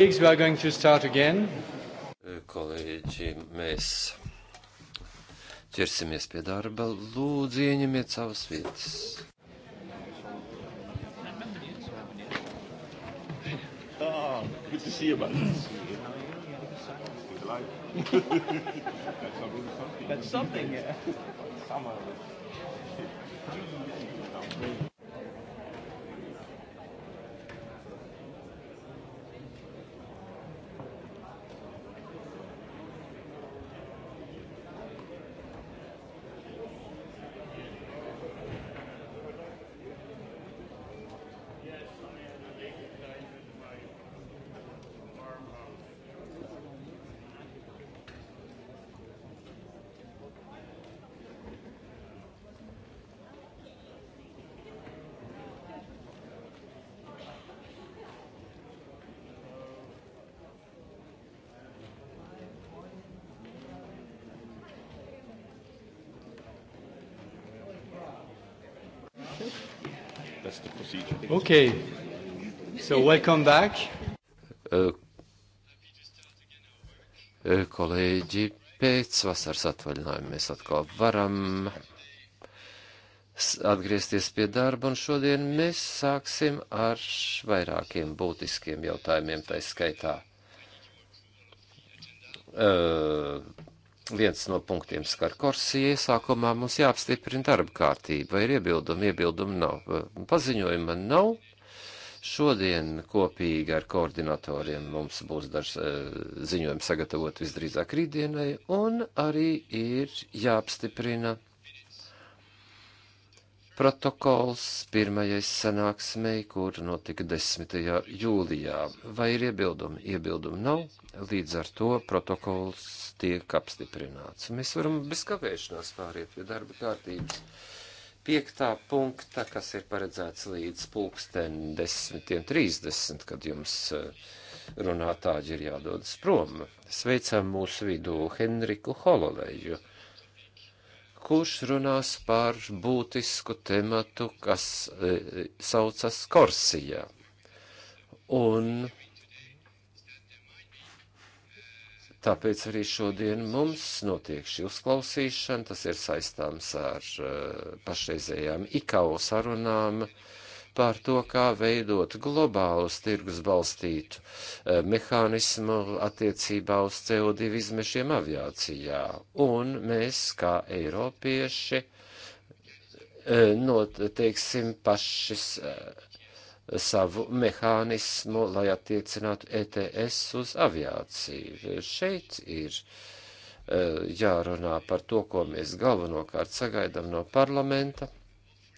Colleagues, we are going to start again. Kolēģi, mēs ķersimies pie darba. Lūdzu, ieņemiet savas vietas. Ah, good to see you, man. That's something, yeah. Summer. Okay. So welcome back. Uh, kolēģi, pēc vasaras atvaļinājuma mēs atkal varam atgriezties pie darba, un šodien mēs sāksim ar vairākiem būtiskiem jautājumiem, tā skaitā. Uh, Viens no punktiem skar Korsiju. Iesākumā mums jāapstiprina darba kārtība. Vai ir iebildumi? Iebildumi nav. Eh, paziņojuma nav. Šodien kopīgi ar koordinatoriem mums būs dažs eh, ziņojums sagatavot visdrīzāk rītdienai, un arī ir jāapstiprina protokols pirmajai sanāksmei, kur notika 10. jūlijā. Vai ir iebildumi? Iebildumi nav, līdz ar to protokols tiek apstiprināts. Mēs varam bez kavēšanās pāriet pie darba kārtības. Piektā punkta, kas ir paredzēts līdz pulksten 10.30, kad jums eh, runātāji ir jādodas prom. Sveicam mūsu vidū Henriku Hololeju kurš runās par būtisku tematu, kas e, saucas Korsijā. Un tāpēc arī šodien mums notiek šī uzklausīšana, tas ir saistāms ar e, pašreizējām IKO sarunām. E, par to, kā veidot globālus tirgus balstītu eh, mehānismu attiecībā uz CO2 izmešiem aviācijā. Un mēs, kā eiropieši, eh, noteiksim pašis eh, savu mehānismu, lai attiecinātu ETS uz aviāciju. Šeit ir eh, jārunā par to, ko mēs galvenokārt sagaidām no parlamenta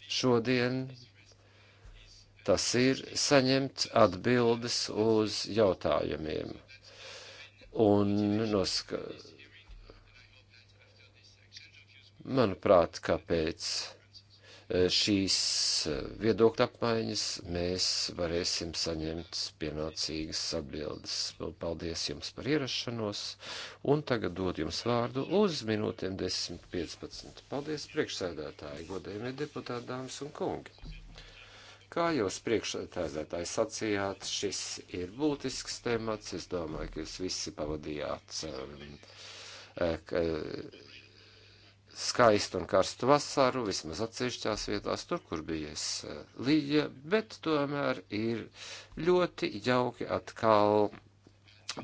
šodien, tas ir saņemt atbildes uz jautājumiem. Un noska... Manuprāt, kāpēc e, šīs e, viedokļa apmaiņas mēs varēsim saņemt pienācīgas atbildes. Paldies jums par ierašanos, un tagad dod jums vārdu uz minūtēm 10-15. Paldies priekšsēdētāji, godējumie deputāti, dāmas un kungi! Kā jūs priekšsēdētāji sacījāt, šis ir būtisks temats. Es domāju, ka jūs visi pavadījāt um, e, ka, e, skaistu un karstu vasaru, vismaz atsevišķās vietās, tur, kur bija e, līja, bet tomēr ir ļoti jauki atkal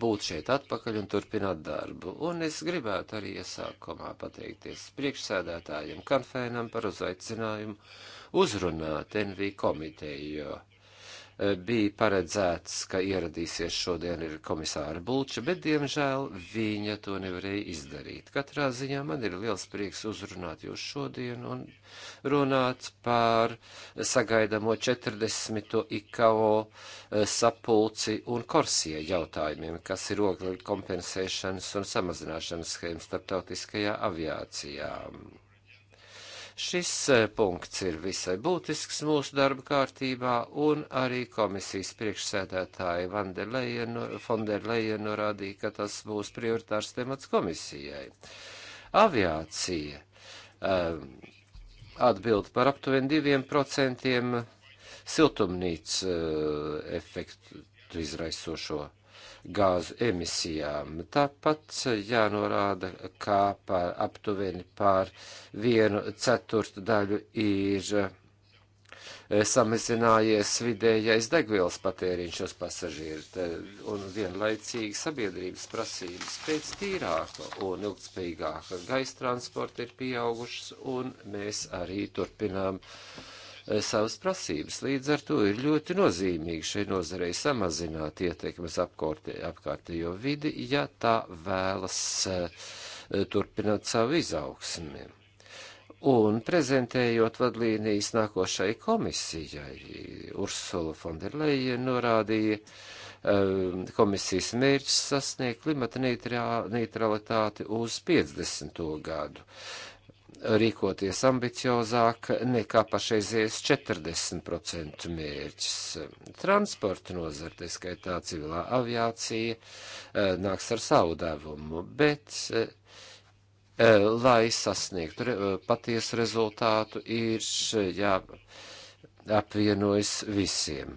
būt šeit atpakaļ un turpināt darbu. Un es gribētu arī iesākumā pateikties priekšsēdētājiem Kanfēnam par uzaicinājumu uzrunāt NV komiteju. Eh, bija paredzēts, ka ieradīsies šodien ir komisāra Bulča, bet, diemžēl, viņa to nevarēja izdarīt. Katrā ziņā man ir liels prieks uzrunāt jūs šodien un runāt par sagaidamo 40. IKO eh, sapulci un korsie jautājumiem, kas ir ogļu kompensēšanas un samazināšanas schēma starptautiskajā aviācijā. Šis e, punkts ir visai būtisks mūsu darba kārtībā, un arī komisijas priekšsēdētāja Fonderleja norādīja, ka tas būs prioritārs temats komisijai. Aviācija um, atbild par aptuveni diviem procentiem siltumnīca uh, efektu izraisošo gāzu emisijām. Tāpat jānorāda, kā par aptuveni par vienu ceturtu daļu ir eh, samazinājies vidējais degvielas patēriņš uz pasažieru un vienlaicīgi sabiedrības prasības pēc tīrāka un ilgspējīgāka gaisa transporta ir pieaugušas un mēs arī turpinām uh, Eh, savas prasības. Līdz ar to ir ļoti nozīmīgi šai nozarei samazināt ietekmes apkārtējo vidi, ja tā vēlas eh, turpināt savu izaugsmi. Un prezentējot vadlīnijas nākošai komisijai, Ursula Fonderleja norādīja, um, komisijas mērķis sasniegt klimata neutralitāti uz 50. gadu rīkoties ambiciozāk nekā pašreizies 40% mērķis. Transporta nozara, tā skaitā civilā aviācija, eh, nāks ar savu devumu, bet, eh, eh, lai sasniegtu patiesu rezultātu, ir jāapvienojas visiem.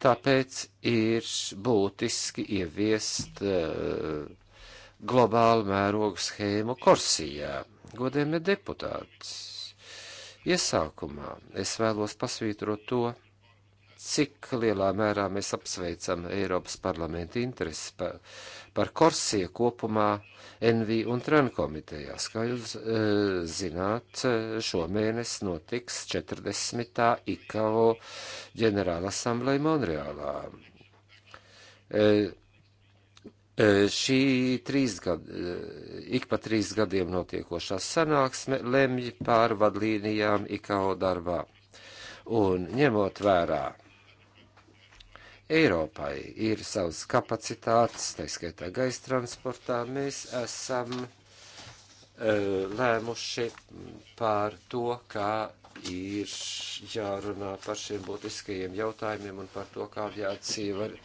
Tāpēc ir būtiski ieviest uh, globālu mērogu schēmu Korsijā. Godējumie deputāti, iesākumā es vēlos pasvītrot to, cik lielā mērā mēs apsveicam Eiropas parlamenta interesi par, par Korsiju kopumā NV un TRAN komitejās. Kā jūs e, zināt, e, šomēnes notiks 40. IKO ģenerāla asambleja Monreālā. E, E, šī trīs gad, e, ik pa trīs gadiem notiekošā sanāksme lemj pār vadlīnijām IKO darbā. Un ņemot vērā Eiropai ir savas kapacitātes, tā skaitā gaisa transportā, mēs esam e, lēmuši par to, kā ir jārunā par šiem būtiskajiem jautājumiem un par to, kā aviācija var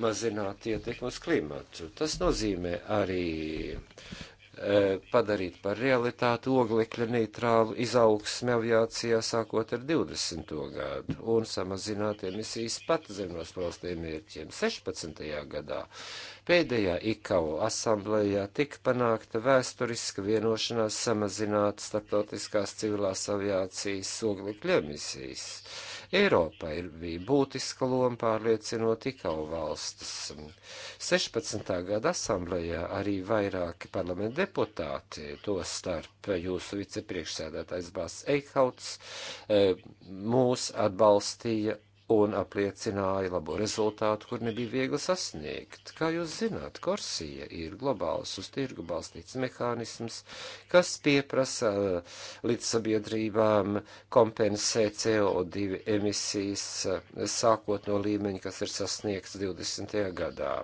mazināt ietekmi uz klimatu. Tas nozīmē arī e, padarīt par realitāti oglekļa neitrālu izaugsmi aviācijā sākot ar 20. gadu un samazināt emisijas pat zem nosprostiem mērķiem 16. gadā. Pēdējā IKO asamblējā tika panākta vēsturiska vienošanās samazināt starptautiskās civilās aviācijas oglekļa emisijas Eiropai bija būtiska loma pārliecinot ikau valstis. 16. gada asamblējā arī vairāki parlamenta deputāti, to starp jūsu vicepriekšsēdētājs Bās Eikhauts, eh, mūs atbalstīja un apliecināja labo rezultātu, kur nebija viegli sasniegt. Kā jūs zināt, Korsija ir globāls uz tirgu balstīts mehānisms, kas pieprasa eh, līdz sabiedrībām kompensēt CO2 emisijas eh, sākot no līmeņa, kas ir sasniegts 20. gadā.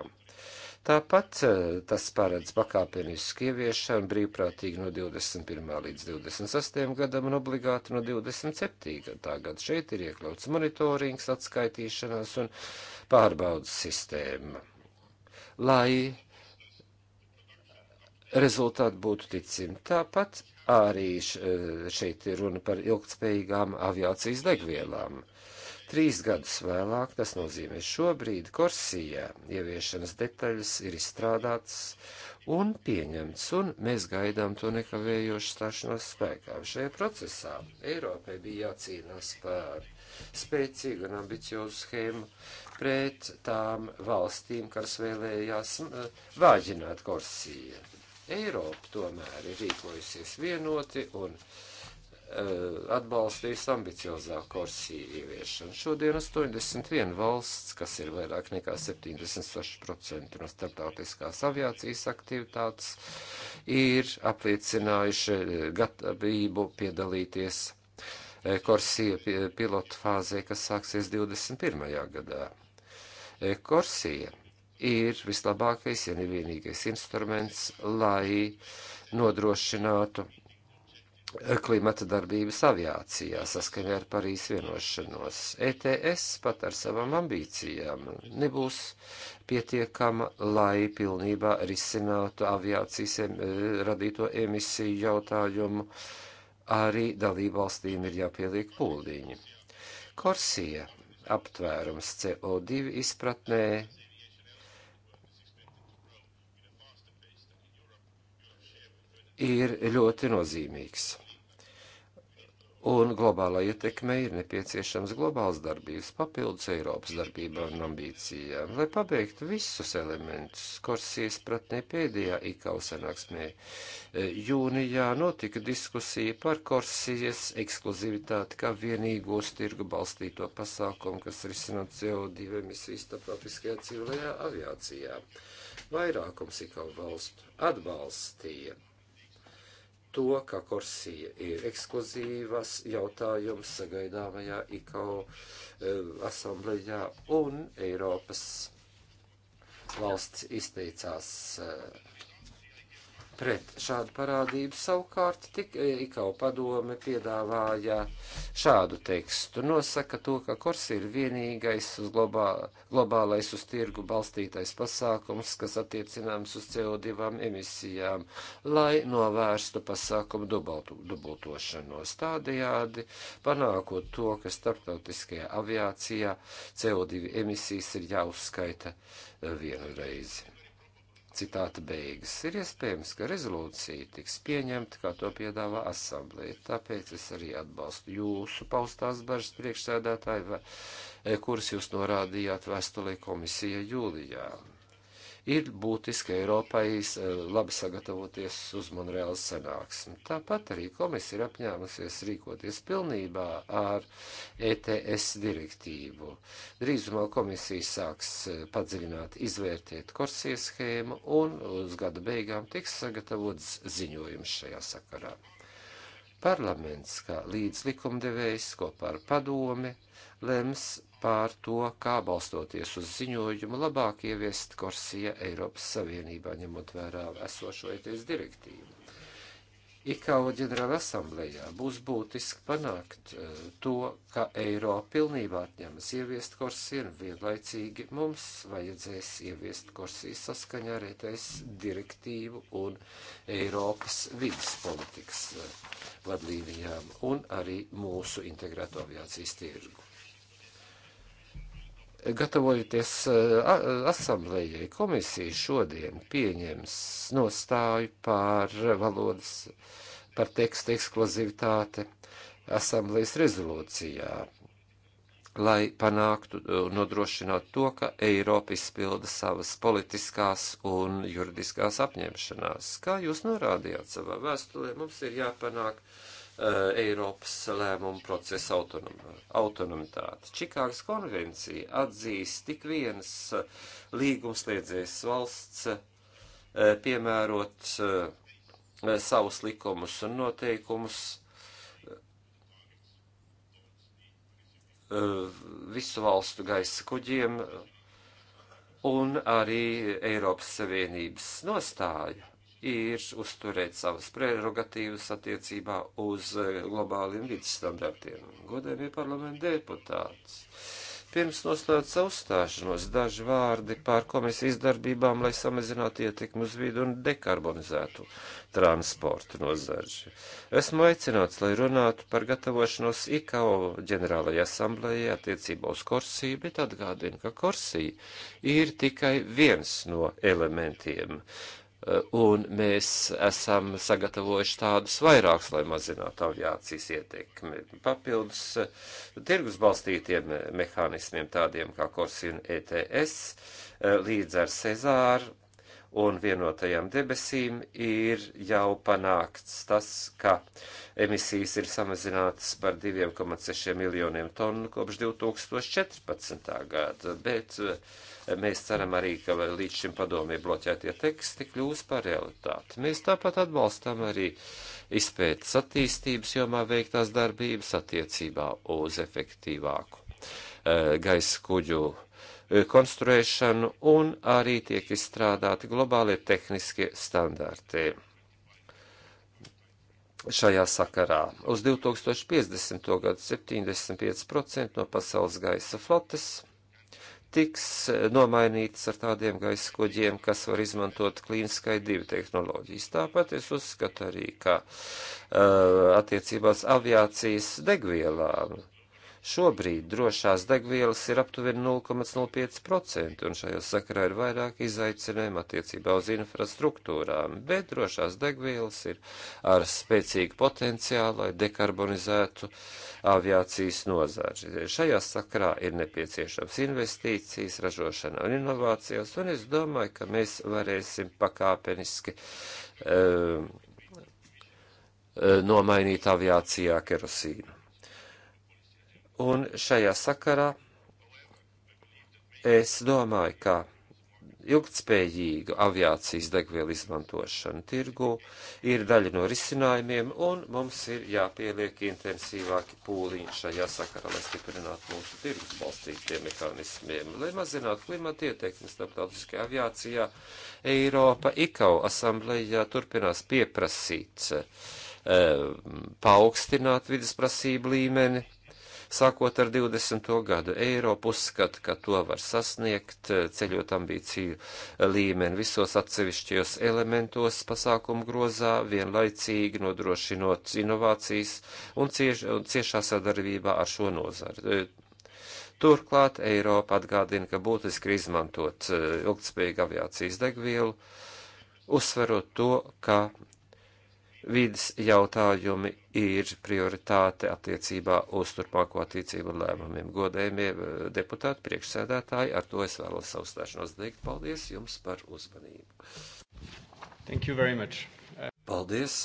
Tāpat eh, tas paredz pakāpenisku ieviešanu brīvprātīgi no 21. līdz 26. gadam un obligāti no 27. gada. Šeit ir iekļauts monitorings, atskaitīšanās un pārbaudas sistēma. Lai rezultāti būtu ticami. Tāpat arī eh, šeit ir runa par ilgtspējīgām aviācijas degvielām. Uh, Trīs gadus vēlāk, tas nozīmē šobrīd, Korsijā ieviešanas detaļas ir izstrādātas un pieņemts, un mēs gaidām to nekavējošu stāšanos spēkā. Šajā procesā Eiropai bija jācīnās par spēcīgu un ambiciozu schēmu pret tām valstīm, kas vēlējās vāģināt Korsiju. Eiropa tomēr ir rīkojusies vienoti un vienoti Eh, atbalstīs ambiciozāku korsī ieviešanu. Šodien 81 valsts, kas ir vairāk nekā 76% no starptautiskās aviācijas aktivitātes, ir apliecinājuši eh, gatavību piedalīties eh, korsī pilotu fāzē, kas sāksies 21. gadā. Korsija ir vislabākais, ja nevienīgais instruments, lai nodrošinātu klimata darbības aviācijā saskaņā ar Parīs vienošanos. ETS pat ar savām ambīcijām nebūs pietiekama, lai pilnībā risinātu aviācijas em, e, radīto emisiju jautājumu. Arī dalībvalstīm ir jāpieliek pūliņi. Korsija aptvērums CO2 izpratnē ir ļoti nozīmīgs. Un globālā ietekme ir nepieciešams globāls darbības papildus Eiropas darbībām un ambīcijām. Lai pabeigtu visus elementus, Korsijas pratnē pēdējā IKAU sanāksmē e, jūnijā notika diskusija par Korsijas ekskluzivitāti kā vienīgo tirgu balstīto pasākumu, kas risina CO2 emisiju starptautiskajā civilajā aviācijā. Vairākums IKAU valstu atbalstīja to, ka Korsija ir ekskluzīvas jautājums sagaidāmajā IKO e, asamblējā un Eiropas valsts izteicās uh, pret šādu parādību. Savukārt, tik e, ikau padome piedāvāja šādu tekstu. Nosaka to, ka kors ir vienīgais uz globā, globālais uz tirgu balstītais pasākums, kas attiecināms uz CO2 emisijām, lai novērstu pasākumu dubaltu, dubultošanos. Tādējādi panākot to, ka starptautiskajā aviācijā CO2 emisijas ir jāuzskaita e, vienu reizi. Citāta beigas. Ir iespējams, ka rezolūcija tiks pieņemta, kā to piedāvā asamblēja. Tāpēc es arī atbalstu jūsu paustās bažas priekšsēdētāji, e, kuras jūs norādījāt vēstulē komisija jūlijā ir būtiski Eiropai eh, labi sagatavoties uz Monreāls sanāksmi. Tāpat arī komisija ir apņēmusies rīkoties pilnībā ar ETS direktīvu. Drīzumā komisija sāks eh, padziļināt, izvērtēt korsies schēmu un uz gada beigām tiks sagatavots ziņojums šajā sakarā. Parlaments, kā līdz likumdevējs kopā ar padomi, lems pār to, kā balstoties uz ziņojumu labāk ieviest Korsija Eiropas Savienībā, ņemot vērā esošo ETS direktīvu. IKO ģenerāla asamblējā būs būtiski panākt uh, to, ka eiro pilnībā atņemas ieviest korsiju un vienlaicīgi mums vajadzēs ieviest korsiju saskaņā ar ETS direktīvu un Eiropas vidas politikas uh, vadlīnijām un arī mūsu integrēto aviācijas tirgu. Gatavojoties eh, eh, asamblējai, komisija šodien pieņems nostāju par valodas, par teksta ekskluzivitāti asamblējas rezolūcijā, lai panāktu, eh, nodrošinātu to, ka Eiropa izpilda savas politiskās un juridiskās apņemšanās. Kā jūs norādījāt savā vēstulē, mums ir jāpanāk uh, Eh, Eiropas lēmumu procesa autonom, autonomitāti. Čikāgas konvencija atzīst tik vienas eh, līgumsliedzējas valsts eh, piemērot savus likumus un noteikumus visu valstu gaisa kuģiem un arī Eiropas Savienības nostāju ir uzturēt savas prerogatīvas attiecībā uz eh, globāliem vidusstandartiem. Godējumie parlamenta deputāts. Pirms noslēdz savu stāšanos daži vārdi pār komisijas darbībām, lai samazinātu ietekmi uz vidu un dekarbonizētu transportu nozarži. Esmu aicināts, lai runātu par gatavošanos IKO ģenerālajai asamblējai attiecībā uz Korsiju, bet atgādinu, ka Korsija ir tikai viens no elementiem Eh, un mēs esam sagatavojuši tādus vairākus, lai mazinātu aviācijas ietekmi. Papildus eh, tirgus balstītiem eh, mehānismiem, tādiem kā Korsina ETS, līdz ar Cezāru un vienotajām debesīm, ir jau panākts tas, ka emisijas ir samazinātas par 2,6 miljoniem tonu kopš 2014. gada, bet uh, Mēs ceram arī, ka līdz šim padomie bloķētie teksti kļūs par realitāti. Mēs tāpat atbalstam arī izpētes attīstības jomā veiktās darbības attiecībā uz efektīvāku e, gaisa kuģu e, konstruēšanu un arī tiek izstrādāti globālie tehniskie standarti. Šajā sakarā uz 2050. gadu 75% no pasaules gaisa flotes tiks eh, nomainīts ar tādiem gaisa kuģiem, kas var izmantot klīniskai divu tehnoloģijas. Tāpat es uzskatu arī, ka uh, attiecībās aviācijas degvielām uh, Šobrīd drošās degvielas ir aptuveni 0,05%, un šajā sakarā ir vairāk izaicinājumu attiecībā uz infrastruktūrām, bet drošās degvielas ir ar spēcīgu potenciālu, lai dekarbonizētu aviācijas nozāri. Šajā sakarā ir nepieciešams investīcijas, ražošanā un inovācijās, un es domāju, ka mēs varēsim pakāpeniski um, nomainīt aviācijā kerosīnu. Un šajā sakarā es domāju, ka ilgtspējīga aviācijas degvielu izmantošana tirgu ir daļa no risinājumiem, un mums ir jāpieliek intensīvāki pūliņi šajā sakarā, lai stiprinātu mūsu tirgus balstītiem mehānismiem, lai mazinātu klimata ietekmi starptautiskajā aviācijā. Eiropa IKAU asamblējā turpinās pieprasīt eh, paaugstināt vidas prasību līmeni Sākot ar 20. gadu Eiropu uzskata, ka to var sasniegt, ceļot ambīciju līmeni visos atsevišķajos elementos pasākumu grozā, vienlaicīgi nodrošinot inovācijas un, cieš, un ciešā sadarbībā ar šo nozari. Turklāt Eiropa atgādina, ka būtiski izmantot eh, ilgtspējīgu aviācijas degvielu, uzsverot to, ka vidas jautājumi ir prioritāte attiecībā uz turpmāko attīstību un lēmumiem. Godējumie eh, deputāti, priekšsēdētāji, ar to es vēlos savu stāšanos beigt. Paldies jums par uzmanību. Thank you very much. Paldies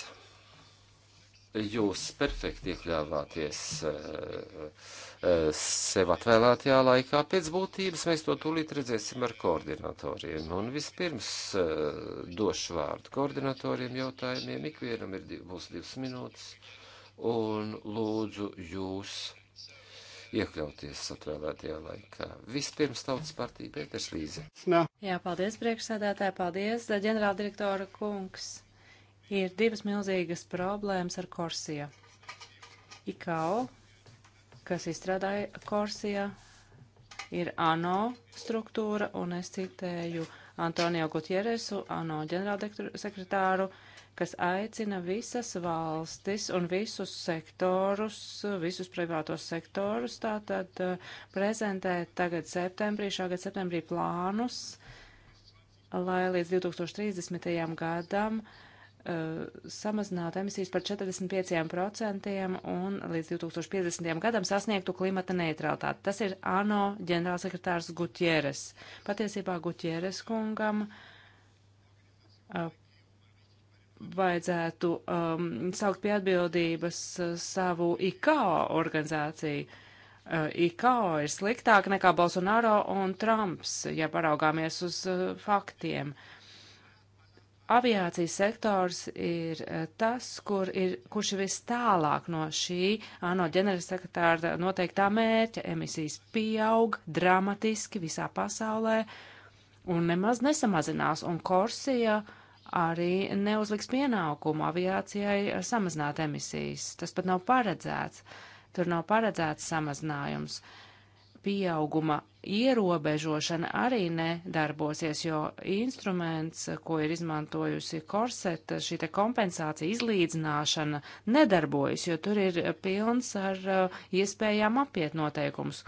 jūs perfekti iekļāvāties eh, eh, sev atvēlētajā laikā. Pēc būtības mēs to tūlīt redzēsim ar koordinatoriem. Un vispirms eh, došu vārdu koordinatoriem jautājumiem. Ikvienam ir div, būs divas minūtes. Un lūdzu jūs iekļauties atvēlētajā laikā. Vispirms tautas partija Pēters Līze. Jā, paldies priekšsēdētāji, paldies ģenerāldirektora kungs ir divas milzīgas problēmas ar Korsija. IKO, kas izstrādāja Korsija, ir ANO struktūra, un es citēju Antonio Gutieresu, ANO ģenerālsekretāru, kas aicina visas valstis un visus sektorus, visus privātos sektorus, tātad eh, prezentēt tagad septembrī, šā gada septembrī plānus, lai līdz 2030. gadam uh, Eh, samazināt emisijas par 45% un līdz 2050. gadam sasniegtu klimata neutralitāti. Tas ir ANO ģenerālsekretārs Gutieres. Patiesībā Gutieres kungam uh, vajadzētu um, saukt pie atbildības uh, savu IKO organizāciju. Uh, IKO ir sliktāk nekā Bolsonaro un Trumps, ja paraugāmies uz faktiem. Uh, aviācijas sektors ir eh, tas, kur ir, kurš ir vis tālāk no šī ANO ģenerālsekretāra noteiktā mērķa. Emisijas pieaug dramatiski visā pasaulē un nemaz nesamazinās, un Korsija arī neuzliks pienākumu aviācijai eh, samazināt emisijas. Tas pat nav paredzēts. Tur nav paredzēts samazinājums. Pieauguma ierobežošana arī nedarbosies, jo instruments, ko ir izmantojusi korseta, šī te kompensācija izlīdzināšana nedarbojas, jo tur ir pilns ar uh, iespējām apiet noteikumus.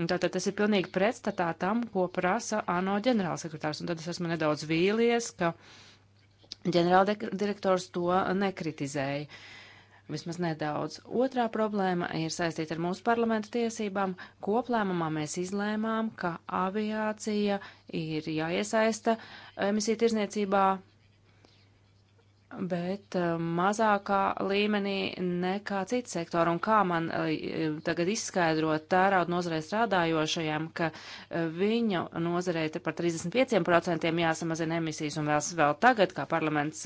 Un tātad tas ir pilnīgi pretstatā tam, ko prasa ANO ģenerālsekretārs. Un tad es esmu nedaudz vīlies, ka ģenerāldirektors to nekritizēja. Uh, vismaz nedaudz. Otrā problēma ir saistīta ar mūsu parlamenta tiesībām. Koplēmumā mēs izlēmām, ka aviācija ir jāiesaista emisiju tirzniecībā bet eh, mazākā līmenī nekā cita sektora. Un kā man eh, tagad izskaidrot tērauda nozarē strādājošajam, ka eh, viņu nozarē ir par 35% jāsamazina emisijas, un vēl, vēl tagad, kā parlaments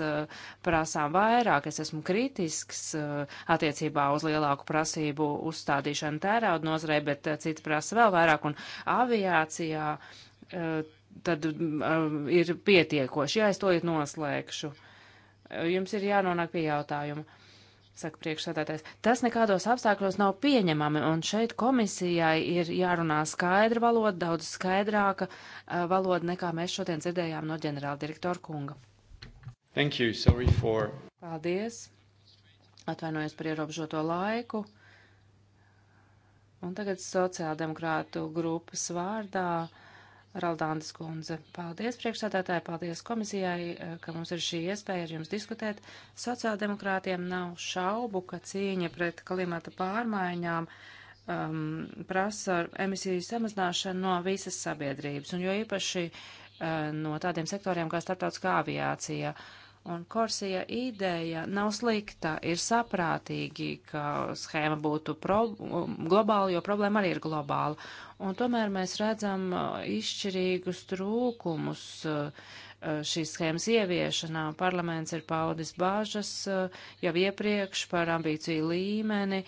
prasām vairāk, es esmu kritisks attiecībā uz lielāku prasību uzstādīšanu tērauda nozarē, bet citi prasa vēl vairāk, un aviācijā tad mm, ir pietiekoši. Jā, es to ir noslēgšu. Jums ir jānonāk pie jautājuma, saka priekšsēdētājs. Tas nekādos apstākļos nav pieņemami, un šeit komisijai ir jārunā skaidra valoda, daudz skaidrāka uh, valoda, nekā mēs šodien dzirdējām no ģenerāla direktora kunga. Thank you, sorry for. Paldies. Atvainojos par ierobežoto laiku. Un tagad sociāldemokrātu grupas vārdā. Raldānas kundze. Paldies priekšsādātāji, paldies komisijai, eh, ka mums ir šī iespēja ar jums diskutēt. Sociāldemokrātiem nav šaubu, ka cīņa pret klimata pārmaiņām um, prasa emisiju samazināšanu no visas sabiedrības, un jo īpaši uh, no tādiem sektoriem kā starptautiskā aviācija. Uh, Un Korsija ideja nav slikta, ir saprātīgi, ka schēma būtu pro, um, globāla, jo problēma arī ir globāla. Un tomēr mēs redzam uh, izšķirīgus trūkumus uh, uh, šīs schēmas ieviešanā. Parlaments ir paudis bāžas jau iepriekš par ambīciju līmeni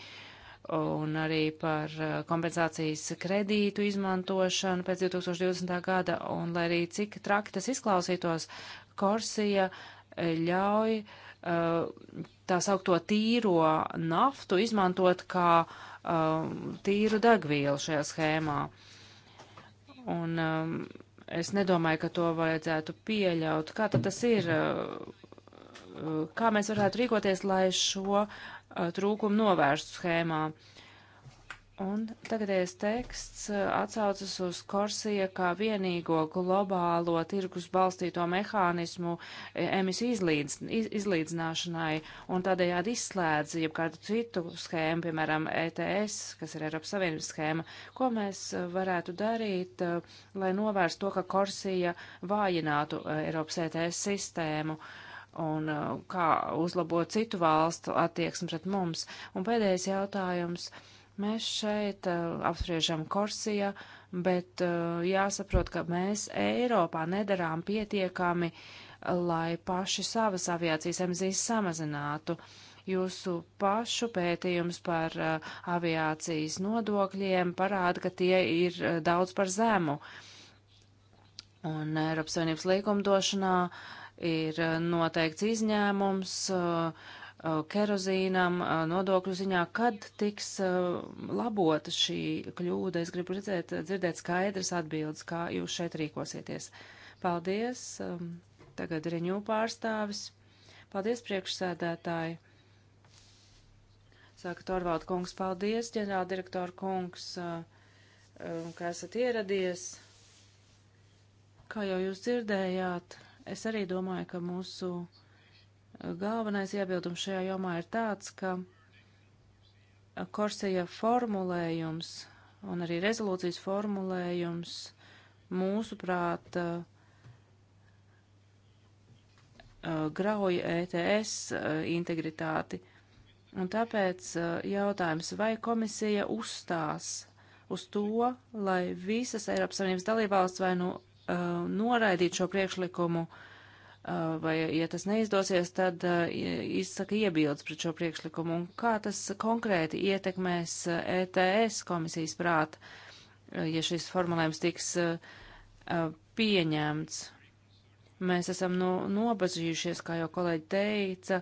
un arī par kompensācijas kredītu izmantošanu pēc 2020. gada, un lai arī cik traki tas izklausītos, Korsija uh, ļauj uh, tā saukto tīro naftu izmantot kā uh, tīru degvielu šajā schēmā. Un um, es nedomāju, ka to vajadzētu pieļaut. Kā tad tas ir? Uh, kā mēs varētu rīkoties, lai šo trūkumu novērstu schēmā? Uh, Un tagadējais teksts uh, atsaucas uz Korsija kā vienīgo globālo tirgus balstīto mehānismu e, emisiju izlīdz, iz, izlīdzināšanai un tādējādi izslēdz jebkādu citu schēmu, piemēram, ETS, kas ir Eiropas Savienības schēma. Ko mēs uh, varētu darīt, uh, lai novērstu to, ka Korsija vājinātu Eiropas ETS sistēmu? un kā uzlabot citu valstu attieksmi pret mums. Un pēdējais jautājums. Uh, Mēs šeit uh, apspriežam Korsija, bet uh, jāsaprot, ka mēs Eiropā nedarām pietiekami, lai paši savas aviācijas emisijas samazinātu. Jūsu pašu pētījums par uh, aviācijas nodokļiem parāda, ka tie ir uh, daudz par zemu. Un Eiropas Savienības likumdošanā ir uh, noteikts izņēmums. Uh, Uh, kerozīnam, uh, nodokļu ziņā, kad tiks uh, labota šī kļūda. Es gribu redzēt, dzirdēt skaidras atbildes, kā jūs šeit rīkosieties. Paldies, um, tagad riņū pārstāvis. Paldies, priekšsēdētāji. Saka Torvalda kungs, paldies, ģenerāldirektora kungs, um, ka esat ieradies. Kā jau jūs dzirdējāt, es arī domāju, ka mūsu Galvenais iebildums šajā jomā ir tāds, ka Korsija formulējums un arī rezolūcijas formulējums mūsuprāt grauja ETS integritāti. Un tāpēc jautājums, vai komisija uzstās uz to, lai visas Eiropas Savienības dalībvalsts vai nu noraidītu šo priekšlikumu uh, Uh, vai, ja tas neizdosies, tad uh, izsaka iebildes pret šo priekšlikumu. Un kā tas konkrēti ietekmēs uh, ETS komisijas prāt, ja šis formulējums tiks pieņemts? Mēs esam nu, nobažījušies, kā jau kolēģi teica,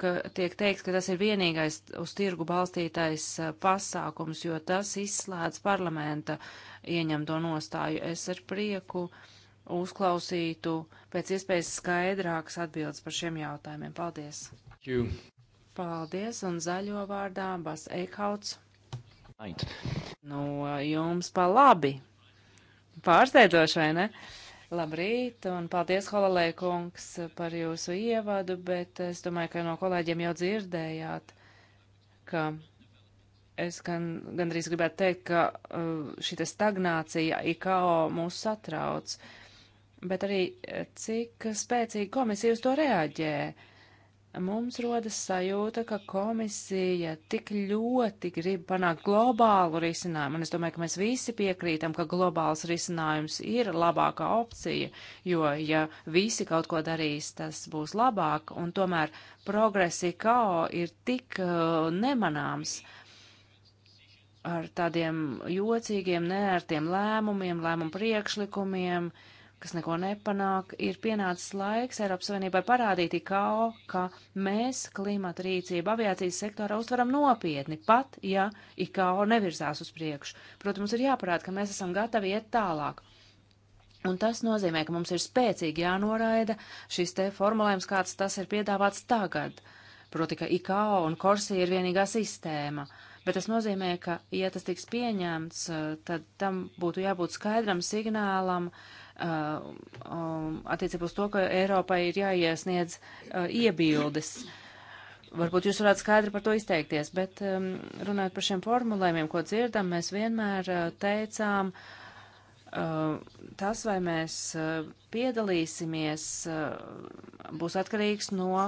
ka tiek teikts, ka tas ir vienīgais uz tirgu balstītais pasākums, jo tas izslēdz parlamenta ieņemto nostāju. Es ar prieku uh, uzklausītu pēc iespējas skaidrākas atbildes par šiem jautājumiem. Paldies! You. Paldies un zaļo vārdā Bas Eikhauts. Aint. Nu, jums pa labi. Pārsteidzoši, vai ne? Labrīt, un paldies, Holalē kungs, par jūsu ievadu, bet es domāju, ka no kolēģiem jau dzirdējāt, ka es gan, gandrīz gribētu teikt, ka uh, šī stagnācija IKO mūs satrauc. Uh, bet arī e, cik spēcīgi komisija uz to reaģē. Mums rodas sajūta, ka komisija tik ļoti grib panākt globālu risinājumu, un es domāju, ka mēs visi piekrītam, ka globāls risinājums ir labākā opcija, jo ja visi kaut ko darīs, tas būs labāk, un tomēr progresi kao ir tik uh, e, nemanāms, ar tādiem jocīgiem, neērtiem lēmumiem, lēmumu priekšlikumiem, kas neko nepanāk, ir pienācis laiks Eiropas Savienībai parādīt IKO, ka mēs klimata rīcību aviācijas sektorā uztveram nopietni, pat ja IKO nevirzās uz priekšu. Protams, ir jāparāda, ka mēs esam gatavi iet tālāk. Un tas nozīmē, ka mums ir spēcīgi jānoraida šis te formulējums, kāds tas ir piedāvāts tagad. Proti, ka IKO un Korsija ir vienīgā sistēma. Bet tas nozīmē, ka, ja tas tiks pieņemts, tad tam būtu jābūt skaidram signālam uh, Um, um, attiecībā uz to, ka Eiropai ir jāiesniedz uh, iebildes. Varbūt jūs varētu skaidri par to izteikties, bet um, runājot par šiem formulējumiem, ko dzirdam, mēs vienmēr uh, teicām, uh, tas, vai mēs piedalīsimies, būs atkarīgs no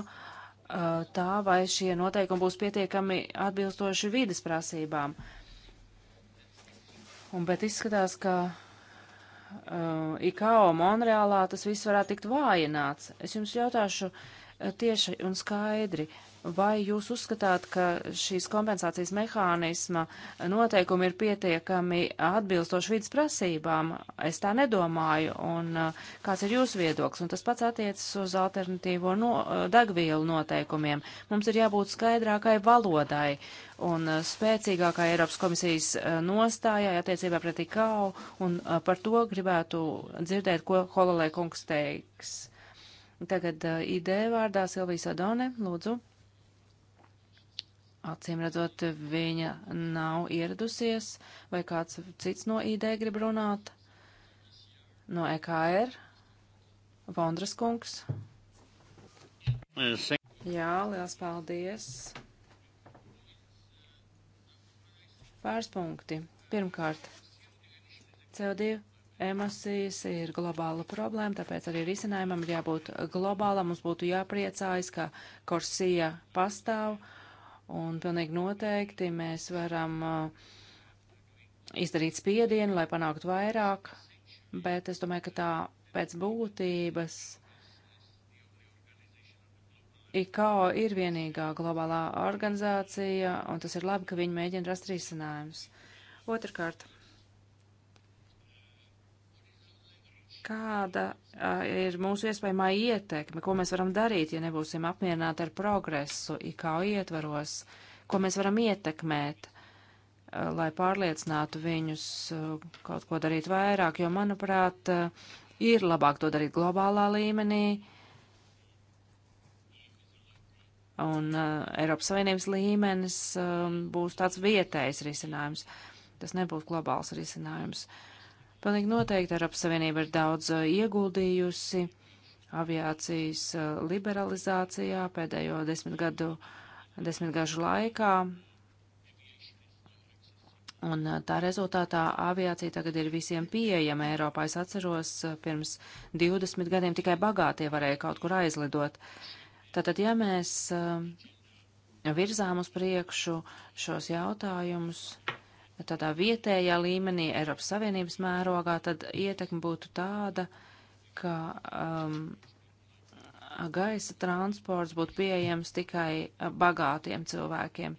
tā, vai šie noteikumi būs pietiekami atbilstoši vides prasībām. Un, bet izskatās, ka uh, IKO Monreālā tas viss varētu tikt vājināts. Es jums jautāšu uh, tieši un skaidri, Vai jūs uzskatāt, ka šīs kompensācijas mehānisma noteikumi ir pietiekami atbilstoši vidas prasībām? Es tā nedomāju. Un uh, kāds ir jūsu viedoklis? Un tas pats attiecas uz alternatīvo no, uh, degvielu noteikumiem. Mums ir jābūt skaidrākai valodai un uh, spēcīgākai Eiropas komisijas nostājai attiecībā pret IKAU. Un par to gribētu dzirdēt, ko Hololē kungs teiks. Tagad uh, ideja vārdā Silvijas Adone, lūdzu. Acīm redzot, viņa nav ieradusies, vai kāds cits no ID grib runāt? No EKR? Vondras kungs? Jā, liels paldies. Pāris punkti. Pirmkārt, CO2 emisijas ir globāla problēma, tāpēc arī risinājumam ir jābūt globālam. Mums būtu jāpriecājas, ka Korsija pastāv Un pilnīgi noteikti mēs varam uh, izdarīt spiedienu, lai panāktu vairāk, bet es domāju, ka tā pēc būtības ICAO ir vienīgā globālā organizācija, un tas ir labi, ka viņi mēģina rast risinājumus. Otrkārt, kāda ir mūsu iespējamā ietekme, ko mēs varam darīt, ja nebūsim apmierināti ar progresu IKO ietvaros, ko mēs varam ietekmēt, lai pārliecinātu viņus kaut ko darīt vairāk, jo, manuprāt, ir labāk to darīt globālā līmenī un Eiropas Savienības līmenis būs tāds vietējs risinājums. Tas nebūs globāls risinājums. Uh, Pilnīgi noteikti Eiropas Savienība ir daudz ieguldījusi aviācijas liberalizācijā pēdējo desmitgadu, desmitgažu laikā. Un tā rezultātā aviācija tagad ir visiem pieejama Eiropā. Es atceros, pirms 20 gadiem tikai bagātie varēja kaut kur aizlidot. Tātad, ja mēs virzām uz priekšu šos jautājumus, tādā vietējā līmenī, Eiropas Savienības mērogā, tad ietekme būtu tāda, ka um, gaisa transports būtu pieejams tikai uh, bagātiem cilvēkiem.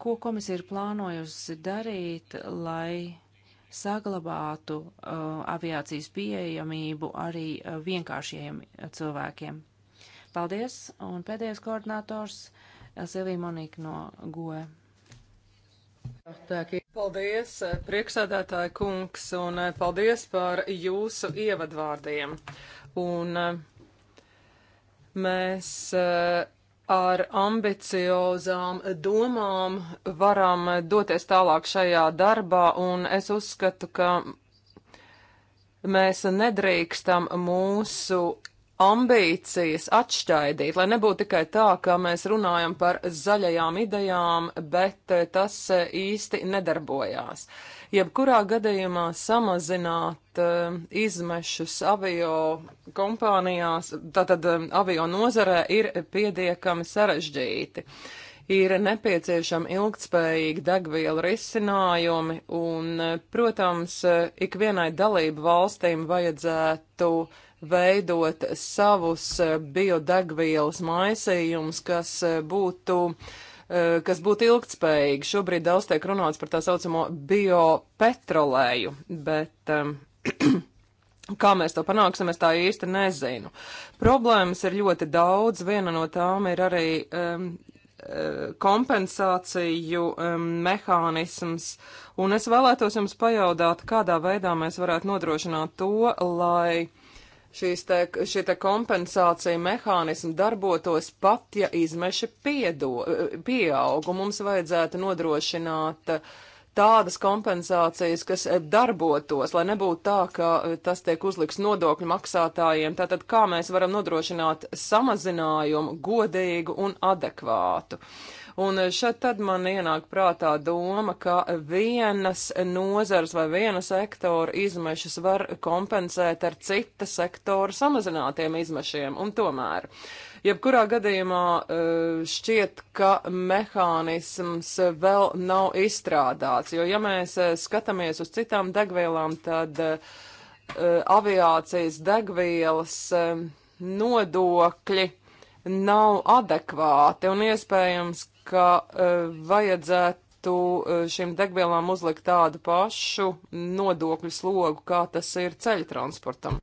Ko komisija ir plānojusi darīt, lai saglabātu uh, aviācijas pieejamību arī uh, vienkāršiem cilvēkiem? Paldies, un pēdējais koordinators Silvija Monika no GOE. Paldies, eh, prieksēdētāja kungs, un eh, paldies par jūsu ievadvārdiem. Un eh, mēs ar ambiciozām domām varam doties tālāk šajā darbā, un es uzskatu, ka mēs nedrīkstam mūsu ambīcijas atšķaidīt, lai nebūtu tikai tā, ka mēs runājam par zaļajām idejām, bet eh, tas eh, īsti nedarbojās. Jebkurā gadījumā samazināt uh, izmešus avio kompānijās, tātad um, avio nozarē ir pietiekami sarežģīti. Ir nepieciešami ilgtspējīgi degvielu risinājumi un, protams, ikvienai dalību valstīm vajadzētu uh, veidot savus eh, biodegvielas maisījumus, kas eh, būtu eh, kas būtu ilgtspējīgi. Šobrīd daudz tiek runāts par tā saucamo biopetrolēju, bet um, Kā mēs to panāksim, es tā īsti nezinu. Problēmas ir ļoti daudz. Viena no tām ir arī um, kompensāciju um, mehānisms. Un es vēlētos jums pajautāt, kādā veidā mēs varētu nodrošināt to, lai šīs te, šie te kompensācija mehānismi darbotos pat, ja izmeši piedo, pieaug, un mums vajadzētu nodrošināt eh, tādas kompensācijas, kas eh, darbotos, lai nebūtu tā, ka eh, tas tiek uzliks nodokļu maksātājiem. Tātad, kā mēs varam nodrošināt samazinājumu godīgu un adekvātu? Uh, Un e, šeit tad man ienāk prātā doma, ka vienas nozars vai viena sektora izmešas var kompensēt ar cita sektora samazinātiem izmešiem. Un tomēr, jebkurā gadījumā e, šķiet, ka mehānisms vēl nav izstrādāts, jo ja mēs e, skatāmies uz citām degvielām, tad aviācijas degvielas nodokļi nav adekvāti un iespējams, ka e, vajadzētu e, šīm degvielām uzlikt tādu pašu nodokļu slogu, kā tas ir ceļu transportam.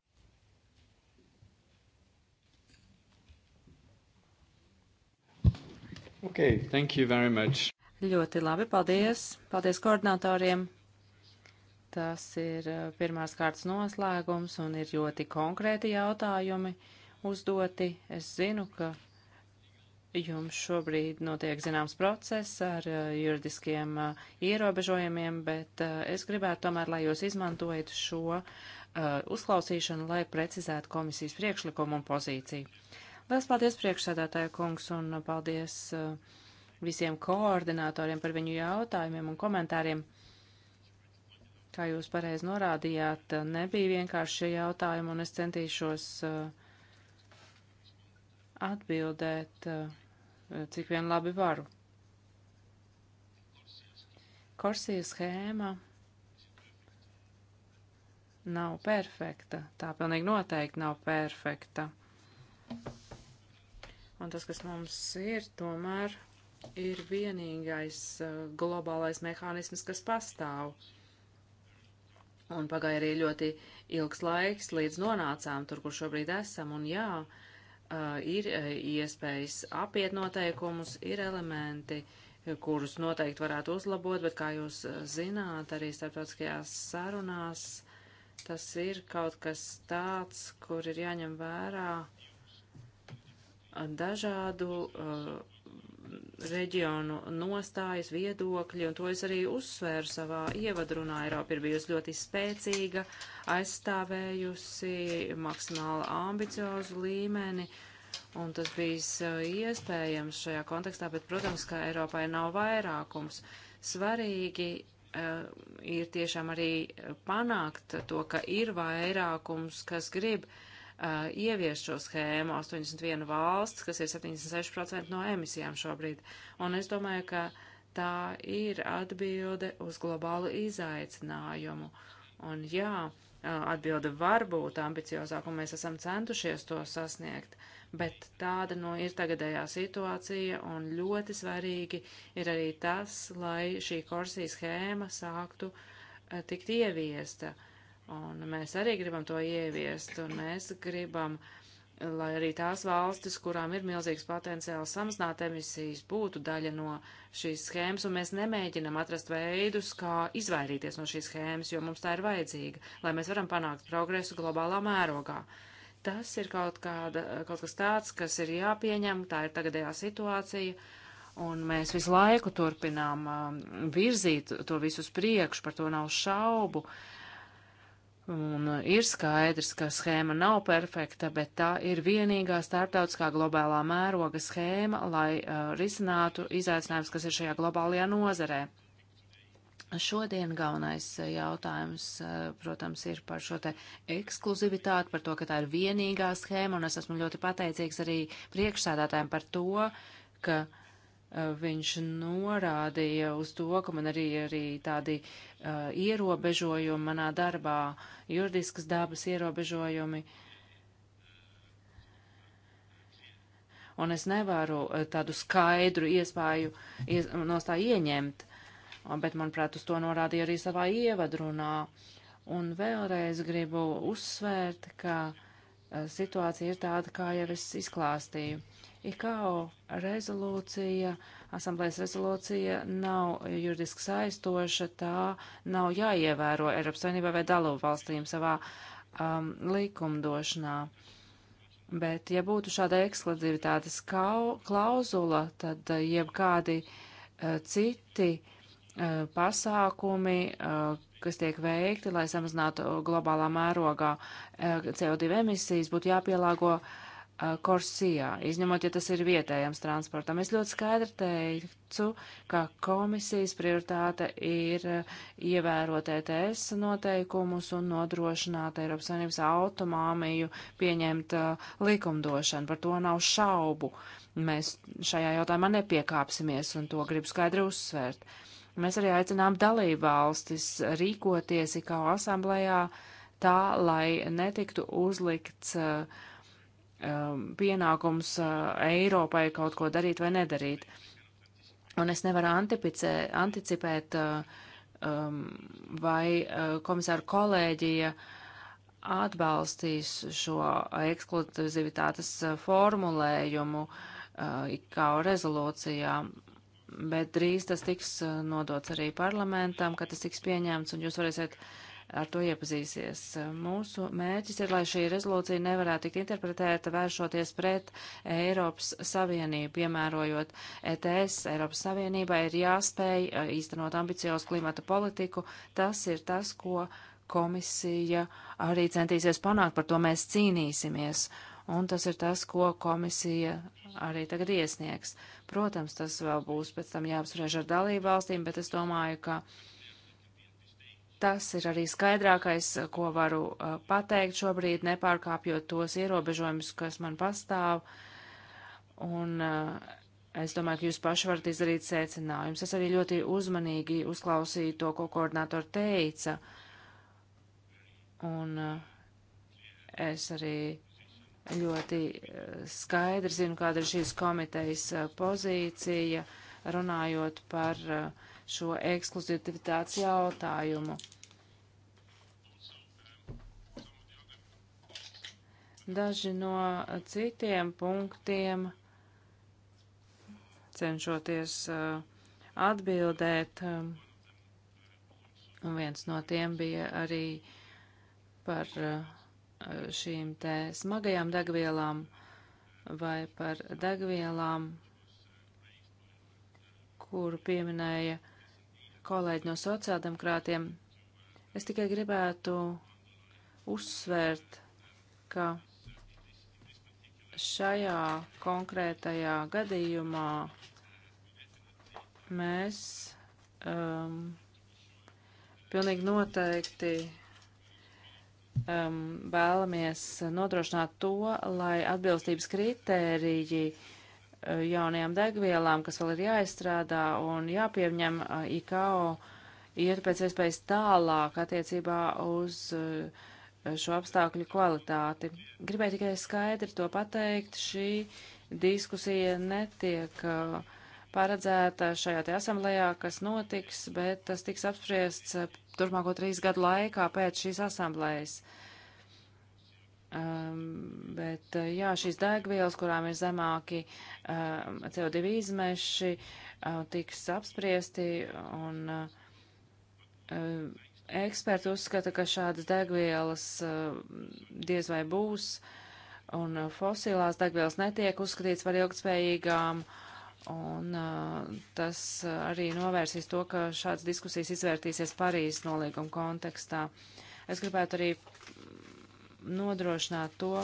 Okay, thank you very much. Ļoti labi, paldies. Paldies koordinatoriem. Tas ir e, pirmās kārtas noslēgums un ir ļoti konkrēti jautājumi uzdoti. Es zinu, ka Jums šobrīd notiek zināms process ar uh, juridiskiem uh, ierobežojumiem, bet uh, es gribētu tomēr, lai jūs izmantojat šo uzklausīšanu, lai precizētu komisijas priekšlikumu un pozīciju. Lielas paldies priekšsēdētāju kungs un paldies visiem koordinatoriem par viņu jautājumiem un komentāriem. Kā jūs pareizi norādījāt, nebija vienkārši šie jautājumi un es centīšos atbildēt. Uh, Eh, cik vien labi varu. Korsija schēma nav perfekta. Tā pilnīgi noteikti nav perfekta. Un tas, kas mums ir, tomēr ir vienīgais eh, globālais mehānisms, kas pastāv. Un pagāja arī ļoti ilgs laiks, līdz nonācām tur, kur šobrīd esam. Un jā, uh, Uh, ir uh, iespējas apiet noteikumus, ir elementi, kurus noteikti varētu uzlabot, bet, kā jūs uh, zināt, arī starptautiskajās sarunās tas ir kaut kas tāds, kur ir jāņem vērā dažādu uh, reģionu nostājas, viedokļi, un to es arī uzsvēru savā ievadrunā. Eiropa ir bijusi ļoti spēcīga, aizstāvējusi maksimāli ambiciozu līmeni, un tas bijis uh, iespējams šajā kontekstā, bet, protams, ka Eiropai nav vairākums. Svarīgi uh, ir tiešām arī panākt to, ka ir vairākums, kas grib uh, uh, ievies šo schēmu. 81 valsts, kas ir 76% no emisijām šobrīd. Un es domāju, ka tā ir atbilde uz globālu izaicinājumu. Un jā, uh, atbilde var būt ambiciozāk, un mēs esam centušies to sasniegt, bet tāda no nu, ir tagadējā situācija, un ļoti svarīgi ir arī tas, lai šī korsijas schēma sāktu uh, tikt ieviesta. Un mēs arī gribam to ieviest, un mēs gribam, lai arī tās valstis, kurām ir milzīgs potenciāls samazināt emisijas, būtu daļa no šīs schēmas, un mēs nemēģinam atrast veidus, kā izvairīties no šīs schēmas, jo mums tā ir vajadzīga, lai mēs varam panākt progresu globālā mērogā tas ir kaut, kāda, kaut kas tāds, kas ir jāpieņem, tā ir tagadējā situācija, un mēs visu laiku turpinām um, virzīt to visu uz priekšu, par to nav šaubu, Un uh, ir skaidrs, ka schēma nav perfekta, bet tā ir vienīgā starptautiskā globālā mēroga schēma, lai uh, risinātu izaicinājums, kas ir šajā globālajā nozarē. Šodien galvenais uh, jautājums, uh, protams, ir par šo te ekskluzivitāti, par to, ka tā ir vienīgā schēma, un es esmu ļoti pateicīgs arī priekšsēdātājiem par to, ka uh, Eh, viņš norādīja uz to, ka man arī ir tādi uh, ierobežojumi manā darbā, juridiskas dabas ierobežojumi. Un es nevaru uh, tādu skaidru iespēju ies, no tā ieņemt, bet, manuprāt, uz to norādīja arī savā ievadrunā. Un vēlreiz gribu uzsvērt, ka uh, situācija ir tāda, kā jau es izklāstīju. Uh, IKO rezolūcija, asamblējas rezolūcija nav juridiski saistoša, tā nav jāievēro Eiropas Savienībā vai dalību valstīm savā um, likumdošanā. Bet, ja būtu šāda ekskluzivitātes klauzula, tad uh, jebkādi uh, citi uh, pasākumi, uh, kas tiek veikti, lai samazinātu globālā mērogā uh, CO2 emisijas, būtu jāpielāgo uh, Korsijā, uh, izņemot, ja tas ir vietējams transportam. Es ļoti skaidri teicu, ka komisijas prioritāte ir uh, ievērot ETS noteikumus un nodrošināt Eiropas Savienības automāmiju pieņemt uh, likumdošanu. Par to nav šaubu. Mēs šajā jautājumā nepiekāpsimies un to gribu skaidri uzsvērt. Mēs arī aicinām dalību valstis rīkoties IKO asamblējā tā, lai netiktu uzlikts uh, Um, pienākums uh, Eiropai kaut ko darīt vai nedarīt. Un es nevaru anticipēt, uh, um, vai uh, komisāru kolēģija atbalstīs šo ekskluzivitātes formulējumu kā rezolūcijā, bet drīz tas tiks nodots arī parlamentam, kad tas tiks pieņemts, un jūs varēsiet uh, ar to iepazīsies. Mūsu mērķis ir, lai šī rezolūcija nevarētu tik interpretēta vēršoties pret Eiropas Savienību, piemērojot ETS. Eiropas Savienībai ir jāspēj īstenot ambiciozu klimata politiku. Tas ir tas, ko komisija arī centīsies panākt, par to mēs cīnīsimies. Un tas ir tas, ko komisija arī tagad iesniegs. Protams, tas vēl būs pēc tam jāapspriež ar dalību valstīm, bet es domāju, ka uh, Tas ir arī skaidrākais, ko varu uh, pateikt šobrīd, nepārkāpjot tos ierobežojumus, kas man pastāv. Un uh, es domāju, ka jūs paši varat izdarīt secinājumus. Es arī ļoti uzmanīgi uzklausīju to, ko koordinātori teica. Un uh, es arī ļoti uh, skaidri zinu, kāda ir šīs komitejas uh, pozīcija, runājot par uh, šo ekskluzivitātes jautājumu. Daži no citiem punktiem cenšoties uh, atbildēt, um, un viens no tiem bija arī par uh, šīm te smagajām degvielām vai par degvielām, kuru pieminēja kolēģi no sociāldemokrātiem. Es tikai gribētu uzsvērt, ka šajā konkrētajā gadījumā mēs um, pilnīgi noteikti um, vēlamies nodrošināt to, lai atbilstības kritēriji uh, Eh, jaunajām degvielām, kas vēl ir jāizstrādā un jāpieņem eh, IKO, iet pēc iespējas tālāk attiecībā uz eh, šo apstākļu kvalitāti. Gribēju tikai skaidri to pateikt, šī diskusija netiek paredzēta šajā te asamblējā, kas notiks, bet tas tiks apspriests turpmāko trīs gadu laikā pēc šīs asamblējas. Uh, Um, bet, uh, jā, šīs degvielas, kurām ir zemāki um, CO2 izmeši, um, tiks apspriesti, un um, eksperti uzskata, ka šādas degvielas um, diez vai būs, un fosilās degvielas netiek uzskatīts par ilgtspējīgām, un uh, tas arī novērsīs to, ka šādas diskusijas izvērtīsies Parīzes nolīguma kontekstā. Es gribētu arī nodrošināt to,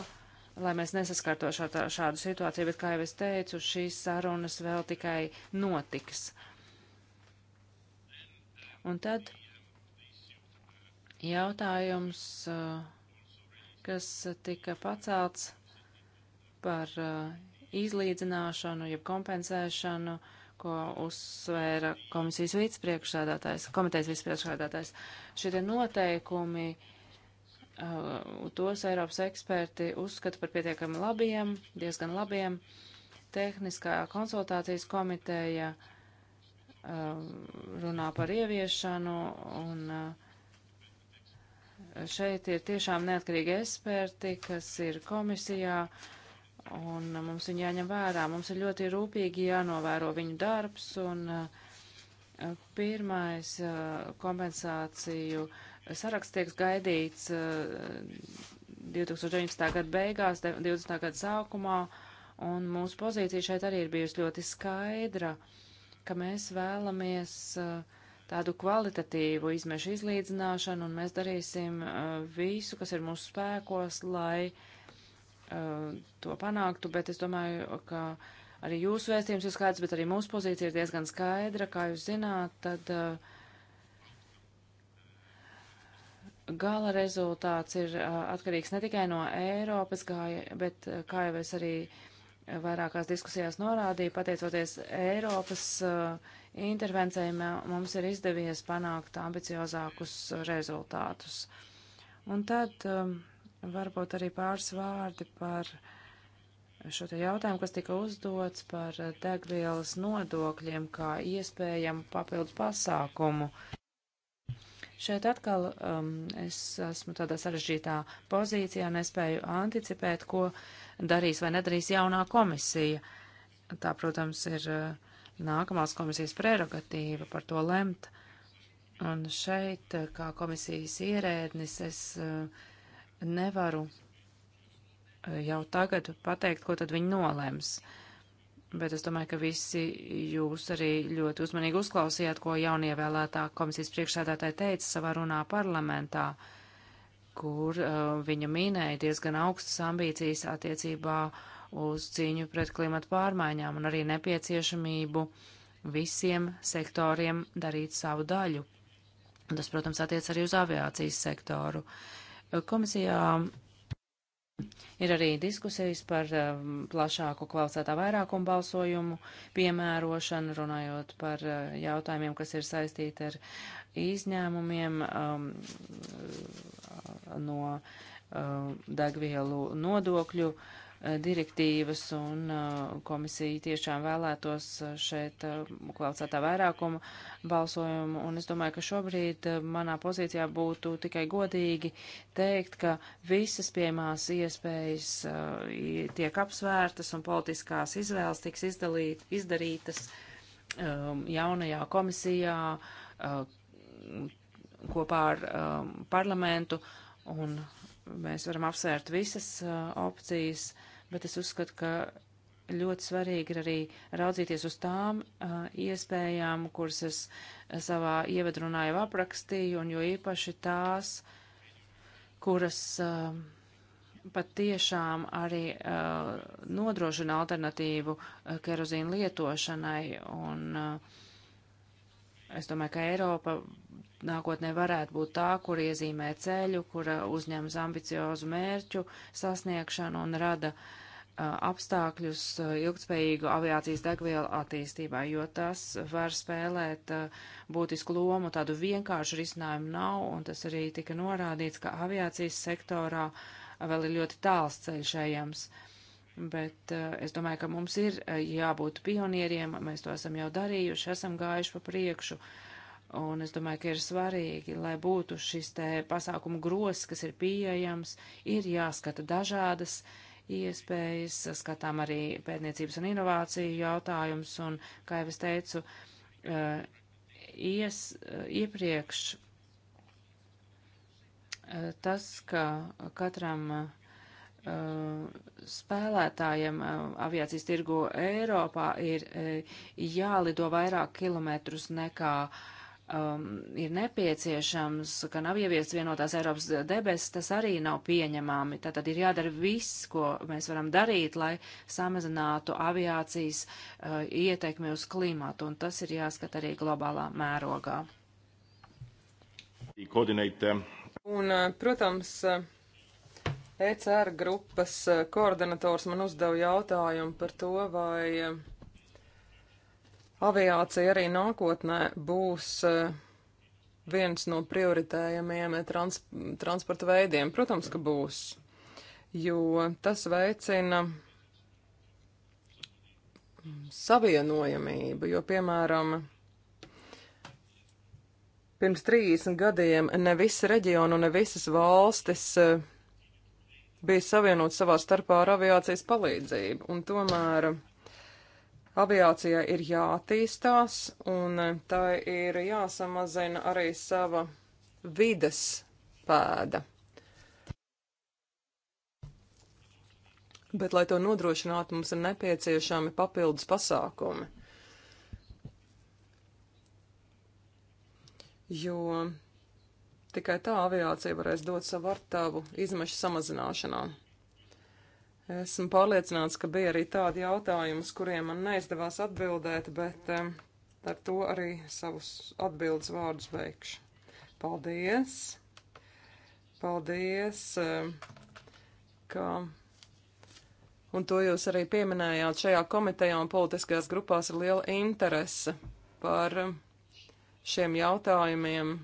lai mēs nesaskārtos ar šā, šādu situāciju, bet, kā jau es teicu, šīs sarunas vēl tikai notiks. Un tad jautājums, uh, kas tika pacelts par uh, izlīdzināšanu, jeb kompensēšanu, ko uzsvēra komisijas vicepriekšsēdātājs, komitejas vicepriekšsēdātājs. Šie noteikumi uh, uh, tos Eiropas eksperti uzskata par pietiekami labiem, diezgan labiem. Tehniskā konsultācijas komiteja uh, runā par ieviešanu un uh, šeit ir tiešām neatkarīgi eksperti, kas ir komisijā, un mums viņi jāņem vērā. Mums ir ļoti rūpīgi jānovēro viņu darbs, un uh, pirmais uh, kompensāciju uh, Saraksts tiek gaidīts 2019. Eh, gada beigās, 20. gada sākumā, un mūsu pozīcija šeit arī ir bijusi ļoti skaidra, ka mēs vēlamies eh, tādu kvalitatīvu izmešu izlīdzināšanu, un mēs darīsim eh, visu, kas ir mūsu spēkos, lai to panāktu, bet es domāju, ka arī jūsu vēstījums ir skaidrs, bet arī mūsu pozīcija ir diezgan skaidra, kā jūs zināt, tad uh, gala rezultāts ir atkarīgs ne tikai no Eiropas, bet, kā jau es arī vairākās diskusijās norādīju, pateicoties Eiropas intervencijai, mums ir izdevies panākt ambiciozākus rezultātus. Un tad varbūt arī pāris vārdi par šo te jautājumu, kas tika uzdots par degvielas nodokļiem kā iespējamu papildus pasākumu. Šeit atkal um, es esmu tādā sarežģītā pozīcijā, nespēju anticipēt, ko darīs vai nedarīs jaunā komisija. Tā, protams, ir uh, nākamās komisijas prerogatīva par to lemt. Un šeit, uh, kā komisijas ierēdnis, es uh, nevaru uh, jau tagad pateikt, ko tad viņi nolems. Uh, bet es domāju, ka visi jūs arī ļoti uzmanīgi uzklausījāt, ko jaunievēlētā komisijas priekšsēdētāja teica savā runā parlamentā, kur uh, viņa minēja diezgan augstas ambīcijas attiecībā uz cīņu pret klimatu pārmaiņām un arī nepieciešamību visiem sektoriem darīt savu daļu. Un tas, protams, attiec arī uz aviācijas sektoru. Komisijā Ir arī diskusijas par um, plašāku kvalificētā vairākumu balsojumu piemērošanu, runājot par uh, jautājumiem, kas ir saistīti ar izņēmumiem um, no uh, degvielu nodokļu uh, Eh, direktīvas, un eh, komisija tiešām vēlētos eh, šeit kvalificētā vairākuma balsojumu, un es domāju, ka šobrīd manā pozīcijā būtu tikai godīgi teikt, ka visas piemās iespējas tiek apsvērtas un politiskās izvēles tiks izdalīt, izdarītas jaunajā komisijā kopā ar parlamentu, un mēs varam apsvērt visas opcijas. Uh, bet es uzskatu, ka ļoti svarīgi ir arī raudzīties uz tām uh, iespējām, kuras es savā ievadrunā jau aprakstīju, un jo īpaši tās, kuras uh, pat tiešām arī uh, nodrošina alternatīvu uh, kerozīnu lietošanai. Un, uh, Es domāju, ka Eiropa nākotnē varētu būt tā, kur iezīmē ceļu, kura uh, uzņemas ambiciozu mērķu sasniegšanu un rada uh, apstākļus uh, ilgtspējīgu aviācijas degvielu attīstībai, jo tas var spēlēt uh, būtisku lomu, tādu vienkāršu risinājumu nav, un tas arī tika norādīts, ka aviācijas sektorā uh, vēl ir ļoti tāls ceļš ejams. Uh, Bet uh, es domāju, ka mums ir uh, jābūt pionieriem, mēs to esam jau darījuši, esam gājuši pa priekšu. Un es domāju, ka ir svarīgi, lai būtu šis te pasākumu gros, kas ir pieejams, ir jāskata dažādas iespējas, skatām arī pētniecības un inovāciju jautājums, un, kā jau es teicu, uh, ies, iepriekš tas, ka katram Uh, spēlētājiem uh, aviācijas tirgu Eiropā ir uh, jālido vairāk kilometrus nekā um, ir nepieciešams, ka nav ieviests vienotās Eiropas debesis, tas arī nav pieņemami. Tātad ir jādara viss, ko mēs varam darīt, lai samazinātu aviācijas uh, ietekmi uz klimatu, un tas ir jāskat arī globālā mērogā. Un, protams, uh ECR grupas eh, koordinators man uzdeva jautājumu par to, vai eh, aviācija arī nākotnē būs eh, viens no prioritējumiem trans transporta veidiem. Protams, ka būs, jo tas veicina mm, savienojamību, jo, piemēram, pirms 30 gadiem ne visi reģioni un ne visas valstis uh, bija savienot savā starpā ar aviācijas palīdzību, un tomēr aviācijai ir jātīstās, un tā ir jāsamazina arī sava vides pēda. Bet, lai to nodrošinātu, mums ir nepieciešami papildus pasākumi. Jo Tikai tā aviācija varēs dot savu artavu izmešu samazināšanā. Esmu pārliecināts, ka bija arī tādi jautājumi, uz kuriem man neizdevās atbildēt, bet um, ar to arī savus atbildes vārdus beigšu. Paldies! Paldies! Um, ka un to jūs arī pieminējāt šajā komitejā un politiskajās grupās ir liela interese par šiem jautājumiem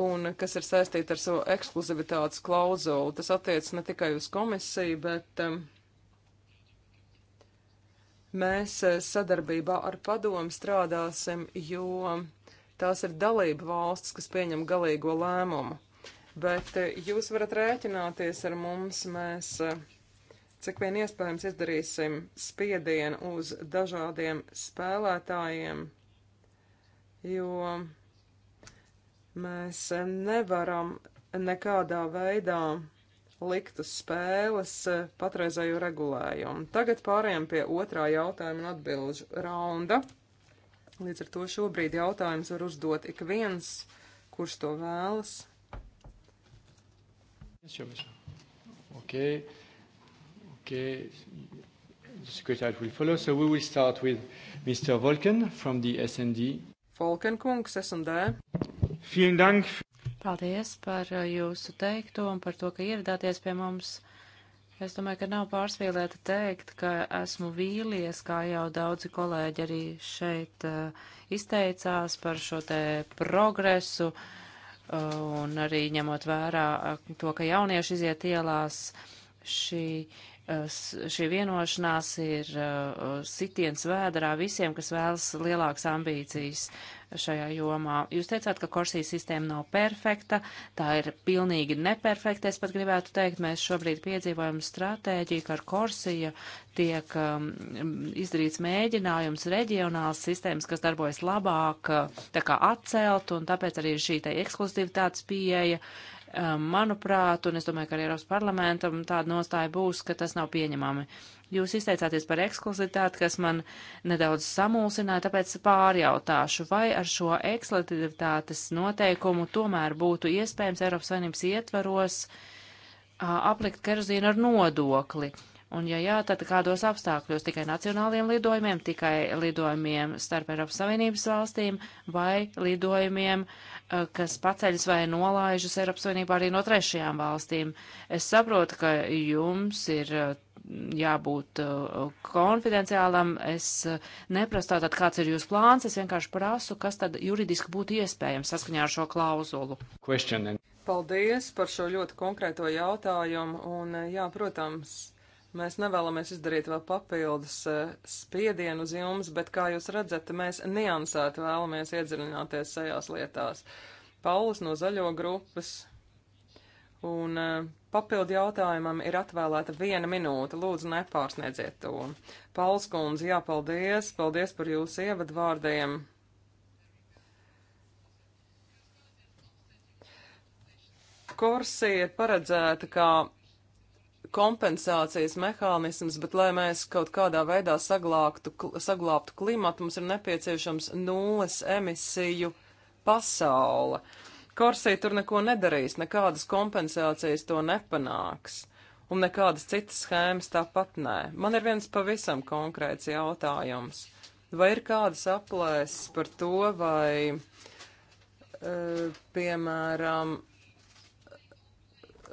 un kas ir saistīta ar savu ekskluzivitātes klauzulu. Tas attiec ne tikai uz komisiju, bet um, mēs uh, sadarbībā ar padomu strādāsim, jo tās ir dalība valsts, kas pieņem galīgo lēmumu. Bet uh, jūs varat rēķināties ar mums, mēs uh, cik vien iespējams izdarīsim spiedienu uz dažādiem spēlētājiem, jo Mēs nevaram nekādā veidā likt uz spēles eh, patreizējo regulējumu. Tagad pārējām pie otrā jautājuma un atbilžu raunda. Līdz ar to šobrīd jautājums var uzdot ik viens, kurš to vēlas. Es jau esmu. Ok. Ok. The secretary will follow. So we will start with Mr. Volken from the SND. Volken kungs, SND. Paldies par uh, jūsu teikto un par to, ka ieradāties pie mums. Es domāju, ka nav pārspīlēti teikt, ka esmu vīlies, kā jau daudzi kolēģi arī šeit uh, izteicās par šo te progresu uh, un arī ņemot vērā uh, to, ka jaunieši iziet ielās šī šī vienošanās ir uh, sitiens vēderā visiem, kas vēlas lielākas ambīcijas šajā jomā. Jūs teicāt, ka korsijas sistēma nav perfekta, tā ir pilnīgi neperfekta, es pat gribētu teikt, mēs šobrīd piedzīvojam stratēģiju, ka ar korsija tiek um, izdarīts mēģinājums reģionāls sistēmas, kas darbojas labāk, uh, tā kā atcelt, un tāpēc arī šī te ekskluzivitātes pieeja Um, manuprāt, un es domāju, ka arī Eiropas parlamentam tāda nostāja būs, ka tas nav pieņemami. Jūs izteicāties par ekskluzivitāti, kas man nedaudz samulsināja, tāpēc pārjautāšu, vai ar šo ekskluzivitātes noteikumu tomēr būtu iespējams Eiropas Savienības ietvaros a, uh, aplikt kerozīnu ar nodokli. Un, ja jā, tad kādos apstākļos tikai nacionāliem lidojumiem, tikai lidojumiem starp Eiropas Savienības valstīm vai lidojumiem uh, Eh, kas paceļas vai nolaižas Eiropas Savienībā arī no trešajām valstīm. Es saprotu, ka jums ir eh, jābūt eh, konfidenciālam. Es neprasu tātad, kāds ir jūsu plāns, es vienkārši prasu, kas tad juridiski būtu iespējams saskaņā ar šo klauzulu. Question. Paldies par šo ļoti konkrēto jautājumu, un jā, protams, Mēs nevēlamies izdarīt vēl papildus e, spiedienu uz jums, bet, kā jūs redzat, mēs niansēt vēlamies iedziļināties šajās lietās. Paulus no zaļo grupas. Un e, papildu jautājumam ir atvēlēta viena minūte. Lūdzu, nepārsniedziet to. Pauls kundze, jā, paldies. Paldies par jūsu ievadvārdiem. Korsi ir paredzēta kā kompensācijas mehānisms, bet lai mēs kaut kādā veidā saglāktu, saglābtu klimatu, mums ir nepieciešams nulles emisiju pasaule. Korsija tur neko nedarīs, nekādas kompensācijas to nepanāks, un nekādas citas schēmas tāpat nē. Man ir viens pavisam konkrēts jautājums. Vai ir kādas aplēses par to, vai, e, piemēram,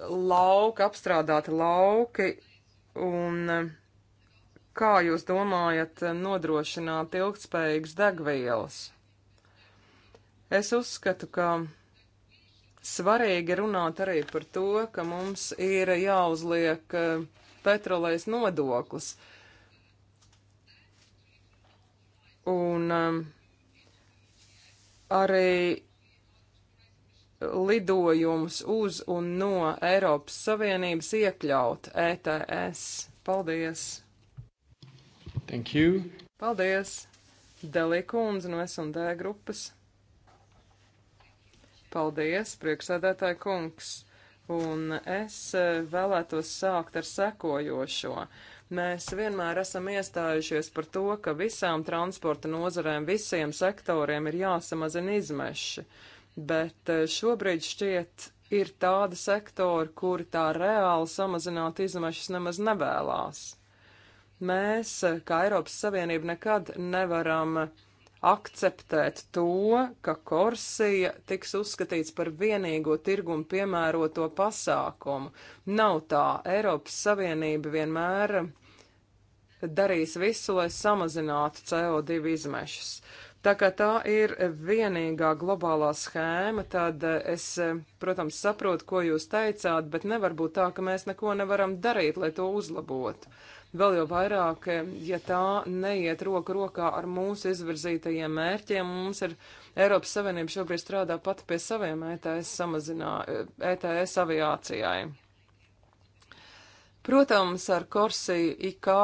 lauka, apstrādāti lauki, un eh, kā jūs domājat eh, nodrošināt ilgtspējīgas degvielas? Es uzskatu, ka svarīgi runāt arī par to, ka mums ir jāuzliek eh, petrolēs nodoklis. Un um, arī lidojumus uz un no Eiropas Savienības iekļaut ETS. Paldies! Thank you! Paldies! Delī kundze no S&D grupas. Paldies, priekšsēdētāji kungs! Un es eh, vēlētos sākt ar sekojošo. Mēs vienmēr esam iestājušies par to, ka visām transporta nozarēm, visiem sektoriem ir jāsamazina izmeši. Uh, bet eh, šobrīd šķiet ir tāda sektora, kuri tā reāli samazināt izmešas nemaz nevēlās. Mēs, eh, kā Eiropas Savienība, nekad nevaram akceptēt to, ka korsija tiks uzskatīts par vienīgo tirgumu piemēroto pasākumu. Nav tā, Eiropas Savienība vienmēr darīs visu, lai samazinātu CO2 izmešas. Tā kā tā ir vienīgā globālā schēma, tad eh, es, eh, protams, saprotu, ko jūs teicāt, bet nevar būt tā, ka mēs neko nevaram darīt, lai to uzlabotu. Vēl jau vairāk, eh, ja tā neiet roku rokā ar mūsu izvirzītajiem mērķiem, mums ir Eiropas Savienība šobrīd strādā pat pie saviem ETS, samazinā, ETS e aviācijai. Protams, ar Korsiju, IKO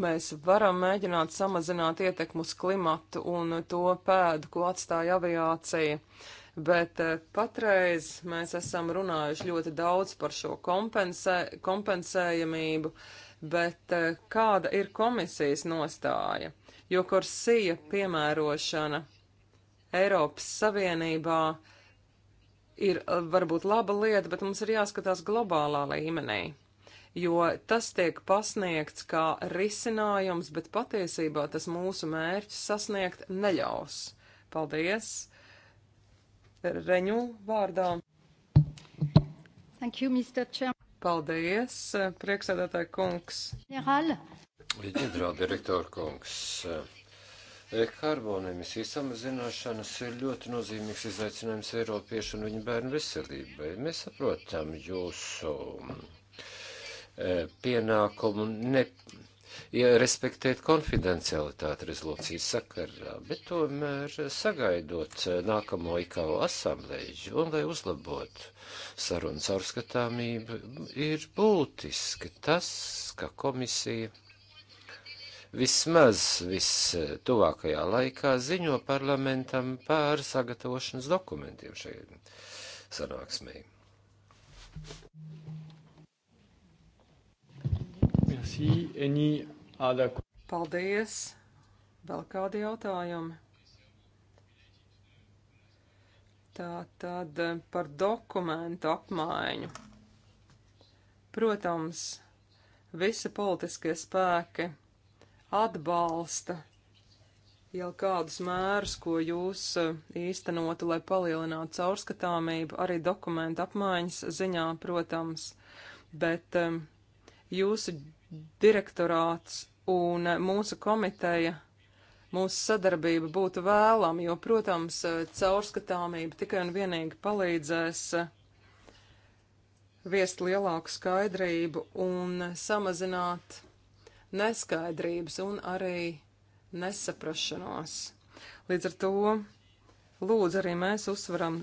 mēs varam mēģināt samazināt ietekmu uz klimatu un to pēdu, ko atstāja aviācija. Bet eh, patreiz mēs esam runājuši ļoti daudz par šo kompensē, kompensējamību, bet eh, kāda ir komisijas nostāja? Jo korsija piemērošana Eiropas Savienībā ir eh, varbūt laba lieta, bet mums ir jāskatās globālā līmenī jo tas tiek pasniegts kā risinājums, bet patiesībā tas mūsu mērķis sasniegt neļaus. Paldies! Reņu vārdā. Thank you, Mr. Chairman. Paldies, prieksēdētāji kungs. Ģenerāla. Ģenerāla direktora kungs. Eh, karbona emisiju samazināšanas ir ļoti nozīmīgs izaicinājums Eiropiešu un viņu bērnu veselībai. Mēs saprotam jūsu E, pienākumu ne, ja respektēt konfidencialitāti rezolūcijas sakarā, bet tomēr sagaidot e, nākamo IKO asamblēģi un lai uzlabotu sarunu caurskatāmību, ir būtiski tas, ka komisija vismaz vistuvākajā laikā ziņo parlamentam par sagatavošanas dokumentiem šai sanāksmēji. Merci. Any other... Paldies. Vēl kādi jautājumi? Tā tad eh, par dokumentu apmaiņu. Protams, visi politiskie spēki atbalsta jau kādus mērus, ko jūs eh, īstenotu, lai palielinātu caurskatāmību, arī dokumentu apmaiņas ziņā, protams, bet um, jūsu direktorāts un mūsu komiteja, mūsu sadarbība būtu vēlama, jo, protams, caurskatāmība tikai un vienīgi palīdzēs viest lielāku skaidrību un samazināt neskaidrības un arī nesaprašanos. Līdz ar to lūdzu arī mēs uzsveram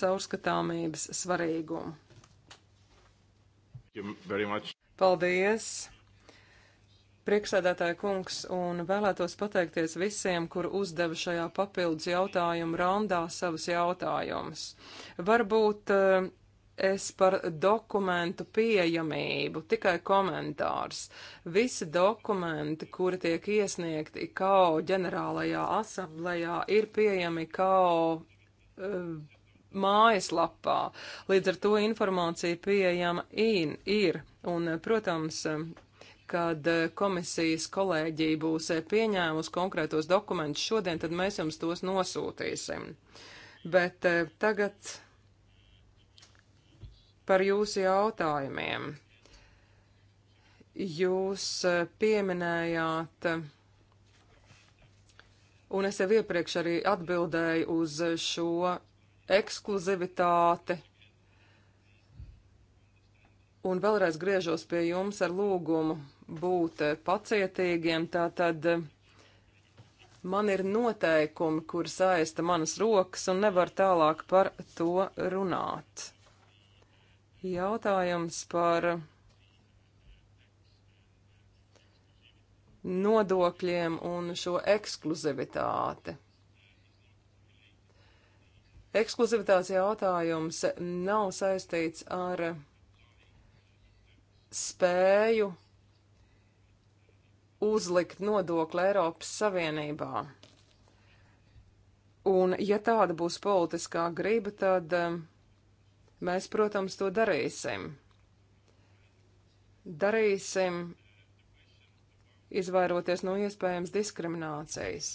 caurskatāmības svarīgumu. Paldies! Priekšsēdētāja kungs, un vēlētos pateikties visiem, kur uzdeva šajā papildus jautājumu raundā savus jautājumus. Varbūt eh, es par dokumentu pieejamību tikai komentārs. Visi dokumenti, kuri tiek iesniegti IKO ģenerālajā asamblējā, ir pieejami IKO eh, mājaslapā. Līdz ar to informācija pieejama in, ir. Un, protams, kad eh, komisijas kolēģija būs eh, pieņēmusi konkrētos dokumentus šodien, tad mēs jums tos nosūtīsim. Bet eh, tagad par jūsu jautājumiem. Jūs pieminējāt, un es jau iepriekš arī atbildēju uz šo ekskluzivitāti. Un vēlreiz griežos pie jums ar lūgumu būt pacietīgiem. Tātad man ir noteikumi, kur saista manas rokas un nevar tālāk par to runāt. Jautājums par nodokļiem un šo ekskluzivitāti. Ekskluzivitātes jautājums nav saistīts ar spēju uzlikt nodokli Eiropas Savienībā. Un, ja tāda būs politiskā griba, tad eh, mēs, protams, to darīsim. Darīsim, izvairoties no iespējams diskriminācijas.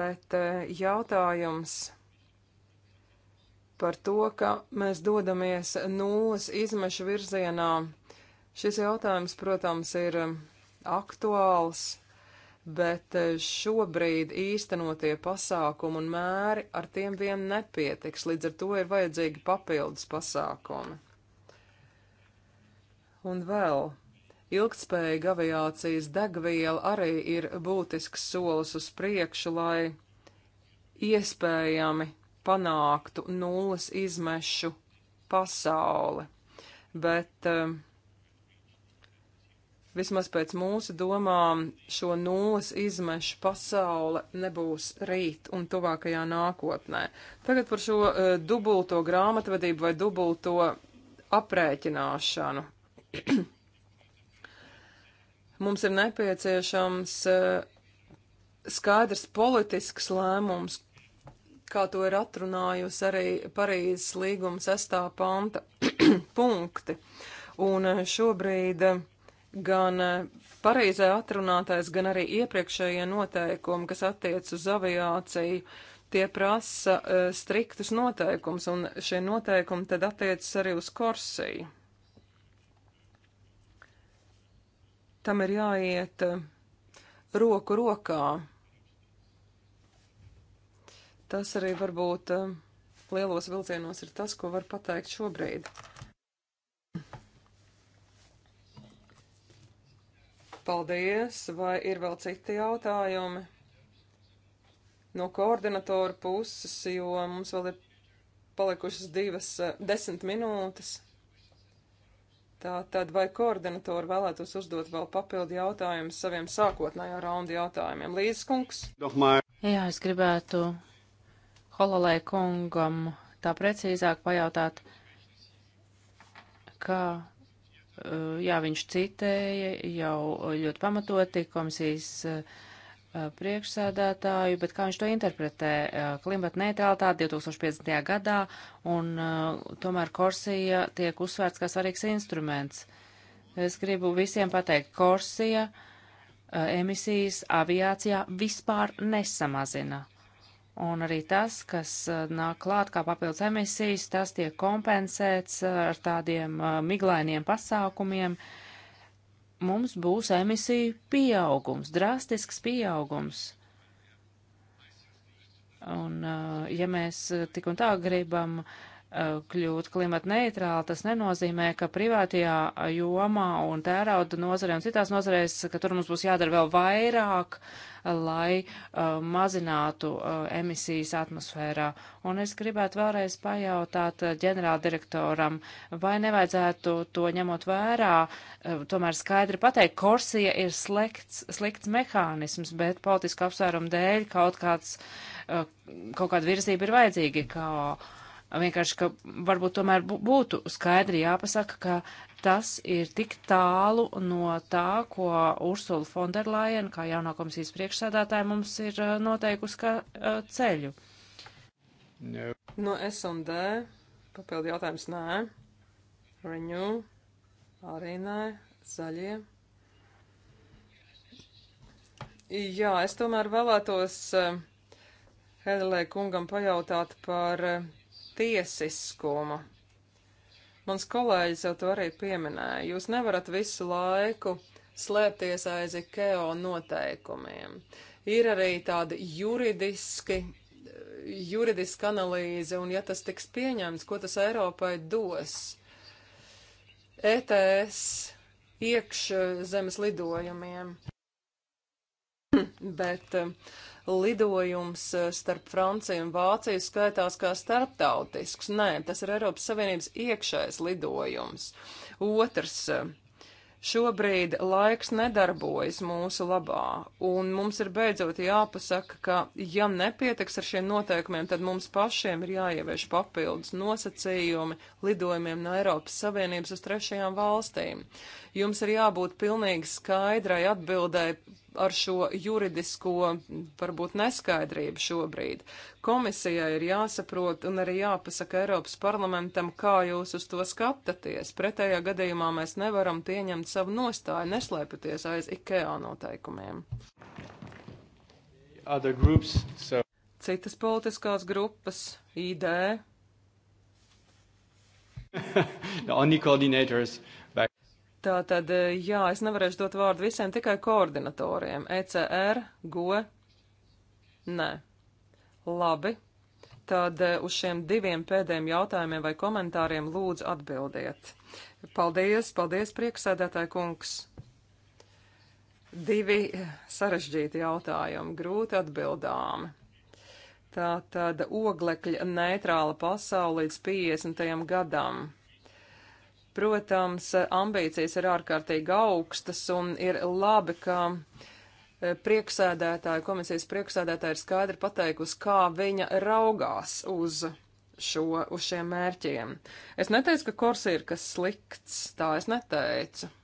Bet eh, jautājums par to, ka mēs dodamies nulles izmešu virzienā. Šis jautājums, protams, ir um, aktuāls, bet uh, šobrīd īstenotie pasākumi un mēri ar tiem vien nepietiks, līdz ar to ir vajadzīgi papildus pasākumi. Un vēl ilgtspējīga aviācijas degviela arī ir būtisks solis uz priekšu, lai iespējami panāktu nulles izmešu pasauli. Bet um, vismaz pēc mūsu domām šo nulles izmešu pasaule nebūs rīt un tuvākajā nākotnē. Tagad par šo uh, dubulto grāmatvedību vai dubulto aprēķināšanu. Mums ir nepieciešams uh, skaidrs politisks lēmums, kā to ir atrunājusi arī Parīzes līguma sestā panta punkti. Un eh, šobrīd eh, gan eh, Parīzē atrunātais, gan arī iepriekšējie noteikumi, kas attiec uz aviāciju, tie prasa uh, striktus noteikumus, un šie noteikumi tad attiecas arī uz Korsiju. Tam ir jāiet uh, roku rokā Tas arī varbūt eh, lielos vilcienos ir tas, ko var pateikt šobrīd. Paldies! Vai ir vēl citi jautājumi? No koordinatora puses, jo mums vēl ir palikušas divas, eh, desmit minūtes. Tā tad vai koordinatori vēlētos uzdot vēl papildu jautājumu saviem sākotnējā raunda jautājumiem? Līdzkungs? Jā, es gribētu Hololē kungam tā precīzāk pajautāt, kā, eh, jā, viņš citēja jau ļoti pamatoti komisijas eh, priekšsēdētāju, bet kā viņš to interpretē? Eh, klimata neutralitāte 2050. gadā un tomēr Korsija tiek uzsvērts kā svarīgs instruments. Es gribu visiem pateikt, Korsija emisijas aviācijā vispār nesamazina Un arī tas, kas uh, nāk klāt kā papildus emisijas, tas tiek kompensēts uh, ar tādiem uh, miglainiem pasākumiem. Mums būs emisiju pieaugums, drastisks pieaugums. Un, ja mēs tik un tā gribam uh, kļūt klimata neitrāli, tas nenozīmē, ka privātajā jomā un tērauda nozarē un citās nozarēs, ka tur mums būs jādara vēl vairāk, lai uh, mazinātu uh, emisijas atmosfērā. Un es gribētu vēlreiz pajautāt uh, ģenerāldirektoram, vai nevajadzētu to ņemot vērā, uh, tomēr skaidri pateikt, korsija ir slikts, slikts mehānisms, bet politisku apsvērumu dēļ kaut kāds, uh, kaut kāda virzība ir vajadzīga, kā vienkārši, ka varbūt tomēr būtu skaidri jāpasaka, ka tas ir tik tālu no tā, ko Ursula Fonderlajen, kā jaunā komisijas priekšsādātāja, mums ir noteikusi kā ceļu. No, no S&D papildu jautājums nē. Renew arī nē. Zaļie. Jā, es tomēr vēlētos Hedelē kungam pajautāt par tiesiskumu. Mans kolēģis jau to arī pieminēja. Jūs nevarat visu laiku slēpties aiz IKEO noteikumiem. Ir arī tādi juridiski, juridiski analīze, un ja tas tiks pieņemts, ko tas Eiropai dos? ETS iekšzemes lidojumiem. Bet lidojums eh, starp Franciju un Vāciju skaitās kā starptautisks. Nē, tas ir Eiropas Savienības iekšējais lidojums. Otrs. Eh, šobrīd laiks nedarbojas mūsu labā, un mums ir beidzot jāpasaka, ka, ja nepietiks ar šiem noteikumiem, tad mums pašiem ir jāievieš papildus nosacījumi lidojumiem no Eiropas Savienības uz trešajām valstīm. Jums ir jābūt pilnīgi skaidrai atbildēji ar šo juridisko, varbūt neskaidrību šobrīd. Komisijai ir jāsaprot un arī jāpasaka Eiropas parlamentam, kā jūs uz to skatāties. Pretējā gadījumā mēs nevaram pieņemt savu nostāju, neslēpjoties aiz IKEA noteikumiem. Groups, so... Citas politiskās grupas, ID. the only coordinators Tātad, eh, jā, es nevarēšu dot vārdu visiem, tikai koordinatoriem. ECR, GO, nē. E. Labi. Tad eh, uz šiem diviem pēdējiem jautājumiem vai komentāriem lūdzu atbildiet. Paldies, paldies, prieksēdētāji kungs. Divi eh, sarežģīti jautājumi, grūti atbildāmi. Tātad oglekļa neitrāla pasaule līdz 50. gadam. Protams, ambīcijas ir ārkārtīgi augstas un ir labi, ka e, prieksēdētāja, komisijas prieksēdētāja ir skaidri pateikusi, kā viņa raugās uz šo, uz šiem mērķiem. Es neteicu, ka kors ir kas slikts, tā es neteicu.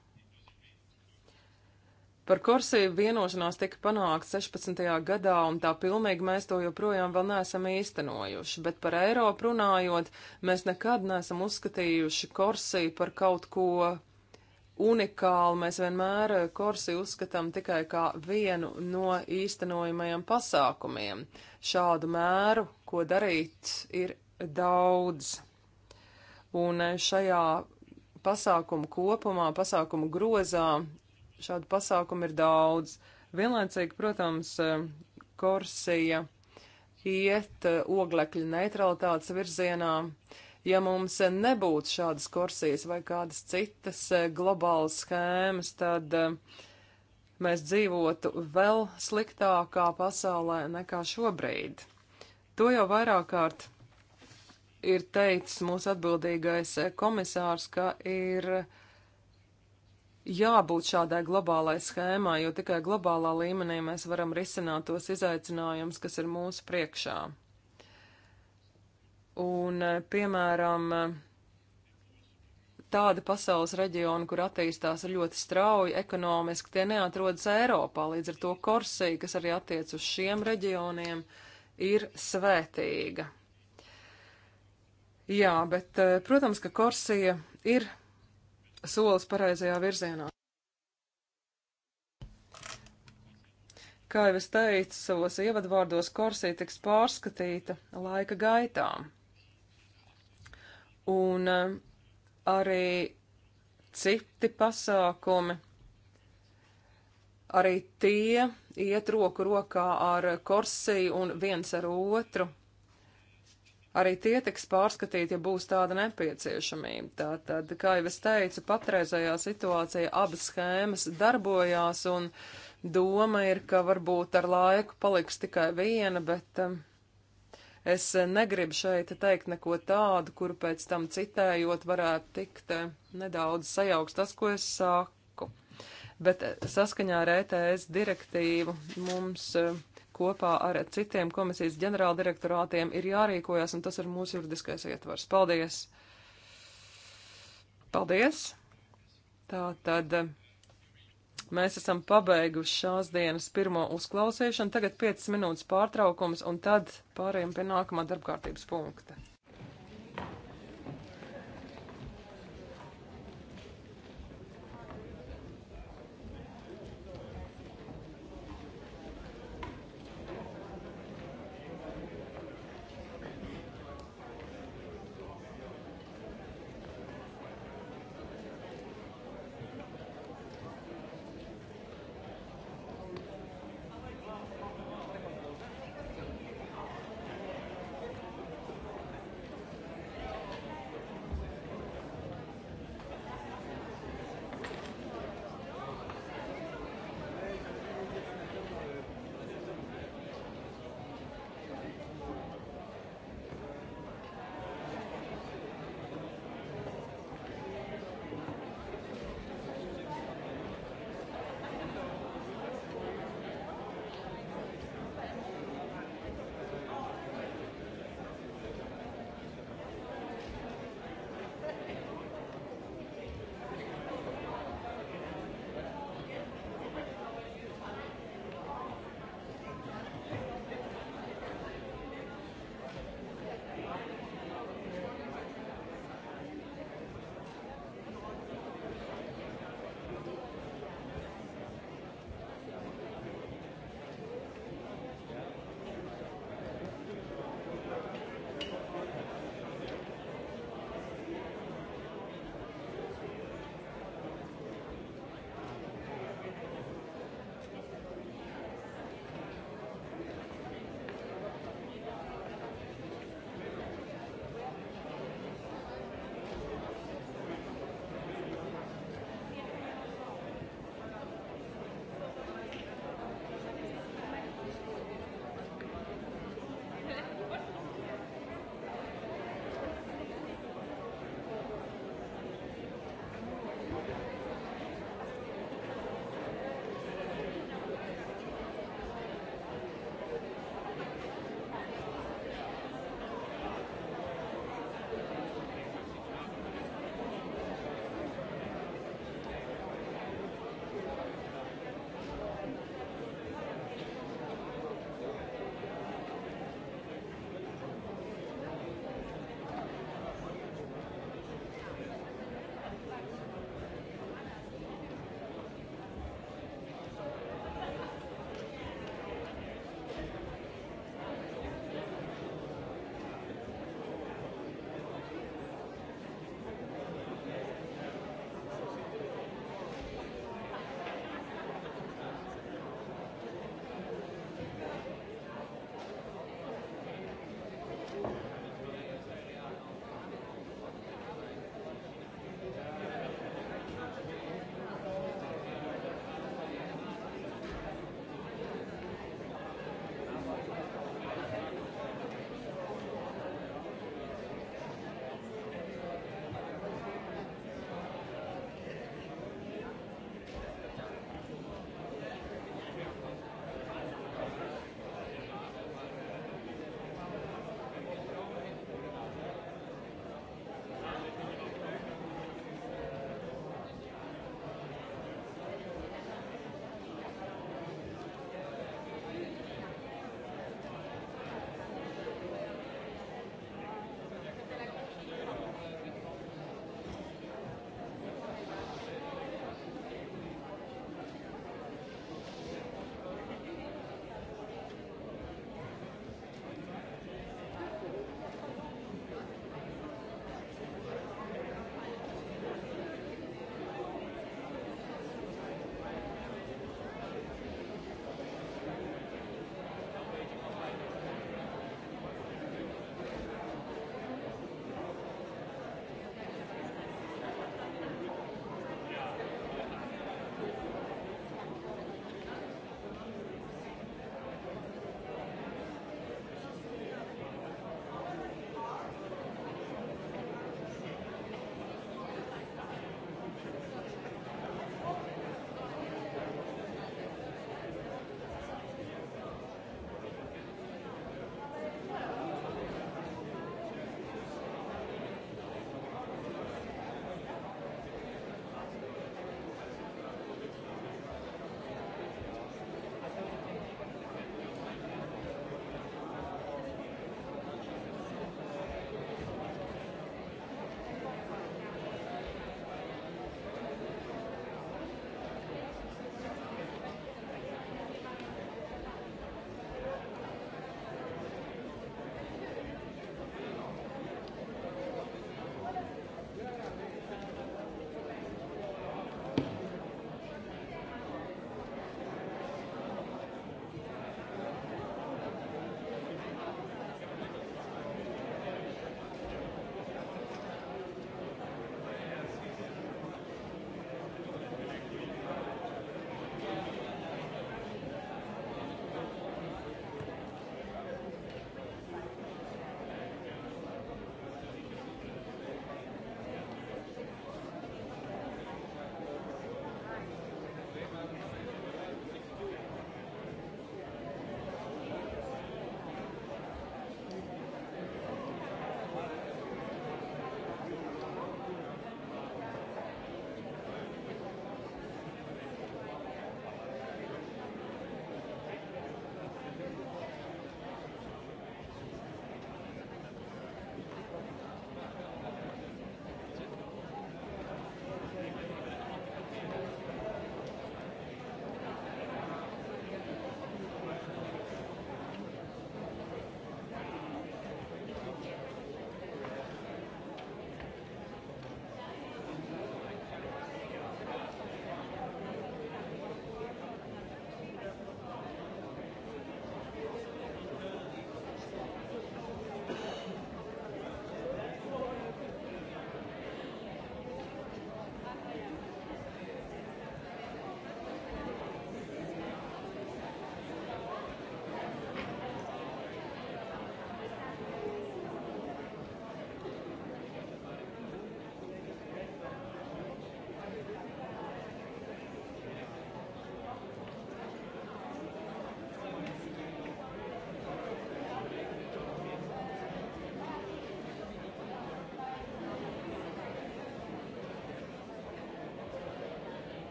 Par Korsiju vienošanās tika panākt 16. gadā, un tā pilnīgi mēs to joprojām vēl neesam īstenojuši, bet par Eiropu runājot, mēs nekad neesam uzskatījuši Korsiju par kaut ko unikālu. Mēs vienmēr Korsiju uzskatām tikai kā vienu no īstenojumajiem pasākumiem. Šādu mēru, ko darīt, ir daudz. Un šajā pasākumu kopumā, pasākumu grozā Šādu pasākumu ir daudz. Vienlaicīgi, protams, Korsija iet eh, oglekļa neutralitātes virzienā. Ja mums nebūtu šādas korsijas vai kādas citas eh, globālas schēmas, tad eh, mēs dzīvotu vēl sliktākā pasaulē nekā šobrīd. To jau vairāk kārt ir teicis mūsu atbildīgais komisārs, ka ir uh, jābūt šādai globālai schēmai, jo tikai globālā līmenī mēs varam risināt tos izaicinājumus, kas ir mūsu priekšā. Un, e, piemēram, e, tādi pasaules reģioni, kur attīstās ļoti strauji ekonomiski, tie neatrodas Eiropā. Līdz ar to Korsija, kas arī attiec uz šiem reģioniem, ir svētīga. Jā, bet, e, protams, ka Korsija ir solis pareizajā virzienā. Kā jau es teicu, savos ievadvārdos korsī tiks pārskatīta laika gaitā. Un eh, arī citi pasākumi, arī tie iet roku rokā ar korsī un viens ar otru Arī tie tiks pārskatīti, ja būs tāda nepieciešamība. Tātad, kā jau es teicu, patreizajā situācijā abas schēmas darbojās un doma ir, ka varbūt ar laiku paliks tikai viena, bet um, es negribu šeit teikt neko tādu, kur pēc tam citējot varētu tikt uh, nedaudz sajauks tas, ko es saku. Bet uh, saskaņā ar ETS direktīvu mums. Uh, kopā ar citiem komisijas ģenerāldirektorātiem ir jārīkojas, un tas ir mūsu juridiskais ietvars. Paldies! Paldies! Tā tad mēs esam pabeiguši šās dienas pirmo uzklausīšanu, tagad 5 minūtes pārtraukums, un tad pārējiem pie nākamā darbkārtības punkta.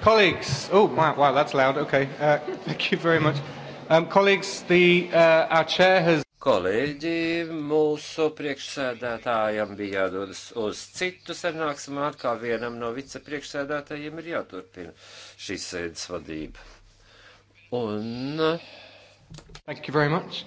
Colleagues, oh wow, wow that's loud. Okay, uh, thank you very much. Um, colleagues, the uh, our chair has. Kolēģi, mūsu priekšsēdētājam bija jādodas uz citu sanāksmu, atkal vienam no vicepriekšsēdētājiem ir jāturpina šīs sēdes vadība. Un. Thank you very much.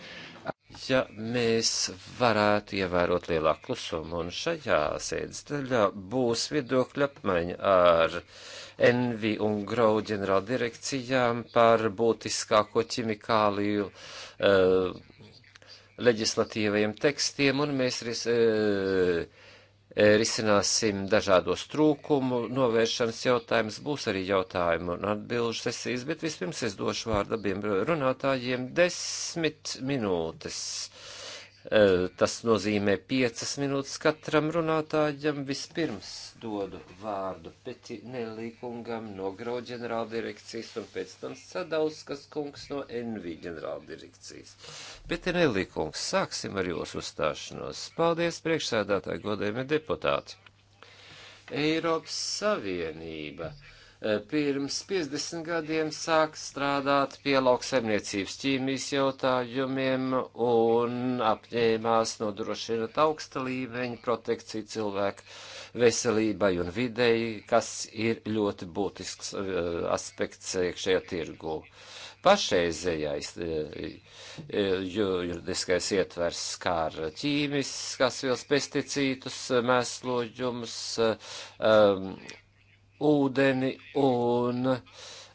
Ja mēs varētu ievērot lielāku klusumu, un šajā sēdes daļā būs viedokļa apmaiņa ar. Uh, Envi un Grau ģenerāla direkcijām par būtiskāko ķimikāliju uh, leģislatīvajiem tekstiem, un mēs ris, uh, risināsim dažādos trūkumu novēršanas jautājumus. Būs arī jautājumu un atbilžu sesijas, bet vispirms es došu vārdu abiem runātājiem desmit minūtes. Uh, Tas nozīmē piecas minūtes katram runātājam. Vispirms dodu vārdu Petinelīkungam no Grau ģenerāldirekcijas un pēc tam Sadauskas kungs no NV ģenerāldirekcijas. Petinelīkungs, sāksim ar jūsu uzstāšanos. Paldies priekšsēdātāji godējumi deputāti. Eiropas Savienība. Uh, pirms 50 gadiem sāk strādāt pie lauksaimniecības ķīmijas jautājumiem un apņēmās nodrošināt augsta līmeņa protekciju cilvēku veselībai un videi, kas ir ļoti būtisks uh, aspekts iekšējā tirgu. Pašreizējais uh, juridiskais ietvers skār ķīmiskas vielas pesticītus, mēsloģumus, um, eh, ūdeni un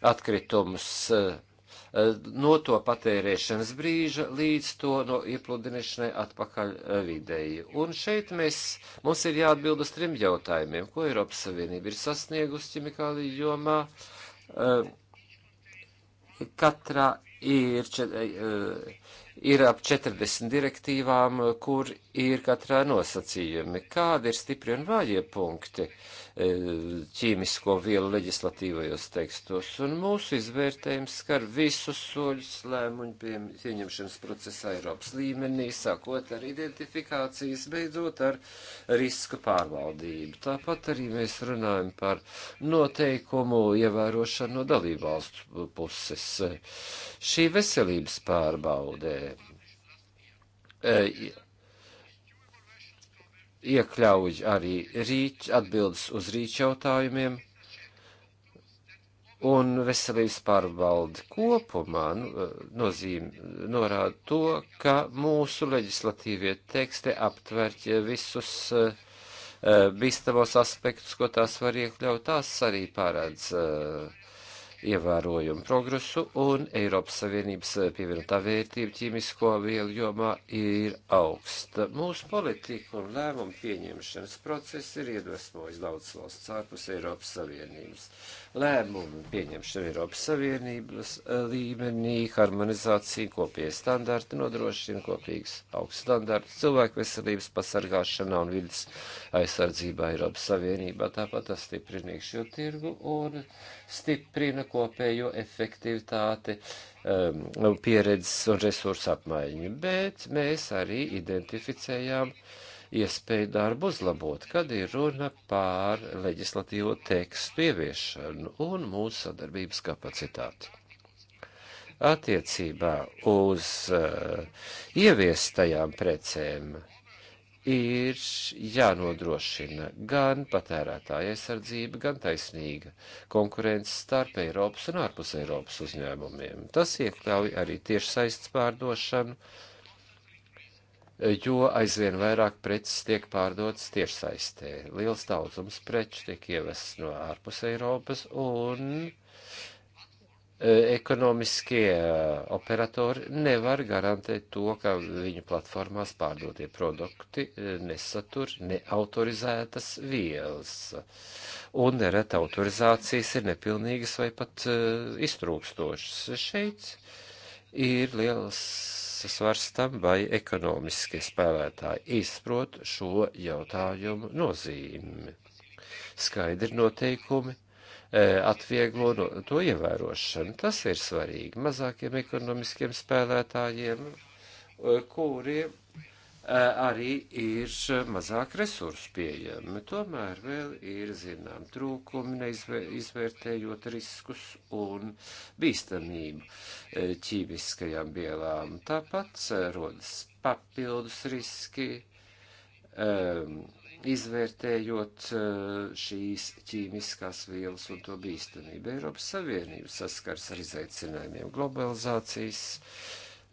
atkritumus eh, no to patērēšanas brīža līdz to no iepludināšanai atpakaļ eh, vidēji. Un šeit mēs, mums ir jāatbild uz trim jautājumiem, ko Eiropas Savienība ir sasniegusi ķimikāliju jomā. Eh, katrā ir, ir ap 40 direktīvām, kur ir katrā nosacījumi, kādi ir stipri un vājie punkti. Uh, E, ķīmisko vielu leģislatīvajos tekstos, un mūsu izvērtējums skar visus soļus lēmuņu pieņemšanas procesā Eiropas līmenī, sākot ar identifikācijas, beidzot ar riska pārvaldību. Tāpat arī mēs runājam par noteikumu ievērošanu no dalībvalstu puses. Šī veselības pārbaudē. E, iekļauj arī rīč, atbildes uz rīč jautājumiem un veselības pārvaldi kopumā nu, eh, nozīme norāda to, ka mūsu leģislatīvie teksti aptver visus uh, bīstamos aspektus, ko tās var iekļaut. Tās arī pārēdz uh, ievērojumu progresu un Eiropas Savienības eh, pievienotā vērtība ķīmisko vielu jomā ir augsta. Mūsu politika un lēmumu pieņemšanas process ir iedvesmojis daudz valsts ārpus Eiropas Savienības lēmumu pieņemšanu Eiropas Savienības eh, līmenī, harmonizācija, kopie standarti nodrošina kopīgs augsts standarts cilvēku veselības pasargāšanā un vidas aizsardzībā Eiropas Savienībā. Tāpat tas stiprina iekšējo tirgu un stiprina kopējo efektivitāti um, pieredzes un resursu apmaiņu. Bet mēs arī identificējām uh, iespēju darbu uzlabot, kad ir runa pār leģislatīvo tekstu ieviešanu un mūsu sadarbības kapacitāti. Attiecībā uz uh, ieviestajām precēm ir jānodrošina gan patērētāja aizsardzība, gan taisnīga konkurence starp Eiropas un ārpus Eiropas uzņēmumiem. Tas iekļauj arī tiešsaistes pārdošanu, uh, jo aizvien vairāk preces tiek pārdotas tiešsaistē. Liels daudzums preču tiek ievests no ārpus Eiropas un e, ekonomiskie e, operatori nevar garantēt to, ka viņu platformās pārdotie produkti e, nesatur neautorizētas vielas. Un nereta autorizācijas ir nepilnīgas vai pat uh, iztrūkstošas. Šeit ir liels svars tam, vai ekonomiskie spēlētāji izprot šo jautājumu nozīmi. Skaidri noteikumi e, atvieglo no, to ievērošanu. Tas ir svarīgi mazākiem ekonomiskiem spēlētājiem, e, kuriem Eh, arī ir eh, mazāk resursu pieejami. Tomēr vēl ir zinām trūkumi, neizvērtējot riskus un bīstamību eh, ķīmiskajām vielām. Tāpat rodas papildus riski, ehm, izvērtējot šīs ķīmiskās vielas un to bīstamību. Eiropas Savienība saskars ar izaicinājumiem globalizācijas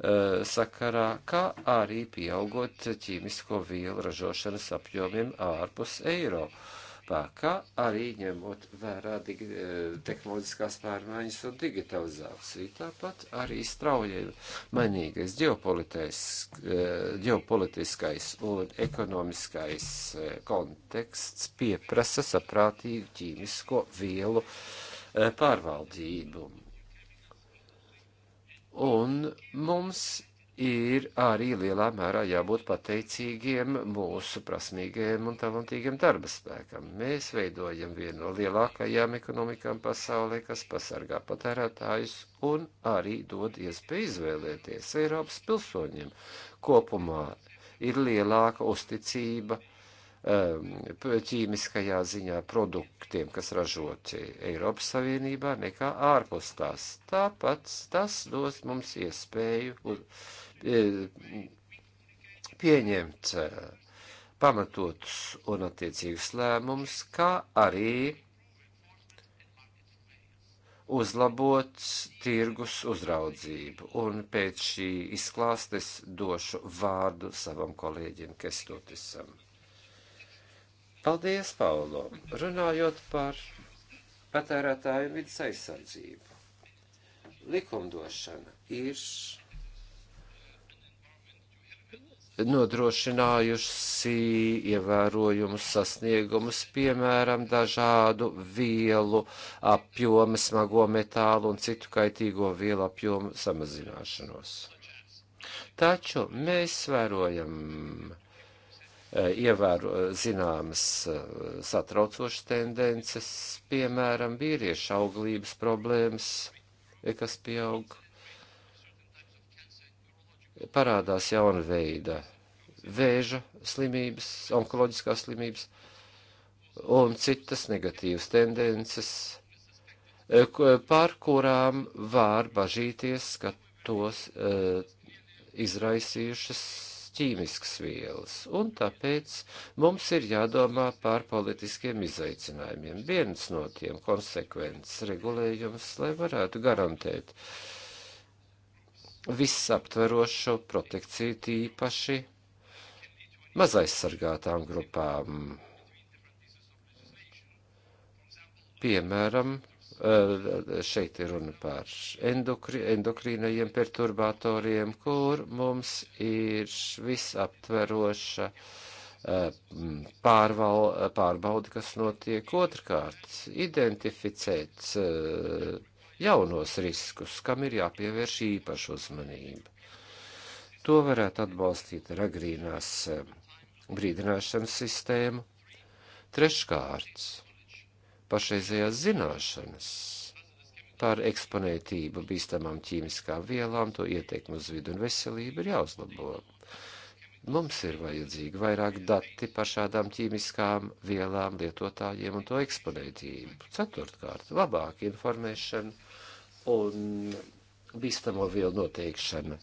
Eh, sakarā, kā arī pieaugot ķīmisko vielu ražošanas apjomiem ārpus Eiropas spēkā, arī ņemot vērā digi, eh, tehnoloģiskās pārmaiņas un digitalizāciju. Tāpat arī strauji mainīgais eh, ģeopolitiskais un ekonomiskais konteksts pieprasa saprātīgu ķīmisko vielu pārvaldību. Un mums ir arī lielā mērā jābūt pateicīgiem mūsu prasmīgajiem un talantīgiem darba spēkam. Mēs veidojam vienu no lielākajām ekonomikām pasaulē, kas pasargā patērētājus un arī dod iespēju izvēlēties Eiropas pilsoņiem. Kopumā ir lielāka uzticība Um, ķīmiskajā ziņā produktiem, kas ražoti Eiropas Savienībā, nekā ārpus tās. Tāpat tas dos mums iespēju e, pieņemt e, pamatotus un attiecīgus lēmumus, kā arī uzlabot tirgus uzraudzību. Un pēc šī izklāstes došu vārdu savam kolēģim Kestotisam. Paldies, Paulo! Runājot par patērētāju vidas aizsardzību. Likumdošana ir nodrošinājusi ievērojumus sasniegumus, piemēram, dažādu vielu apjomu, smago metālu un citu kaitīgo vielu apjomu samazināšanos. Taču mēs vērojam Eh, ievēro eh, zināmas eh, satraucošas tendences, piemēram, vīriešu auglības problēmas, kas pieaug. Parādās jauna veida vēža slimības, onkoloģiskās slimības un citas negatīvas tendences, pār kurām var bažīties, ka tos uh, izraisījušas ķīmiskas vielas, un tāpēc mums ir jādomā par politiskiem izaicinājumiem. Viens no tiem konsekvents regulējums, lai varētu garantēt visaptverošo protekciju tīpaši mazaizsargātām grupām. Piemēram, Eh, šeit ir runa par endokri, endokrīnajiem perturbatoriem, kur mums ir visaptveroša eh, pārval, pārbaudi, kas notiek. Otrkārt, identificēt eh, jaunos riskus, kam ir jāpievērš īpaša uzmanība. To varētu atbalstīt ar agrīnās brīdināšanas sistēmu. Treškārt, pašreizējās zināšanas par eksponētību bīstamām ķīmiskām vielām, to ietekmu uz vidu un veselību ir jāuzlabo. Mums ir vajadzīgi vairāk dati par šādām ķīmiskām vielām, lietotājiem un to eksponētību. Ceturtkārt, labāka informēšana un bīstamo vielu noteikšana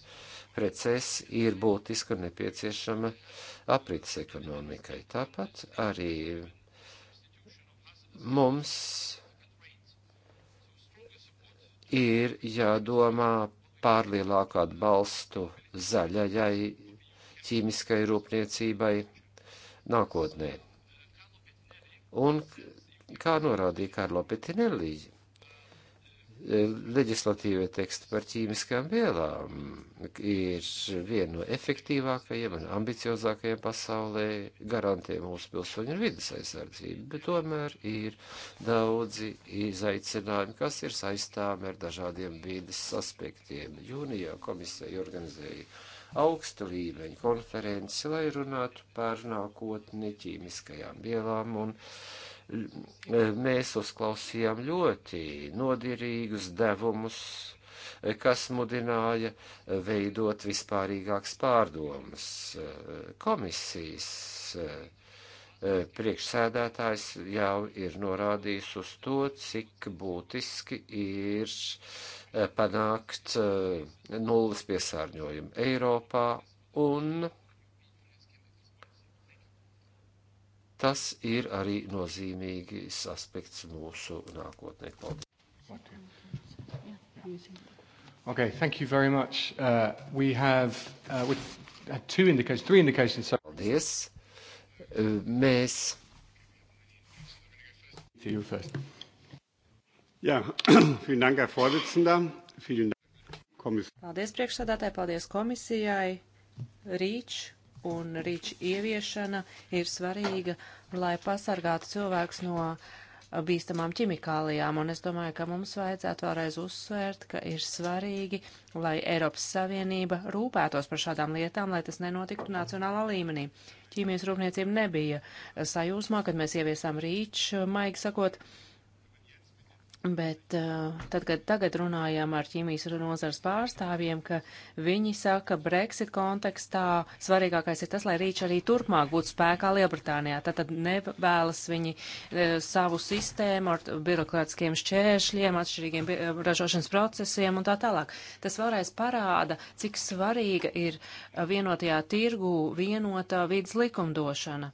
precēs ir būtiska un nepieciešama aprits ekonomikai. Tāpat arī mums ir jādomā par lielāku atbalstu zaļajai ķīmiskai rūpniecībai nākotnē. Un kā norādīja Karlo Petinelli, leģislatīvie teksti par ķīmiskām vielām ir viena no efektīvākajiem un ambiciozākajiem pasaulē, garantē mūsu pilsoņu un vidas aizsardzību, bet tomēr ir daudzi izaicinājumi, kas ir saistāmi ar dažādiem vidas aspektiem. Jūnijā komisija organizēja augsta līmeņa konferenci, lai runātu par nākotni ķīmiskajām vielām un uh, mēs uzklausījām ļoti noderīgus devumus, kas mudināja veidot vispārīgākas pārdomas. Komisijas eh, priekšsēdētājs jau ir norādījis uz to, cik būtiski ir eh, panākt eh, nulles piesārņojumu Eiropā un Tas ir arī nozīmīgs aspekts mūsu nākotnē. Paldies! Okay, thank you very much. Uh, we have uh, we had two indications, three indications. Paldies. Uh, mēs. To you first. Jā, vielen Dank, Herr Vorsitzender. Vielen Dank, Kommissar. Paldies priekšsādātāji, paldies komisijai. Rīč un rīču ieviešana ir svarīga, lai pasargātu cilvēks no uh, bīstamām ķimikālijām, un es domāju, ka mums vajadzētu vēlreiz uzsvērt, ka ir svarīgi, lai Eiropas Savienība rūpētos par šādām lietām, lai tas nenotiktu nacionālā līmenī. Ķīmijas rūpniecība nebija uh, sajūsmā, kad mēs ieviesām rīču, uh, maigi sakot, uh, Bet eh, tad, kad tagad runājām ar ķīmijas nozars pārstāvjiem, ka viņi saka, Brexit kontekstā svarīgākais ir tas, lai rīč arī turpmāk būtu spēkā Lielbritānijā. Tātad nevēlas viņi eh, savu sistēmu ar birokrātiskiem šķēršļiem, atšķirīgiem eh, ražošanas procesiem un tā tālāk. Tas vēlreiz parāda, cik svarīga ir vienotajā tirgu vienota vidas likumdošana.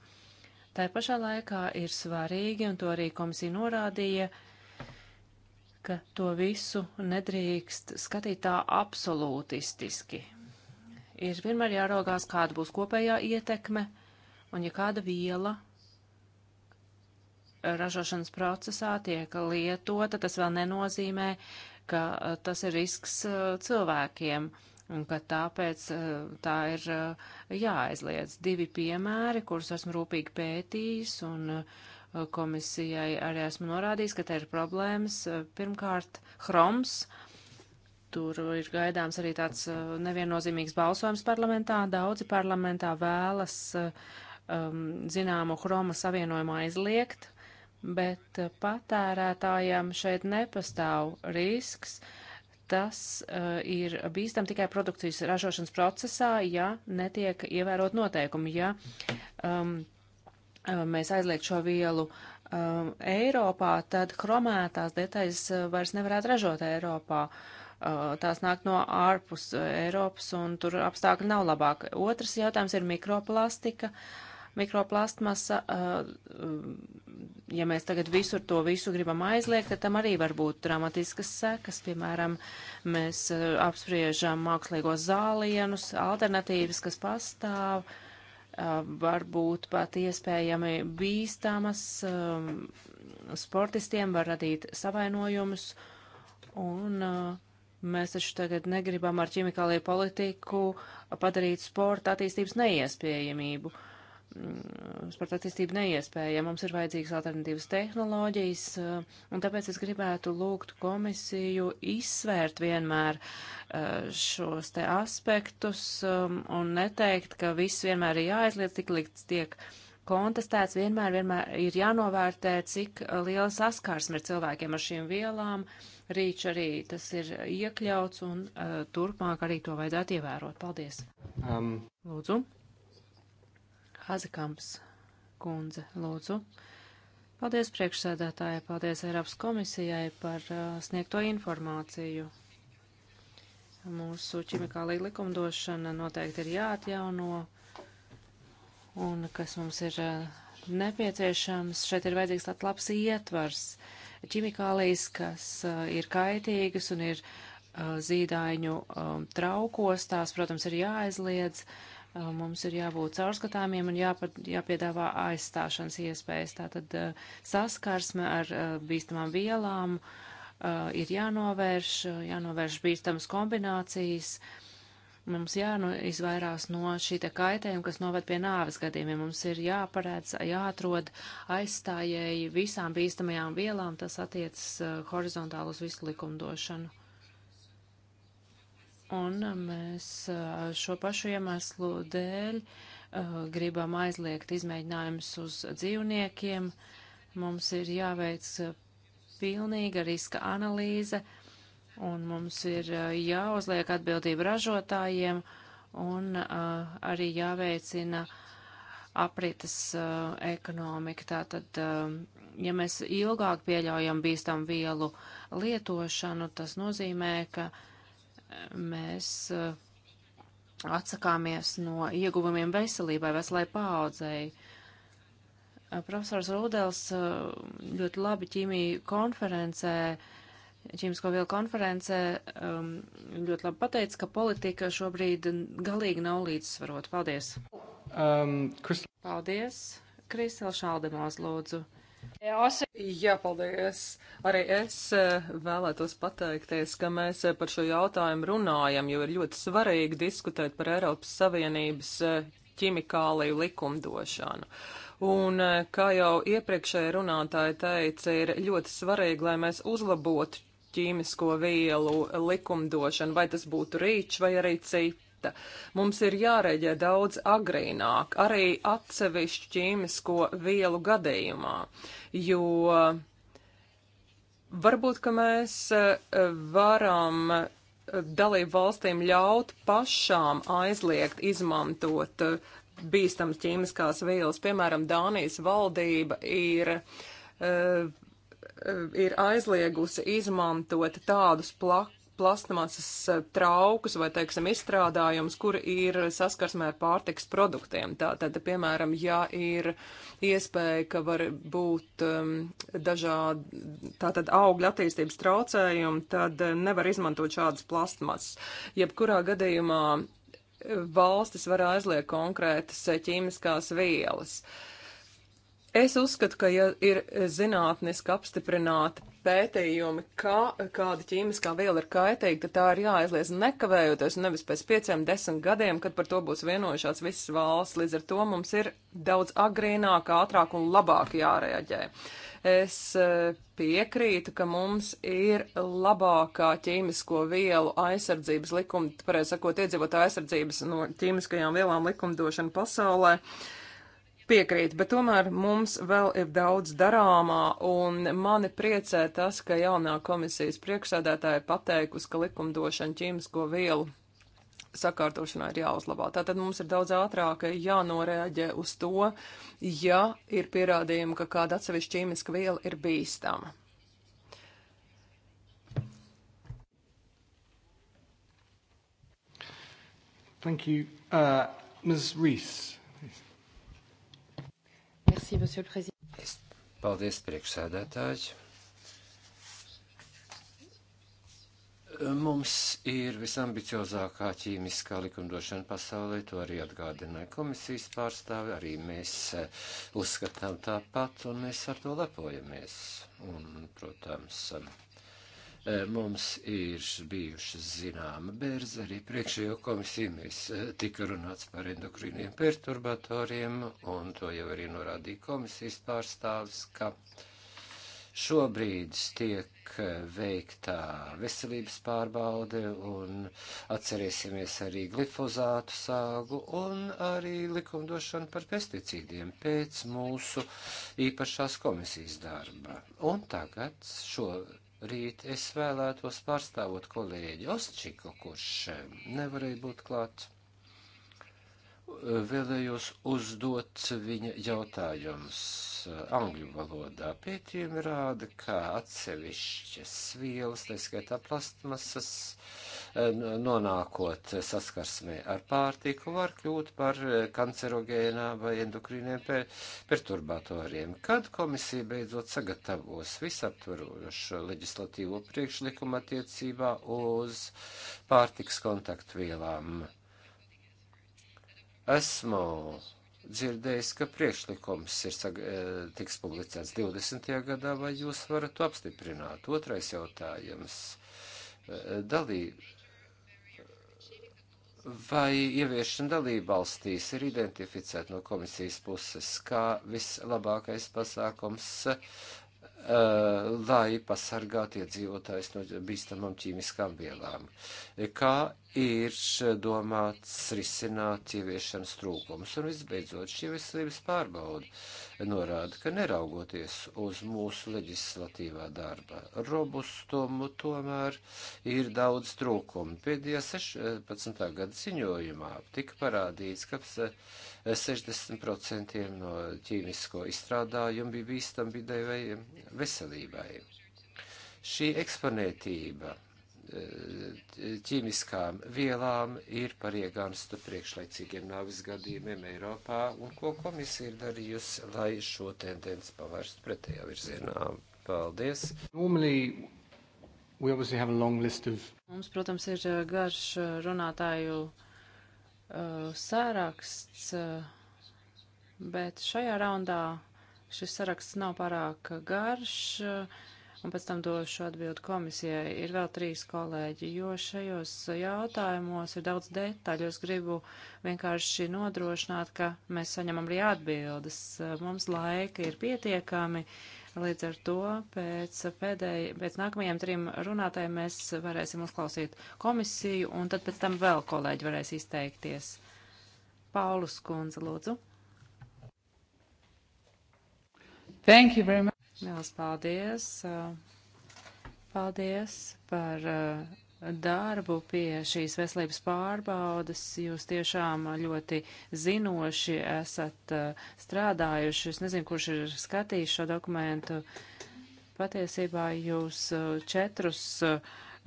Tā pašā laikā ir svarīgi, un to arī komisija norādīja, uh, ka to visu nedrīkst skatīt tā absolūtistiski. Ir vienmēr jāraugās, kāda būs kopējā ietekme, un ja kāda viela ražošanas procesā tiek lietota, tas vēl nenozīmē, ka eh, tas ir risks eh, cilvēkiem un ka tāpēc eh, tā ir jāaizliedz. Divi piemēri, kurus esmu rūpīgi pētījis un uh, komisijai arī esmu norādījis, ka te ir problēmas. Eh, pirmkārt, Hroms. Tur ir gaidāms arī tāds eh, neviennozīmīgs balsojums parlamentā. Daudzi parlamentā vēlas eh, um, zināmu Hroma savienojumu aizliegt, bet patērētājiem šeit nepastāv risks. Tas uh, ir bīstam tikai produkcijas ražošanas procesā, ja netiek ievērot noteikumi, ja um, mēs aizliegtu šo vielu um, Eiropā, tad kromētās detaļas vairs nevarētu ražot Eiropā. Uh, tās nāk no ārpus Eiropas, un tur apstākļi nav labāk. Otrs jautājums ir mikroplastika. Mikroplastmasa, uh, ja mēs tagad visur to visu gribam aizliegt, tad tam arī var būt dramatiskas sekas. Piemēram, mēs uh, apspriežam mākslīgos zālienus, alternatīvas, kas pastāv. Uh, Um, varbūt pat iespējami bīstamas um, sportistiem, var radīt savainojumus. Un uh, mēs taču tagad negribam ar ķimikālajie politiku padarīt sporta attīstības neiespējamību. Uh, Mm, sporta attīstība neiespēja. Mums ir vajadzīgas alternatīvas tehnoloģijas, eh, un tāpēc es gribētu lūgt komisiju izsvērt vienmēr eh, šos te aspektus um, un neteikt, ka viss vienmēr ir jāaizliedz, tik likts tiek kontestēts, vienmēr, vienmēr ir jānovērtē, cik eh, liela saskarsme ir cilvēkiem ar šīm vielām. Rīč arī tas ir iekļauts, un turpmāk arī to vajadzētu ievērot. Paldies! Um. Lūdzu! Hazekamps kundze, lūdzu. Paldies priekšsēdētāji, paldies Eiropas komisijai par uh, sniegto informāciju. Mūsu ķimikālī likumdošana noteikti ir jāatjauno, un kas mums ir uh, nepieciešams, šeit ir vajadzīgs tāds labs ietvars ķimikālijas, kas uh, ir kaitīgas un ir uh, zīdaiņu um, traukos, tās, protams, ir jāaizliedz. Uh, Uh, mums ir jābūt caurskatāmiem un jāpa, jāpiedāvā aizstāšanas iespējas. Tātad uh, saskarsme ar uh, bīstamām vielām ir jānovērš, jānovērš bīstamas kombinācijas. Mums jāizvairās no šī te kaitējuma, kas noved pie nāves gadījumiem. Mums ir jāparedz, jāatrod aizstājēji visām bīstamajām vielām, tas attiecas horizontāli uz visu likumdošanu. Un uh, mēs uh, šo pašu iemeslu dēļ uh, gribam aizliegt izmēģinājumus uz dzīvniekiem. Mums ir jāveic pilnīga riska analīze, un mums ir jāuzliek atbildība ražotājiem, un arī jāveicina aprites ekonomika. Tātad, um, ja mēs ilgāk pieļaujam bīstam vielu lietošanu, tas nozīmē, ka mēs eh, atsakāmies no ieguvumiem veselībai, veselai paaudzēji. Eh, profesors Rūdels eh, ļoti labi ķīmiju konferencē, ķīmisko vielu konferencē ehm, ļoti labi pateica, ka politika šobrīd galīgi nav līdzsvarota. Paldies! Um, Krist... Paldies! Kristela Šaldemās lūdzu. Jā, paldies. Arī es eh, vēlētos pateikties, ka mēs eh, par šo jautājumu runājam, jo ir ļoti svarīgi diskutēt par Eiropas Savienības eh, ķimikāliju likumdošanu. Un, kā jau iepriekšēja runātāja teica, ir ļoti svarīgi, lai mēs uzlabotu ķīmisko vielu likumdošanu, vai tas būtu rīčs vai arī cits lieta. Mums ir jāreģē daudz agrīnāk, arī atsevišķu ķīmisko vielu gadījumā, jo varbūt, ka mēs e, varam e, dalību valstīm ļaut pašām aizliegt izmantot e, bīstams ķīmiskās vielas. Piemēram, Dānijas valdība ir, uh, ir aizliegusi izmantot tādus plak plastmasas eh, traukus vai, teiksim, izstrādājumus, kur ir saskarsmē ar pārtiks produktiem. Tātad, piemēram, ja ir iespēja, ka var būt um, ehm, dažādi tātad augļa attīstības traucējumi, tad eh, nevar izmantot šādas plastmasas. Jebkurā gadījumā eh, valstis var aizliegt konkrētas ķīmiskās vielas. Es uzskatu, ka ja ir zinātniski apstiprināta pētījumi, ka kāda ķīmiskā viela ir kaitīga, tad tā ir jāaizliedz nekavējoties un nevis pēc pieciem, desmit gadiem, kad par to būs vienojušās visas valsts. Līdz ar to mums ir daudz agrīnāk, ātrāk un labāk jārēģē. Es eh, piekrītu, ka mums ir labākā ķīmisko vielu aizsardzības likuma, pareizi sakot, iedzīvotāju aizsardzības no ķīmiskajām vielām likumdošana pasaulē. Uh, Piekrīt, bet tomēr mums vēl ir daudz darāmā, un mani priecē tas, ka jaunā komisijas priekšsēdētāja pateikusi, ka likumdošana ķīmisko vielu sakārtošanā ir jāuzlabā. Tātad mums ir daudz ātrāk jānoreaģē uz to, ja ir pierādījumi, ka kāda atsevišķa ķīmiska viela ir bīstama. Thank you. Uh, Ms. Rees. Merci, monsieur le président. Paldies, priekšsēdētāji. Mums ir visambiciozākā ķīmiskā likumdošana pasaulē, to arī atgādināja komisijas pārstāve, arī mēs eh, uzskatām tāpat un mēs ar to lepojamies. Un, protams, E, mums ir bijušas zināma bērze arī priekšējo komisiju. Mēs e, tika runāts par endokrīniem perturbatoriem, un to jau arī norādīja komisijas pārstāvis, ka šobrīd tiek e, veiktā veselības pārbaude, un atcerēsimies arī glifozātu sāgu un arī likumdošanu par pesticīdiem pēc mūsu īpašās komisijas darba. Un tagad šo rīt es vēlētos pārstāvot kolēģi Osčiku, kurš eh, nevarēja būt klāt. Vēlējos uzdot viņa jautājumus Uh, angļu valodā. Pētījumi rāda, ka atsevišķas vielas, tā skaitā plastmasas, uh, nonākot saskarsmē ar pārtiku, var kļūt par uh, kancerogēnām vai endokrīniem perturbatoriem. Kad komisija beidzot sagatavos visaptvarošu leģislatīvo priekšlikumu attiecībā uz pārtiks kontaktvielām? Esmu dzirdējis, ka priekšlikums ir sag, e, tiks publicēts 20. gadā, vai jūs varat to apstiprināt? Otrais jautājums. E, dalī, vai ieviešana dalībvalstīs ir identificēta no komisijas puses kā vislabākais pasākums, e, lai pasargātu iedzīvotājs no bīstamām ķīmiskām vielām? Kā ir domāts risināt ieviešanas trūkumus. Un visbeidzot, šī veselības pārbauda norāda, ka neraugoties uz mūsu leģislatīvā darba robustumu, tomēr ir daudz trūkumu. Pēdējā 16. gada ziņojumā tika parādīts, ka 60% no ķīmisko izstrādājumu bija bīstam vidējai veselībai. Šī eksponētība Eh, ķīmiskām vielām ir par iegānstu priekšlaicīgiem nāvis gadījumiem Eiropā un ko komisija ir darījusi, lai šo tendenci pavērstu pretējā virzienā. Paldies! Normally... Of... Mums, protams, ir eh, garš eh, runātāju uh, sāraksts, uh, bet šajā raundā šis saraksts nav pārāk garš. Uh, un pēc tam došu atbildu komisijai. Ir vēl trīs kolēģi, jo šajos jautājumos ir daudz detaļu. Es gribu vienkārši nodrošināt, ka mēs saņemam arī atbildes. Mums laika ir pietiekami, līdz ar to pēc, pēdēj, pēc nākamajiem trim runātājiem mēs varēsim uzklausīt komisiju, un tad pēc tam vēl kolēģi varēs izteikties. Paulus Kunze, lūdzu. Thank you very much. Lielas paldies! Uh, paldies par uh, darbu pie šīs veselības pārbaudas. Jūs tiešām ļoti zinoši esat uh, strādājuši. Es nezinu, kurš ir skatījis šo dokumentu. Patiesībā jūs četrus uh,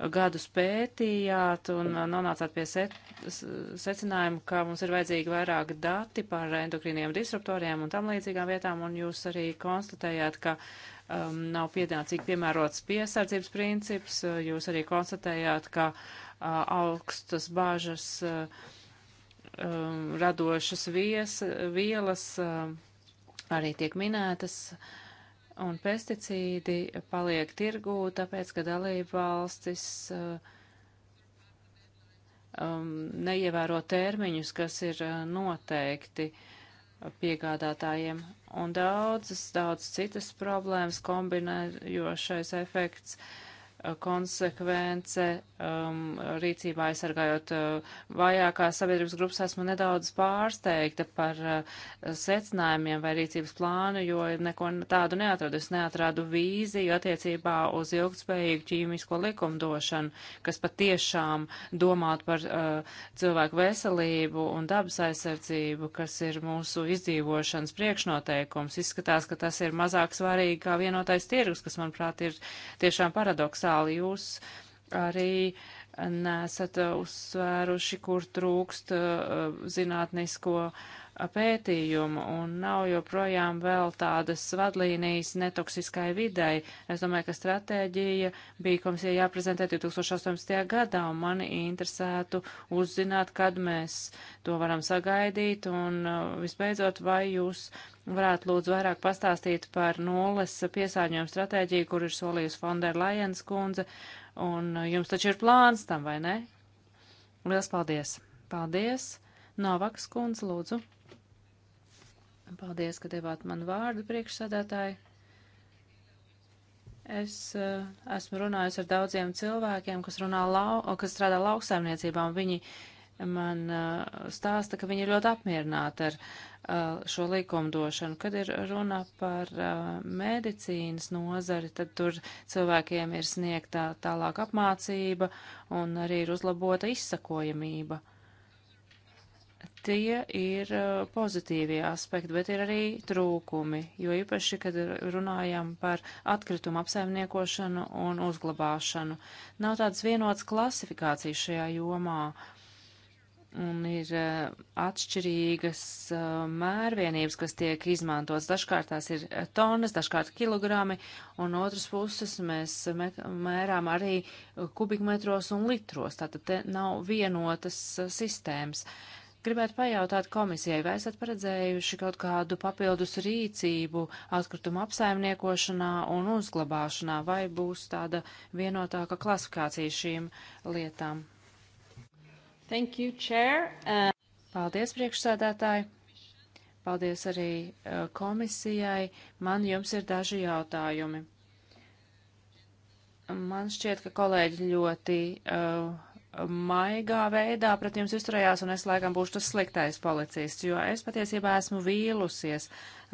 gadus pētījāt un uh, nonācāt pie secinājuma, ka mums ir vajadzīgi vairāk dati par endokrīniem disruptoriem un tam līdzīgām vietām, un jūs arī konstatējāt, ka um, nav pienācīgi piemērots piesardzības princips, uh, jūs arī konstatējāt, ka uh, augstas bāžas uh, um, radošas vies, vielas uh, arī tiek minētas. Uh, un pesticīdi paliek tirgū, tāpēc, ka dalība valstis uh, um, neievēro termiņus, kas ir uh, noteikti piegādātājiem. Un daudzas, daudz citas problēmas, kombinējošais efekts. Uh, konsekvence um, rīcībā aizsargājot uh, vajākās sabiedrības grupas, esmu nedaudz pārsteigta par uh, secinājumiem vai rīcības plānu, jo neko tādu neatradu. Es neatradu vīziju attiecībā uz ilgtspējīgu ķīmisko likumdošanu, kas patiešām domātu par uh, cilvēku veselību un dabas aizsardzību, kas ir mūsu izdzīvošanas priekšnoteikums. Izskatās, ka tas ir mazāk svarīgi kā vienotais tirgus, kas, manuprāt, ir tiešām paradoksāli portāli jūs arī nesat uzsvēruši, kur trūkst uh, zinātnisko pētījumu un nav joprojām vēl tādas vadlīnijas netoksiskai videi. Es domāju, ka stratēģija bija komisija jāprezentē 2018. gadā un mani interesētu uzzināt, kad mēs to varam sagaidīt un uh, visbeidzot, vai jūs varētu lūdzu vairāk pastāstīt par nulles piesārņojumu stratēģiju, kur ir solījusi Fonderlajens kundze, un uh, jums taču ir plāns tam, vai ne? Lielas paldies! Paldies! Novaks kundze, lūdzu! Paldies, ka devāt man vārdu priekšsādātāji. Es uh, esmu runājusi ar daudziem cilvēkiem, kas, runā lau, kas strādā lauksaimniecībā, un viņi man uh, stāsta, ka viņi ir ļoti apmierināti ar uh, šo likumdošanu. Kad ir runa par medicīnas nozari, tad tur cilvēkiem ir sniegta tālāk apmācība un arī ir uzlabota izsakojamība tie ir uh, pozitīvie aspekti, bet ir arī trūkumi, jo īpaši, kad runājam par atkritumu apsaimniekošanu un uzglabāšanu, nav tādas vienotas klasifikācijas šajā jomā. Un ir uh, atšķirīgas uh, mērvienības, kas tiek izmantotas. Dažkārt tās ir tonas, dažkārt kilogrami, un otras puses mēs mērām arī kubikmetros un litros. Tātad te nav vienotas sistēmas. Uh, Gribētu pajautāt komisijai, vai esat paredzējuši kaut kādu papildus rīcību atkritumu apsaimniekošanā un uzglabāšanā, vai būs tāda vienotāka klasifikācija šīm lietām? Thank you, Chair. Uh... Paldies, priekšsēdētāji. Paldies arī uh, komisijai. Man jums ir daži jautājumi. Man šķiet, ka kolēģi ļoti uh, maigā veidā pret jums izturējās, un es laikam būšu tas sliktais policists, jo es patiesībā esmu vīlusies,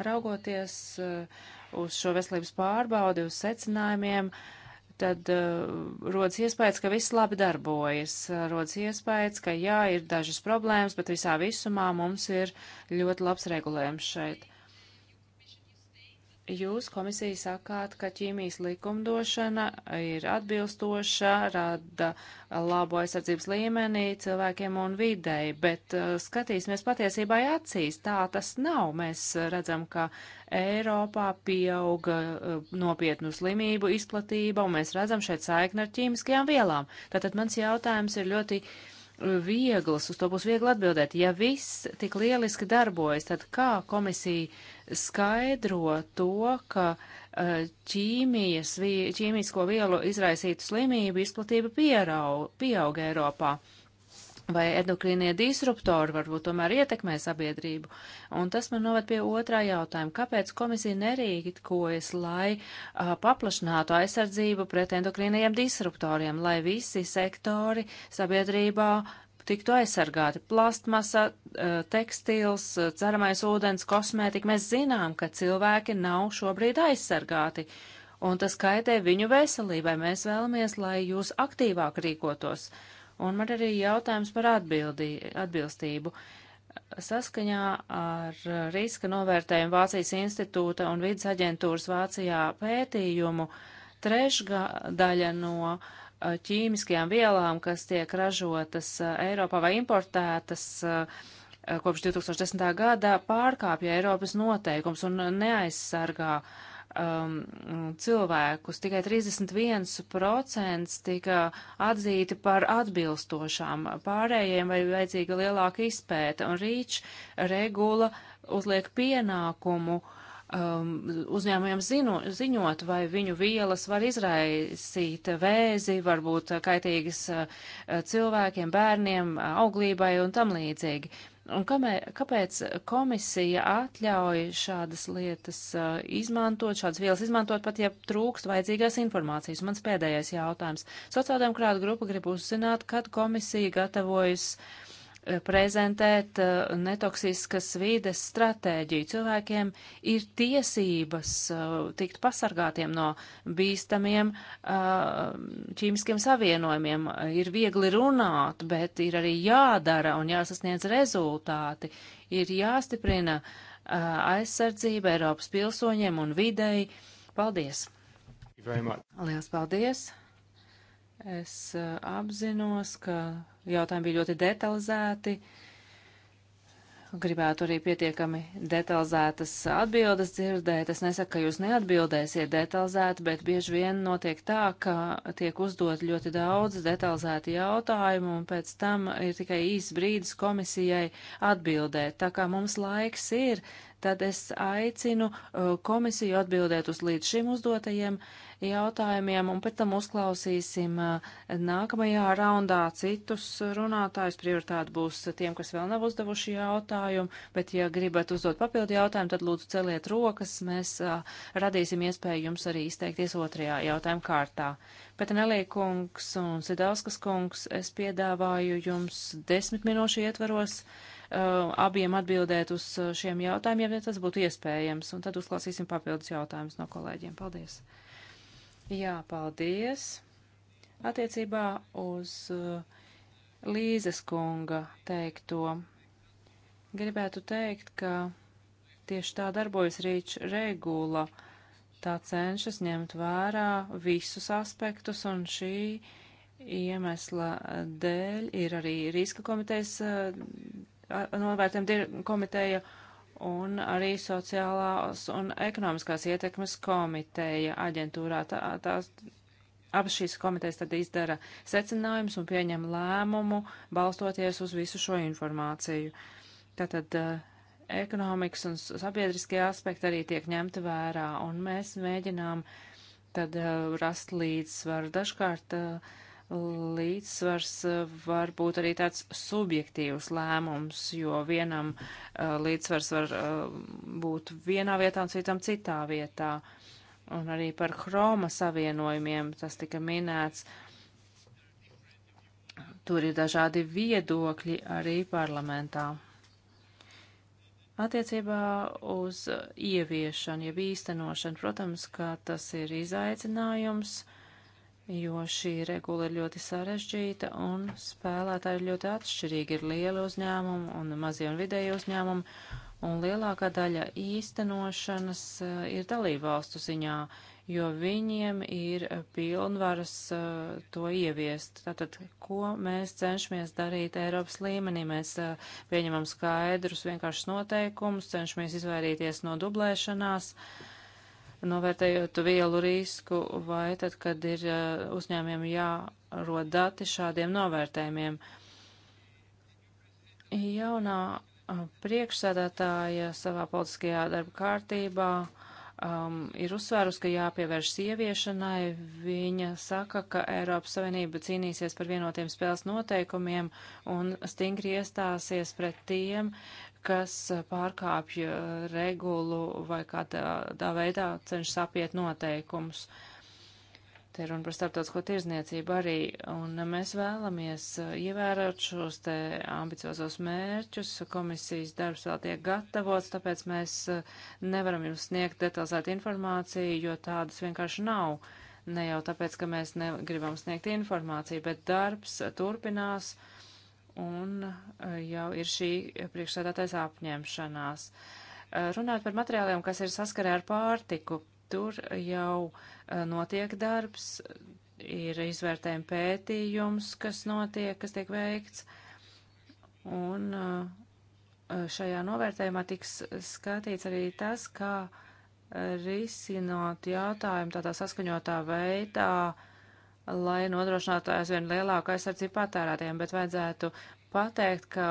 raugoties uh, uz šo veselības pārbaudi, uz secinājumiem, tad uh, rodas iespējas, ka viss labi darbojas, rodas iespējas, ka jā, ir dažas problēmas, bet visā visumā mums ir ļoti labs regulējums šeit. Jūs komisija sakāt, ka ķīmijas likumdošana ir atbilstoša, rada labo aizsardzības līmenī cilvēkiem un videi, bet uh, skatīsimies patiesībai acīs. Tā tas nav. Mēs redzam, ka Eiropā pieauga uh, nopietnu slimību izplatība, un mēs redzam šeit saikni ar ķīmiskajām vielām. Tātad mans jautājums ir ļoti vieglas, uz to būs viegli atbildēt. Ja viss tik lieliski darbojas, tad kā komisija skaidro to, ka eh, ķīmijas, ķīmisko vielu izraisītu slimību izplatība pierau, pieauga Eiropā. Vai endokrīnie disruptori varbūt tomēr ietekmē sabiedrību? Un tas man noved pie otrā jautājuma. Kāpēc komisija nerīkojas, lai uh, paplašinātu aizsardzību pret endokrīniem disruptoriem, lai visi sektori sabiedrībā tiktu aizsargāti. Plastmasa, eh, tekstils, eh, dzeramais ūdens, kosmētika. Mēs zinām, ka cilvēki nav šobrīd aizsargāti, un tas kaitē viņu veselībai. Mēs vēlamies, lai jūs aktīvāk rīkotos. Un man arī jautājums par atbildi, atbilstību. Saskaņā ar eh, riska novērtējumu Vācijas institūta un vidas aģentūras Vācijā pētījumu trešdaļa no uh, Eh, ķīmiskajām vielām, kas tiek ražotas eh, Eiropā vai importētas eh, kopš 2010. gadā, pārkāpja Eiropas noteikums un neaizsargā um, cilvēkus. Tikai 31% tika atzīti par atbilstošām pārējiem vai vajadzīga lielāka izpēta, un rīč regula uzliek pienākumu uh, um, uzņēmumiem zino, ziņot, vai viņu vielas var izraisīt vēzi, varbūt kaitīgas uh, cilvēkiem, bērniem, auglībai un tam līdzīgi. Un kamē, kāpēc komisija atļauj šādas lietas uh, izmantot, šādas vielas izmantot, pat ja trūkst vajadzīgās informācijas? Mans pēdējais jautājums. Sociāldemokrāta grupa grib uzzināt, kad komisija gatavojas uh, prezentēt eh, netoksiskas vīdes stratēģiju. Cilvēkiem ir tiesības eh, tikt pasargātiem no bīstamiem eh, ķīmiskiem savienojumiem. Ir viegli runāt, bet ir arī jādara un jāsasniedz rezultāti. Ir jāstiprina aizsardzība Eiropas pilsoņiem un videi. Paldies! Liels paldies! Es apzinos, ka jautājumi bija ļoti detalizēti. Gribētu arī pietiekami detalizētas atbildes dzirdēt. Es nesaku, ka jūs neatbildēsiet detalizēti, bet bieži vien notiek tā, ka tiek uzdot ļoti daudz detalizēti jautājumu, un pēc tam ir tikai īs brīdis komisijai atbildēt. Tā kā mums laiks ir, tad es aicinu uh, komisiju atbildēt uz līdz šim uzdotajiem jautājumiem jautājumiem, un pēc tam uzklausīsim eh, nākamajā raundā citus runātājus. Prioritāte būs tiem, kas vēl nav uzdevuši jautājumu, bet ja gribat uzdot papildu jautājumu, tad lūdzu celiet rokas, mēs eh, radīsim iespēju jums arī izteikties otrajā jautājuma kārtā. Petanelī kungs un Sidauskas kungs, es piedāvāju jums desmit minūšu ietvaros uh, abiem atbildēt uz šiem jautājumiem, ja tas būtu iespējams, un tad uzklausīsim papildus jautājumus no kolēģiem. Paldies! Jā, paldies. Attiecībā uz uh, Līzes kunga teikto, gribētu teikt, ka tieši tā darbojas rīč regula. Tā cenšas ņemt vērā visus aspektus, un šī iemesla dēļ ir arī Rīska komitejas uh, novērtējuma komiteja un arī sociālās un ekonomiskās ietekmes komiteja aģentūrā. Tā, tās, abas šīs komitejas tad izdara secinājumus un pieņem lēmumu, balstoties uz visu šo informāciju. Tātad eh, ekonomikas un sabiedriskie aspekti arī tiek ņemti vērā, un mēs mēģinām tad eh, rast līdzsvaru. Dažkārt uh, līdzsvars eh, var būt arī tāds subjektīvs lēmums, jo vienam eh, līdzsvars var eh, būt vienā vietā un citam citā vietā. Un arī par hroma savienojumiem tas tika minēts. Tur ir dažādi viedokļi arī parlamentā. Attiecībā uz ieviešanu, jeb īstenošanu, protams, ka tas ir izaicinājums. Uh, jo šī regula ir ļoti sarežģīta un spēlētāji ir ļoti atšķirīgi. Ir lieli uzņēmumi un mazie un vidēji uzņēmumi, un lielākā daļa īstenošanas eh, ir dalībvalstu ziņā, jo viņiem ir pilnvaras uh, to ieviest. Tātad, ko mēs cenšamies darīt Eiropas līmenī? Mēs uh, pieņemam skaidrus, vienkāršus noteikumus, cenšamies izvairīties no dublēšanās. Uh, novērtējot vielu risku, vai tad, kad ir eh, uzņēmiem jārod dati šādiem novērtējumiem. Jaunā eh, priekšsēdētāja savā politiskajā darba kārtībā um, ir uzsvērus, ka jāpievērš sieviešanai. Viņa saka, ka Eiropas Savienība cīnīsies par vienotiem spēles noteikumiem un stingri iestāsies pret tiem, uh, kas pārkāpj regulu vai kādā veidā cenšas apiet noteikumus. Te ir runa par starptautisko tirzniecību arī, un mēs vēlamies ievērot šos te ambiciozos mērķus. Komisijas darbs vēl tiek gatavots, tāpēc mēs nevaram jums sniegt detalizētu informāciju, jo tādas vienkārši nav. Ne jau tāpēc, ka mēs negribam sniegt informāciju, bet darbs turpinās. Uh, un e, jau ir šī priekšsēdātais apņemšanās. E, runāt par materiāliem, kas ir saskarē ar pārtiku, tur jau e, notiek darbs, ir izvērtējumi pētījums, kas notiek, kas tiek veikts, un šajā novērtējumā tiks skatīts arī tas, kā risināt jautājumu tādā saskaņotā veidā, uh, lai nodrošinātu aizvien lielāku aizsardzību patērētiem, bet vajadzētu pateikt, ka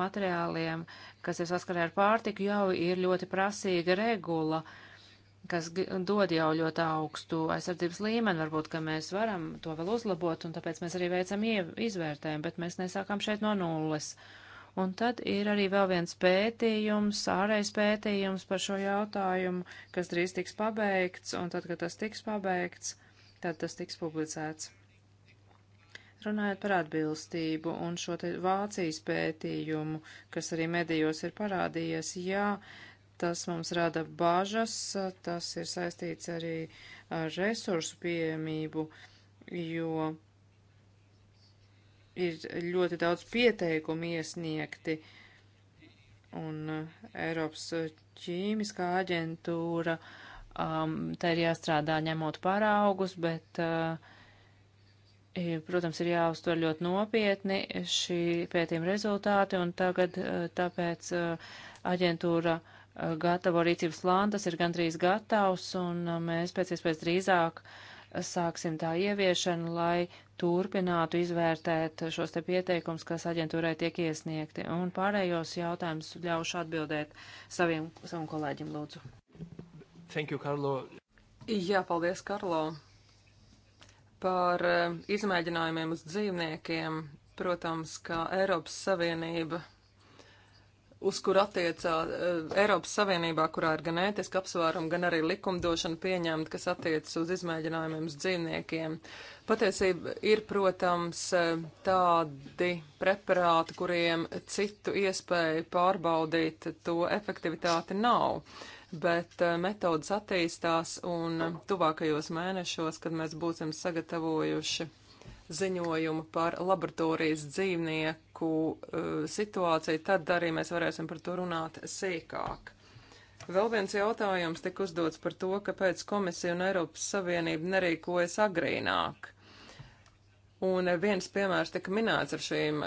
materiāliem, kas ir saskarē ar pārtiku, jau ir ļoti prasīga regula, kas dod jau ļoti augstu aizsardzības līmeni. Varbūt, ka mēs varam to vēl uzlabot, un tāpēc mēs arī veicam izvērtējumu, bet mēs nesākam šeit no nulles. Un tad ir arī vēl viens pētījums, ārējs pētījums par šo jautājumu, kas drīz tiks pabeigts, un tad, kad tas tiks pabeigts, uh, tad tas tiks publicēts. Runājot par atbilstību un šo te Vācijas pētījumu, kas arī medijos ir parādījies, jā, tas mums rada bažas, tas ir saistīts arī ar resursu pieejamību, jo ir ļoti daudz pieteikumu iesniegti, un uh, Eiropas ķīmiskā aģentūra uh, um, tā ir jāstrādā ņemot paraugus, bet, uh, protams, ir jāuztver ļoti nopietni šī pētījuma rezultāti, un tagad uh, tāpēc uh, aģentūra uh, gatavo rīcības plānu, tas ir gandrīz gatavs, un uh, mēs pēc iespējas drīzāk sāksim tā ieviešanu, lai turpinātu izvērtēt šos te pieteikums, kas aģentūrai tiek iesniegti. Un pārējos jautājumus ļaušu atbildēt saviem, savam kolēģim lūdzu. Thank you, Karlo. Jā, paldies, Karlo. Par eh, izmēģinājumiem uz dzīvniekiem, protams, kā Eiropas Savienība, uz kur attiecā eh, Eiropas Savienībā, kurā ir gan ētiski apsvērumi, gan arī likumdošana pieņemta, kas attiecas uz izmēģinājumiem uz dzīvniekiem. Patiesība ir, protams, eh, tādi preparāti, kuriem citu iespēju pārbaudīt to efektivitāti nav bet eh, metodas attīstās un tuvākajos mēnešos, kad mēs būsim sagatavojuši ziņojumu par laboratorijas dzīvnieku eh, situāciju, tad arī mēs varēsim par to runāt sīkāk. Vēl viens jautājums tika uzdots par to, kāpēc komisija un Eiropas Savienība nerīkojas agrīnāk. Un eh, viens piemērs tika minēts ar šīm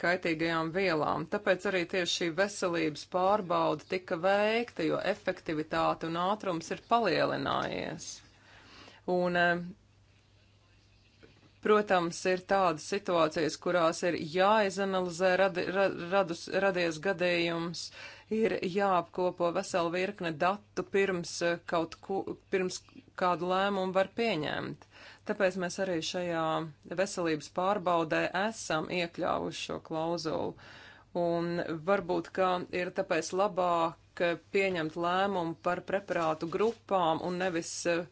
kaitīgajām vielām. Tāpēc arī tieši šī veselības pārbauda tika veikta, jo efektivitāte un ātrums ir palielinājies. Un, eh, protams, ir tādas situācijas, kurās ir jāizanalizē radi, radus, radies gadījums, ir jāapkopo vesela virkne datu pirms, eh, kaut ko, pirms kādu lēmumu var pieņemt. Tāpēc mēs arī šajā veselības pārbaudē esam iekļāvuši šo klauzulu. Un varbūt, ka ir tāpēc labāk pieņemt lēmumu par preparātu grupām un nevis uh,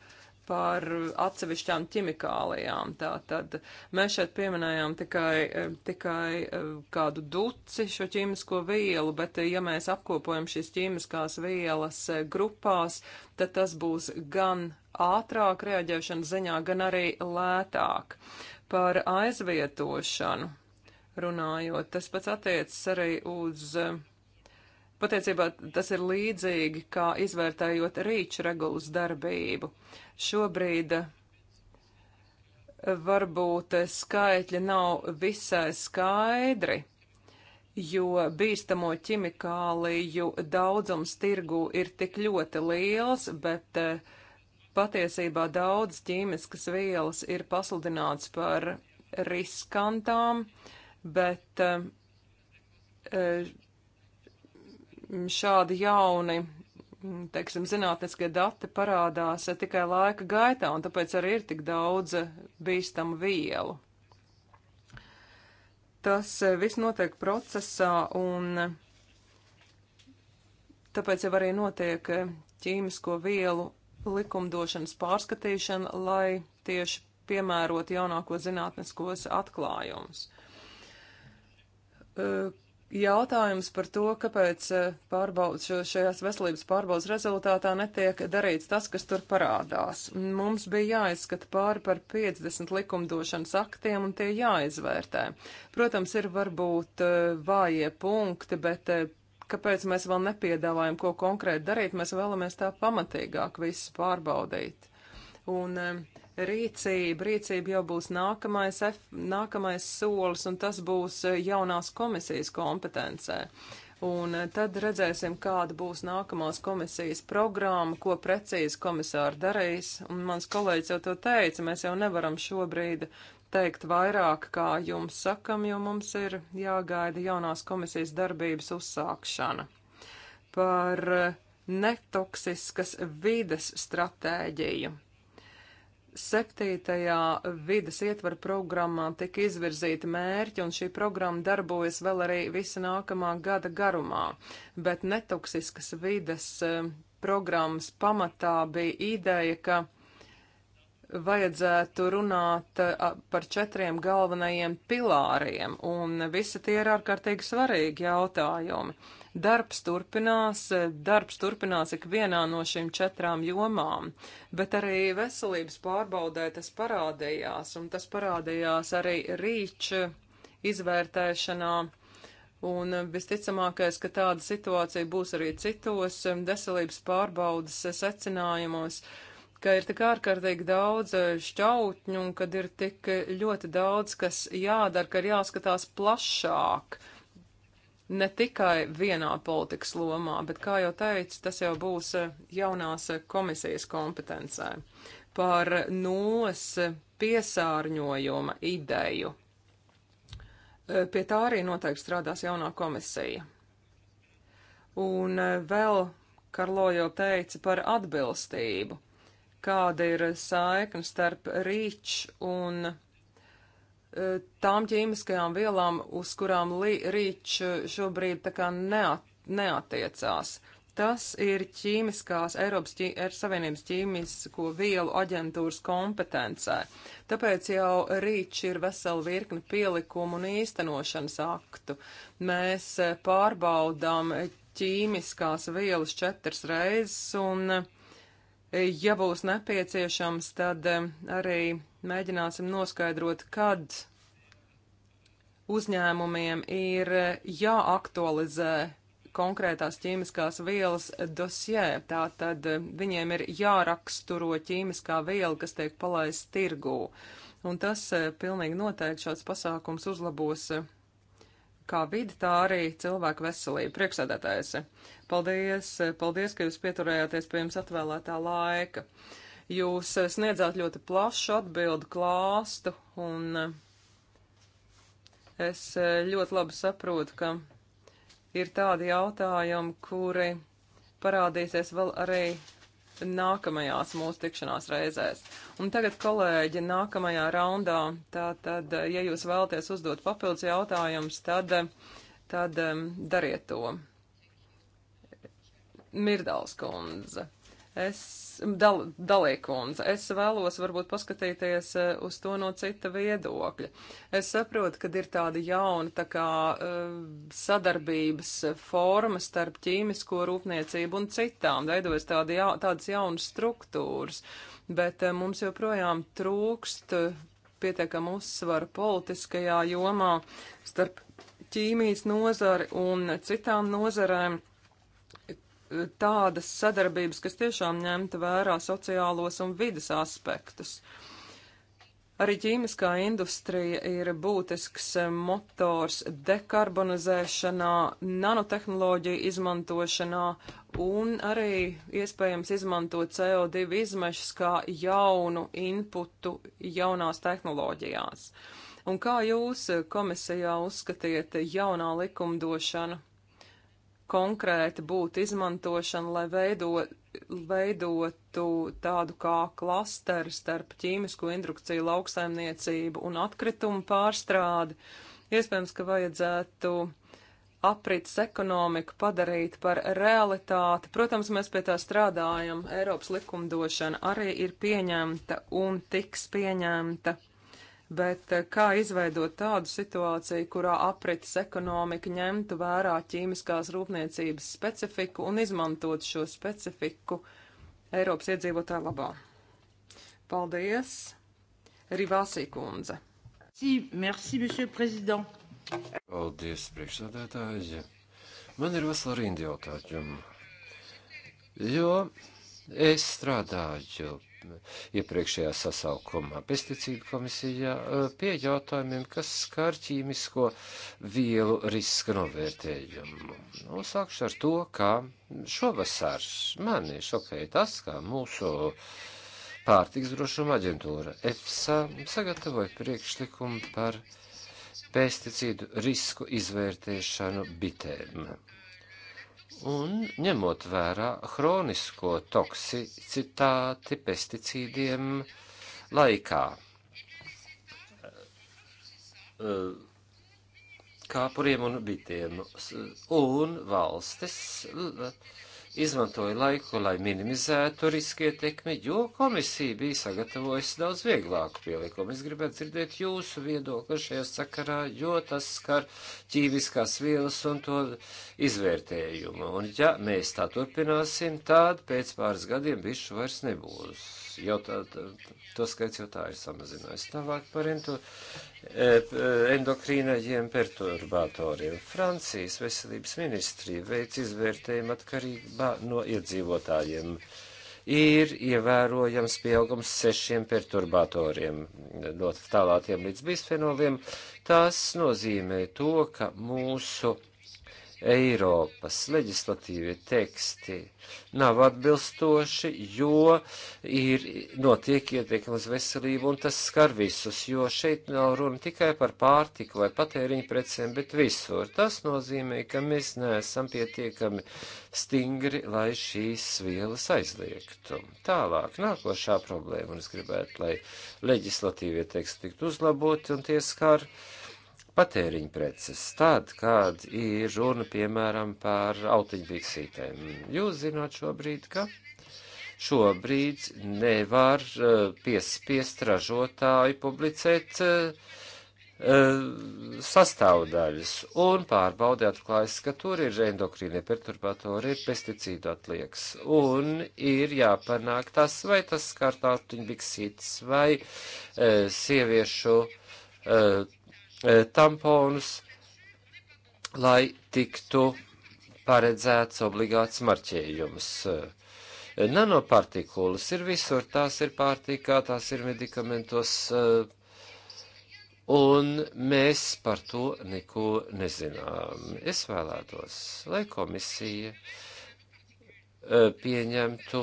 par uh, atsevišķām ķimikālijām. Tātad mēs šeit pieminējām tikai, uh, tikai uh, kādu duci šo ķīmisko vielu, bet ja mēs apkopojam šīs ķīmiskās vielas grupās, tad tas būs gan ātrāk reaģēšanas ziņā, gan arī lētāk. Par aizvietošanu runājot, tas pats attiecas arī uz uh, Patiecībā tas ir līdzīgi, kā izvērtējot rīču regulas darbību. Šobrīd eh, varbūt skaitļi nav visai skaidri, jo bīstamo ķimikāliju daudzums tirgu ir tik ļoti liels, bet eh, patiesībā daudz ķīmiskas vielas ir pasludināts par riskantām, bet eh, šādi jauni, teiksim, zinātniskie dati parādās tikai laika gaitā, un tāpēc arī ir tik daudz bīstamu vielu. Tas eh, viss notiek procesā, un tāpēc jau arī notiek eh, ķīmisko vielu likumdošanas pārskatīšana, lai tieši piemērot jaunāko zinātniskos atklājumus. Eh, jautājums par to, kāpēc eh, pārbaudas šajās veselības pārbaudas rezultātā netiek darīts tas, kas tur parādās. Mums bija jāizskata pāri par 50 likumdošanas aktiem un tie jāizvērtē. Protams, ir varbūt eh, vājie punkti, bet eh, kāpēc mēs vēl nepiedāvājam, ko konkrēti darīt, mēs vēlamies tā pamatīgāk visu pārbaudīt. Un, rīcība. Rīcība jau būs nākamais, F, nākamais solis, un tas būs eh, jaunās komisijas kompetencē. Un eh, tad redzēsim, kāda būs nākamās komisijas programma, ko precīzi komisāri darīs. Un mans kolēģis jau to teica, mēs jau nevaram šobrīd teikt vairāk, kā jums sakam, jo mums ir jāgaida jaunās komisijas darbības uzsākšana. Par eh, netoksiskas vides stratēģiju. Septītajā vidas ietvara programmā tika izvirzīti mērķi, un šī programma darbojas vēl arī visa nākamā gada garumā, bet netoksiskas vidas e, programmas pamatā bija ideja, ka vajadzētu runāt e, par četriem galvenajiem pilāriem, un visi tie ir ārkārtīgi svarīgi jautājumi. Darbs turpinās, darbs turpinās ikvienā no šīm četrām jomām, bet arī veselības pārbaudē tas parādījās, un tas parādījās arī rīča izvērtēšanā. Un visticamākais, ka tāda situācija būs arī citos veselības pārbaudas secinājumos, ka ir tik ārkārtīgi daudz šķautņu un kad ir tik ļoti daudz, kas jādara, ka ir jāskatās plašāk ne tikai vienā politikas lomā, bet, kā jau teicu, tas jau būs eh, jaunās eh, komisijas kompetencē par nulles eh, piesārņojuma ideju. Pie tā arī noteikti strādās jaunā komisija. Un vēl Karlo jau teica par atbilstību, kāda ir saikna starp rīču un tām ķīmiskajām vielām, uz kurām rīč eh, šobrīd tā kā neat, neatiecās. Tas ir ķīmiskās Eiropas ķī, Eiropas Savienības ķīmisko vielu aģentūras kompetencē. Tāpēc jau rīč ir vesela virkni pielikumu un īstenošanas aktu. Mēs eh, pārbaudām ķīmiskās vielas četras reizes un, eh, ja būs nepieciešams, tad arī mēģināsim noskaidrot, kad uzņēmumiem ir jāaktualizē konkrētās ķīmiskās vielas dosjē. Tātad viņiem ir jāraksturo ķīmiskā viela, kas tiek palaista tirgū. Un tas eh, pilnīgi noteikti šāds pasākums uzlabos eh, kā vidi, tā arī cilvēku veselību. Priekšsēdētājs, eh, paldies, paldies, ka jūs pieturējāties pie jums atvēlētā laika. Uh, Jūs eh, sniedzāt ļoti plašu atbildu klāstu, un eh, es eh, ļoti labi saprotu, ka ir tādi jautājumi, kuri parādīsies vēl arī nākamajās mūsu tikšanās reizēs. Un tagad, kolēģi, nākamajā raundā, tātad, ja jūs vēlaties uzdot papildus jautājumus, tad, tad dariet to. Mirdals kundze. Es, dal, dalīkundze, es vēlos varbūt paskatīties e, uz to no cita viedokļa. Es saprotu, ka ir tāda jauna tā kā e, sadarbības forma starp ķīmisko rūpniecību un citām, veidojas tāda, ja, tādas jaunas struktūras, bet e, mums joprojām trūkst pietiekam uzsvaru politiskajā jomā starp ķīmijas nozari un citām nozarēm tādas sadarbības, kas tiešām ņemta vērā sociālos un vidas aspektus. Arī ķīmiskā industrija ir būtisks motors dekarbonizēšanā, nanotehnoloģiju izmantošanā un arī iespējams izmantot CO2 izmešas kā jaunu inputu jaunās tehnoloģijās. Un kā jūs komisijā uzskatiet jaunā likumdošana konkrēti būtu izmantošana, lai veidot, veidotu tādu kā klasteru starp ķīmisko indukciju, lauksaimniecību un atkritumu pārstrādi. Iespējams, ka vajadzētu aprits ekonomiku padarīt par realitāti. Protams, mēs pie tā strādājam. Eiropas likumdošana arī ir pieņemta un tiks pieņemta bet eh, kā izveidot tādu situāciju, kurā aprites ekonomika ņemtu vērā ķīmiskās rūpniecības specifiku un izmantot šo specifiku Eiropas iedzīvotāju labā? Paldies, Rivāsī kundze. Merci, monsieur prezident. Paldies, priekšsādētāji. Man ir vesela rinda jautājumu, jo es strādāju iepriekšējā sasaukumā pesticīdu komisijā e, pie jautājumiem, kas skar ķīmisko vielu riska novērtējumu. Un nu, sākšu ar to, ka šovasar mani šokēja tas, ka mūsu pārtiks drošuma aģentūra EFSA sagatavoja priekšlikumu par pesticīdu risku izvērtēšanu bitēm. Un ņemot vērā hronisko toksicitāti pesticīdiem laikā, kāpuriem un bitiem, un valstis izmantoja laiku, lai minimizētu riski ietekmi, jo komisija bija sagatavojusi daudz vieglāku pielikumu. Es gribētu dzirdēt jūsu viedokli šajā sakarā, jo tas skar ķīmiskās vielas un to izvērtējumu. Un ja mēs tā turpināsim, tad pēc pāris gadiem bišu vairs nebūs jau tā, tā, to skaits jau tā ir samazinājis. Tālāk par ento, e, endokrīnaģiem perturbatoriem. Francijas veselības ministrija veic izvērtējumu atkarībā no iedzīvotājiem. Ir ievērojams pieaugums sešiem perturbatoriem, no tālātiem līdz bisfenoliem. Tas nozīmē to, ka mūsu Eiropas leģislatīvie teksti nav atbilstoši, jo ir notiek ietekmes veselību un tas skar visus, jo šeit nav runa tikai par pārtiku vai patēriņu precēm, bet visur. Tas nozīmē, ka mēs neesam pietiekami stingri, lai šīs vielas aizliegtu. Tālāk, nākošā problēma, un es gribētu, lai leģislatīvie teksti tiktu uzlaboti un tie skar. Uh, patēriņa preces, tad, kad ir runa, piemēram, par autiņfiksītēm. Jūs zināt šobrīd, ka šobrīd nevar uh, piespiest ražotāju publicēt uh, sastāvdaļas, un pārbaudē atklājas, ka tur ir endokrīnie perturbatori, ir pesticīdu atliekas, un ir jāpanāk tas, vai tas skārtātuņbiksītis, vai e, sieviešu e, Eh, tamponus, lai tiktu paredzēts obligāts marķējums. Eh, nanopartikulas ir visur, tās ir pārtīkā, tās ir medikamentos, eh, un mēs par to neko nezinām. Es vēlētos, lai komisija pieņemtu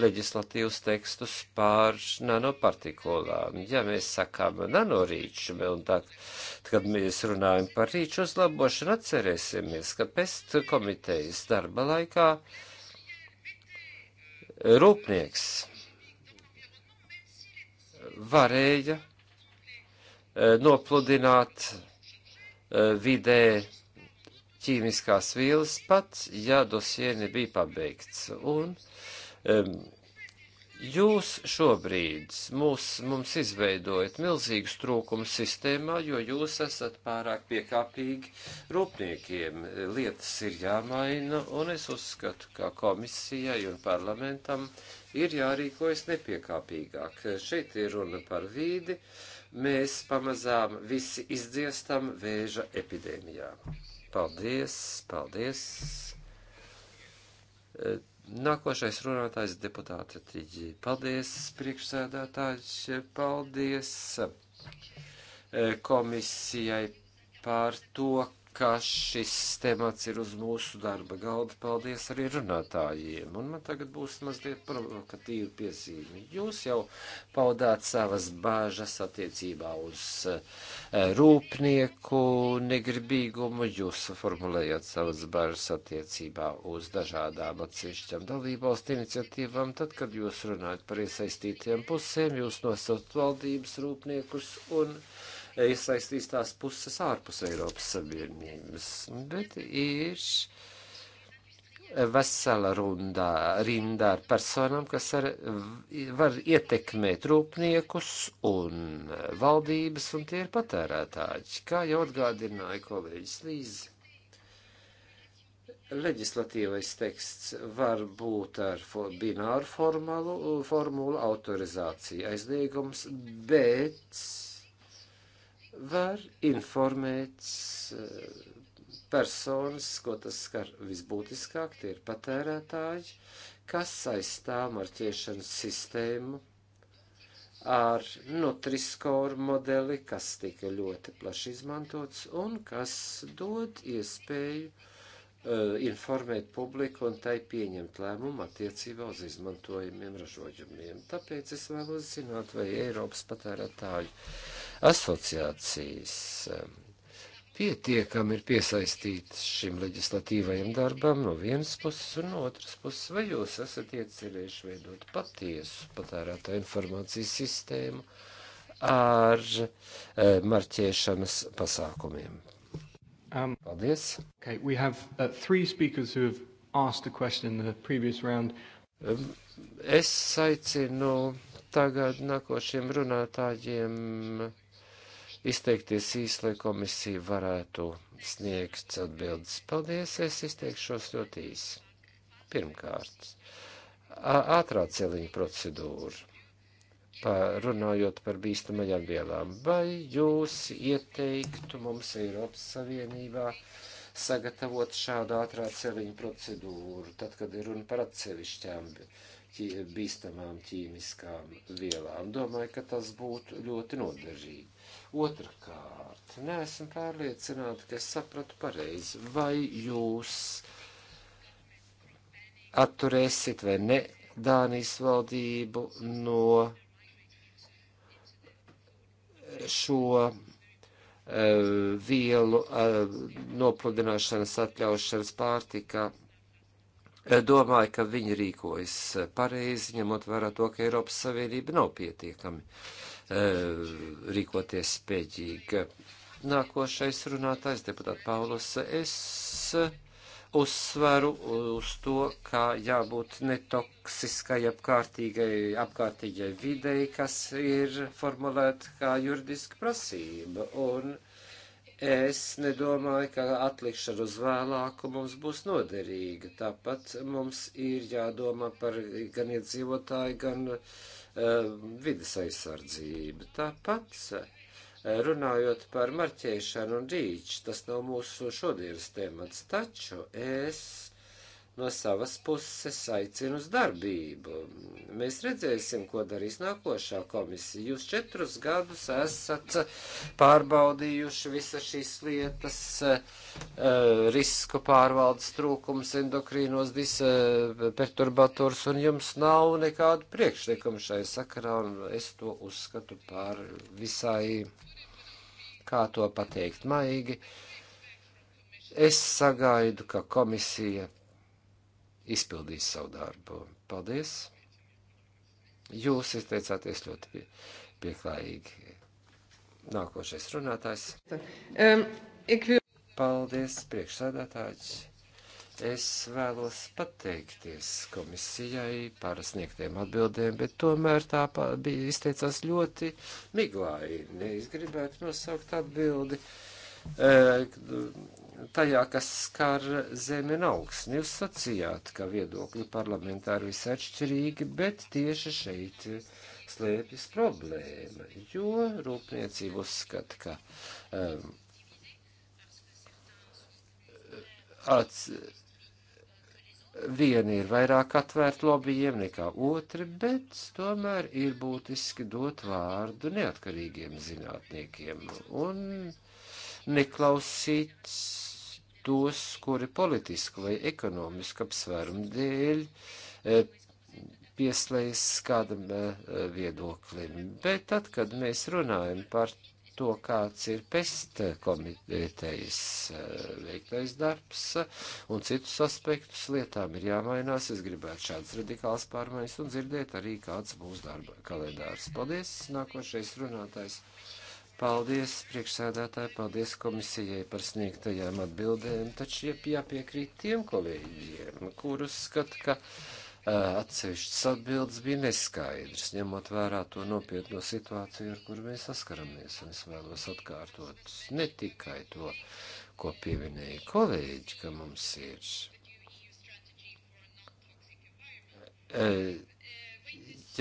leģislatīvus tekstus pār nanopartikulām. Ja mēs sakām nanorīču, un tā, kad mēs runājam par rīču uzlabošanu, atcerēsimies, ka pest komitejas darba laikā rūpnieks varēja e, nopludināt e, vidē ķīmiskās vielas pat, ja dosie nebija pabeigts. Un uh, Jūs šobrīd mūs, mums izveidojat milzīgus trūkumus sistēmā, jo jūs esat pārāk piekāpīgi rūpniekiem. Lietas ir jāmaina, un es uzskatu, ka komisijai un parlamentam ir jārīkojas nepiekāpīgāk. Šeit ir runa par vīdi. Mēs pamazām visi izdziestam vēža epidēmijā. Paldies, paldies. Nākošais runātājs deputāte Tiģi. Paldies, priekšsēdētājs, paldies eh, komisijai par to, ka šis temats ir uz mūsu darba galda. Paldies arī runātājiem. Un man tagad būs mazliet provokatīva piezīme. Jūs jau paudāt savas bāžas attiecībā uz eh, rūpnieku negribīgumu. Jūs formulējat savas bāžas attiecībā uz dažādām atsevišķām dalībvalstu iniciatīvām. Tad, kad jūs runājat par iesaistītiem pusēm, jūs nosaucat valdības rūpniekus un. Uh, iesaistīs tās puses ārpus Eiropas Savienības, bet ir vesela rundā, rindā ar personām, kas ar, var ietekmēt rūpniekus un valdības, un tie ir patērētāji. Kā jau atgādināja kolēģis Līzi, leģislatīvais teksts var būt ar bināru formulu, formulu autorizācija aizliegums, bet var informēt eh, personas, ko tas skar visbūtiskāk, tie ir patērētāji, kas saistām ar ķiešanas sistēmu, ar Nutriskoru modeli, kas tika ļoti plaši izmantots un kas dod iespēju uh, informēt publiku un tai pieņemt lēmumu attiecībā uz izmantojumiem ražoģumiem. Tāpēc es vēlos zināt, vai Eiropas patērētāju asociācijas eh, pietiekami ir piesaistīts šim leģislatīvajam darbam no vienas puses un no otras puses, vai jūs esat iecerējuši veidot patiesu patērētā informācijas sistēmu ar e, marķēšanas pasākumiem. Um, Paldies! Okay, we have uh, three speakers who have asked a question in the previous round. Um, es aicinu tagad nākošiem runātājiem izteikties īsi, lai komisija varētu sniegt atbildes. Paldies, es izteikšos ļoti īsi. Pirmkārt, ātrā celiņa procedūra. Par, runājot par bīstamajām vielām, vai jūs ieteiktu mums Eiropas Savienībā sagatavot šādu ātrā celiņa procedūru, tad, kad ir runa par atsevišķām ķī, bīstamām ķīmiskām vielām? Domāju, ka tas būtu ļoti noderīgi Otrakārt, neesmu pārliecināta, ka es sapratu pareizi, vai jūs atturēsit vai ne Dānijas valdību no šo uh, vielu uh, nopludināšanas atļaušanas pārtika. Eh, domāju, ka viņi rīkojas pareizi, ņemot vērā to, ka Eiropas Savienība nav pietiekami uh, Eh, rīkoties spēcīgi. Nākošais runātājs, deputāts Paulus, es eh, uzsvaru uz to, kā jābūt netoksiskai apkārtīgai, apkārtīgai videi, kas ir formulēta kā juridiska prasība. Un es nedomāju, ka atlikšana uz vēlāku mums būs noderīga. Tāpat mums ir jādomā par gan iedzīvotāju, gan uh, Eh, vidas aizsardzību. Tāpat eh, runājot par marķēšanu un rīču, tas nav mūsu šodienas temats, taču es no savas puses aicinu uz darbību. Mēs redzēsim, ko darīs nākošā komisija. Jūs četrus gadus esat pārbaudījuši visas šīs lietas, uh, risku pārvaldes trūkums, endokrīnos disperturbators, eh, uh, un jums nav nekādu priekšlikumu šai sakarā, un es to uzskatu par visai, kā to pateikt, maigi. Es sagaidu, ka komisija izpildīs savu darbu. Paldies! Jūs izteicāties ļoti pie, pieklājīgi. Nākošais runātājs. Paldies, priekšsēdētājs. Es vēlos pateikties komisijai par sniegtiem atbildēm, bet tomēr tā bija izteicās ļoti miglaini. Es gribētu nosaukt atbildi, eh, tajā, kas skar zemi un augsni. Jūs sacījāt, ka viedokļi parlamentā ir visai atšķirīgi, bet tieši šeit slēpjas problēma, jo rūpniecība uzskata, ka um, ats, vieni ir vairāk atvērti lobbyiem nekā otri, bet tomēr ir būtiski dot vārdu neatkarīgiem zinātniekiem un neklausīt tos, kuri politisku vai ekonomisku apsvērumu dēļ eh, pieslēdzas kādam eh, viedoklim. Bet tad, kad mēs runājam par to, kāds ir pesta komitejas eh, veiktais darbs un citus aspektus, lietām ir jāmainās. Es gribētu šādas radikālas pārmaiņas un dzirdēt arī, kāds būs darba kalendārs. Paldies! Nākošais runātājs. Paldies priekšsēdētāji, paldies komisijai par sniegtajām atbildēm, taču jāpiekrīt tiem kolēģiem, kurus skat, ka atsevišķas atbildes bija neskaidrs, ņemot vērā to nopietno situāciju, ar kuru mēs saskaramies. Un es vēlos atkārtot ne tikai to, ko pieminēja kolēģi, ka mums ir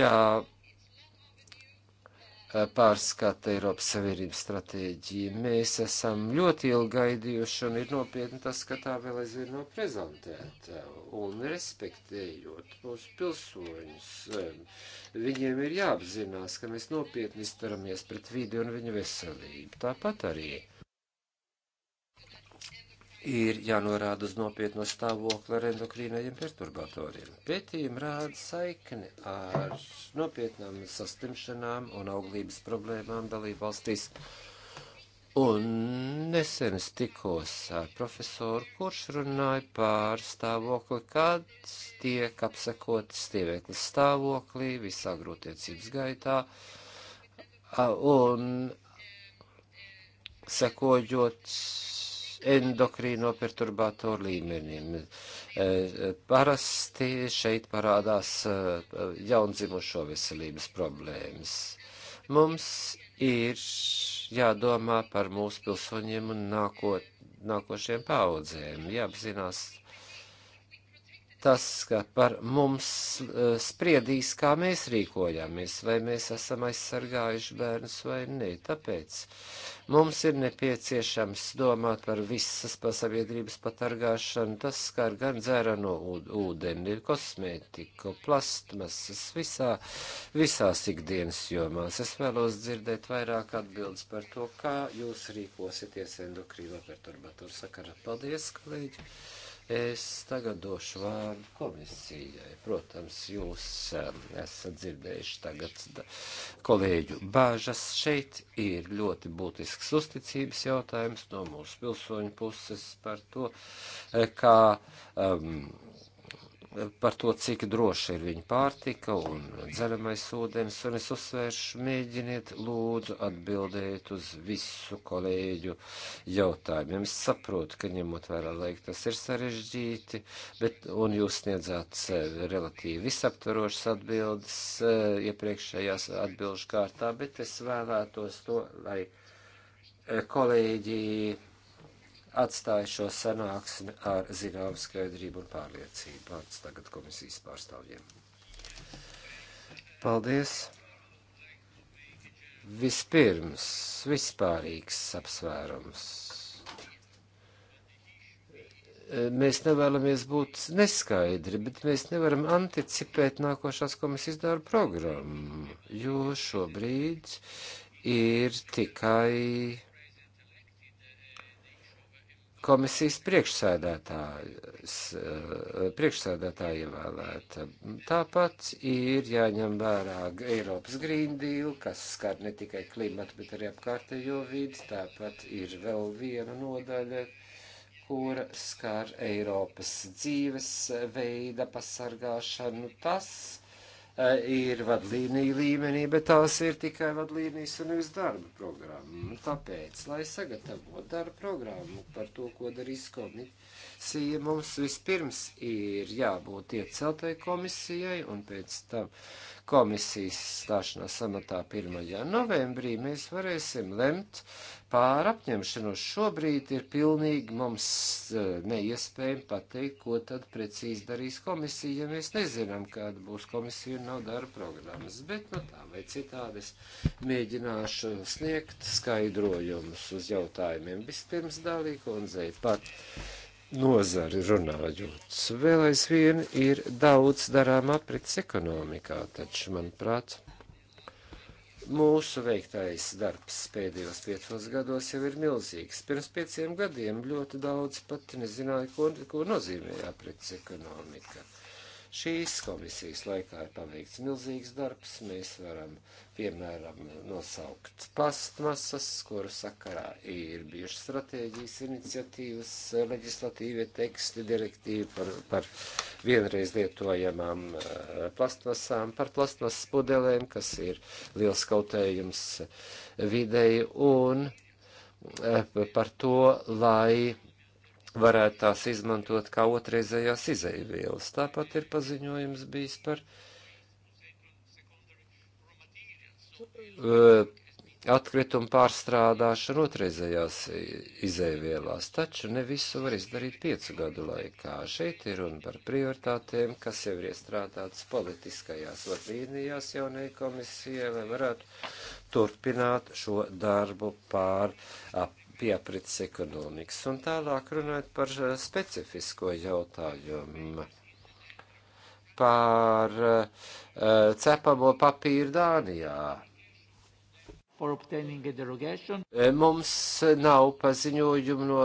jā, Eh, pārskata Eiropas Savienības stratēģija. Mēs esam ļoti ilgi gaidījuši un ir nopietni tas, ka tā vēl aizvien nav prezentēta. Un respektējot mūsu pilsoņus, eh, viņiem ir jāapzinās, ka mēs nopietni izturamies pret vidi un viņu veselību. Tāpat arī ir jānorāda uz nopietno stāvokli ar endokrīnajiem perturbatoriem. Pētījumi rāda saikni ar nopietnām sastimšanām un auglības problēmām dalību valstīs. Un nesen es tikos ar profesoru, kurš runāja par stāvokli, kad tiek apsekots stieveklis stāvoklī visā grūtiecības gaitā. Un sekojot endokrīno perturbātoru līmenim. E, e, parasti šeit parādās e, jaundzimušo veselības problēmas. Mums ir jādomā par mūsu pilsoņiem un nākot, nākošiem paudzēm, jāapzinās tas, ka par mums e, spriedīs, kā mēs rīkojamies, vai mēs esam aizsargājuši bērnus vai nē. Tāpēc mums ir nepieciešams domāt par visas pasaviedrības patargāšanu. Tas skar gan dzērano ūdeni, kosmētiku, plastmasas, visā, visās ikdienas jomās. Es vēlos dzirdēt vairāk atbildes par to, kā jūs rīkosieties endokrīva perturbatūra sakarā. Paldies, kolēģi! Es tagad došu vārdu komisijai. Protams, jūs um, esat dzirdējuši tagad kolēģu bāžas. Šeit ir ļoti būtisks uzticības jautājums no mūsu pilsoņu puses par to, eh, kā um, par to, cik droši ir viņa pārtika un dzeramais ūdens, un es uzsvēršu, mēģiniet lūdzu atbildēt uz visu kolēģu jautājumiem. Es saprotu, ka ņemot vērā laiku tas ir sarežģīti, bet, un jūs sniedzāt relatīvi visaptvarošas atbildes eh, iepriekšējās atbilžu kārtā, bet es vēlētos to, lai eh, kolēģi atstāja šo sanāksmi ar zināmu skaidrību un pārliecību. Vārds tagad komisijas pārstāvjiem. Paldies! Vispirms vispārīgs apsvērums. Mēs nevēlamies būt neskaidri, bet mēs nevaram anticipēt nākošās komisijas darba programmu, jo šobrīd ir tikai komisijas eh, priekšsēdētāja ievēlēta. Tāpat ir jāņem vērā Eiropas Green Deal, kas skar ne tikai klimatu, bet arī apkārtējo vidi. Tāpat ir vēl viena nodaļa, kura skar Eiropas dzīves veida pasargāšanu. Tas Eh, ir vadlīnija līmenī, bet tās ir tikai vadlīnijas un nevis darba programma. Tāpēc, lai sagatavotu darba programmu par to, ko darīs komisija, mums vispirms ir jābūt ieceltai komisijai un pēc tam komisijas stāšanās amatā 1. novembrī, mēs varēsim lemt pār apņemšanos. Šobrīd ir pilnīgi mums eh, neiespējami pateikt, ko tad precīzi darīs komisija, ja mēs nezinām, kāda būs komisija un nav darba programmas. Bet no nu, tā vai citādi es mēģināšu sniegt skaidrojumus uz jautājumiem. Vispirms dalīja kundzei pat nozari runājot. Vēl aizvien ir daudz darām aprits ekonomikā, taču, manuprāt, mūsu veiktais darbs pēdējos piecos gados jau ir milzīgs. Pirms pieciem gadiem ļoti daudz pat nezināja, ko, ko nozīmē aprits ekonomika. Šīs komisijas laikā ir paveikts milzīgs darbs. Mēs varam, piemēram, nosaukt plastmasas, kuru sakarā ir bijušas stratēģijas iniciatīvas, leģislatīvie teksti, direktīvi par, par vienreiz lietojamām eh, plastmasām, par plastmasas pudelēm, kas ir liels kautējums videi un eh, par to, lai varētu tās izmantot kā otrreizējās izaivielas. Tāpat ir paziņojums bijis par eh, atkritumu pārstrādāšanu otrreizējās izaivielās, taču ne visu var izdarīt piecu gadu laikā. Šeit ir runa par prioritātēm, kas jau ir iestrādātas politiskajās vadlīnijās jaunajai komisijai, lai varētu turpināt šo darbu pār ap pie aprits ekonomikas. Un tālāk runājot par eh, specifisko jautājumu par uh, cepamo papīru Dānijā. Eh, mums nav paziņojumu no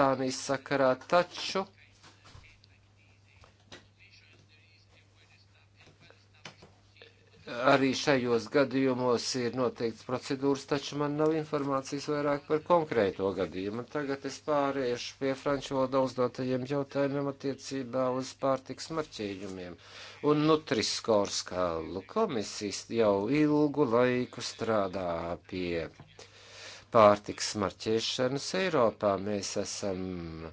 Dānijas sakarā, taču arī šajos gadījumos ir noteikts procedūras, taču man nav informācijas vairāk par konkrēto gadījumu. Tagad es pāriešu pie franču valodā uzdotajiem jautājumiem attiecībā uz pārtiks marķējumiem un Nutriskor skalu. Komisijas jau ilgu laiku strādā pie pārtiks marķēšanas Eiropā. Mēs esam.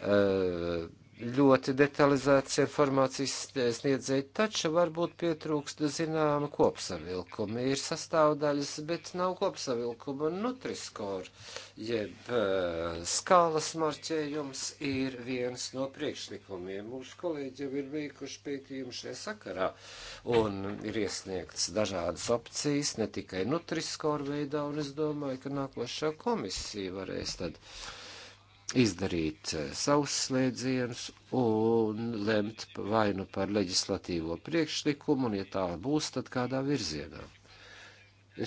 Uh, ļoti detalizētas informācijas sniedzēji, taču varbūt pietrūkst zināma kopsavilkuma. Ir sastāvdaļas, bet nav kopsavilkuma. Nutriskor, jeb uh, eh, skālas marķējums, ir viens no priekšlikumiem. Mūsu kolēģi jau ir veikuši pētījumu šajā sakarā un ir iesniegts dažādas opcijas, ne tikai Nutriskor veidā, un es domāju, ka nākošā komisija varēs tad. Uh, izdarīt eh, savus slēdzienus un lemt vainu par leģislatīvo priekšlikumu, un ja tā būs, tad kādā virzienā.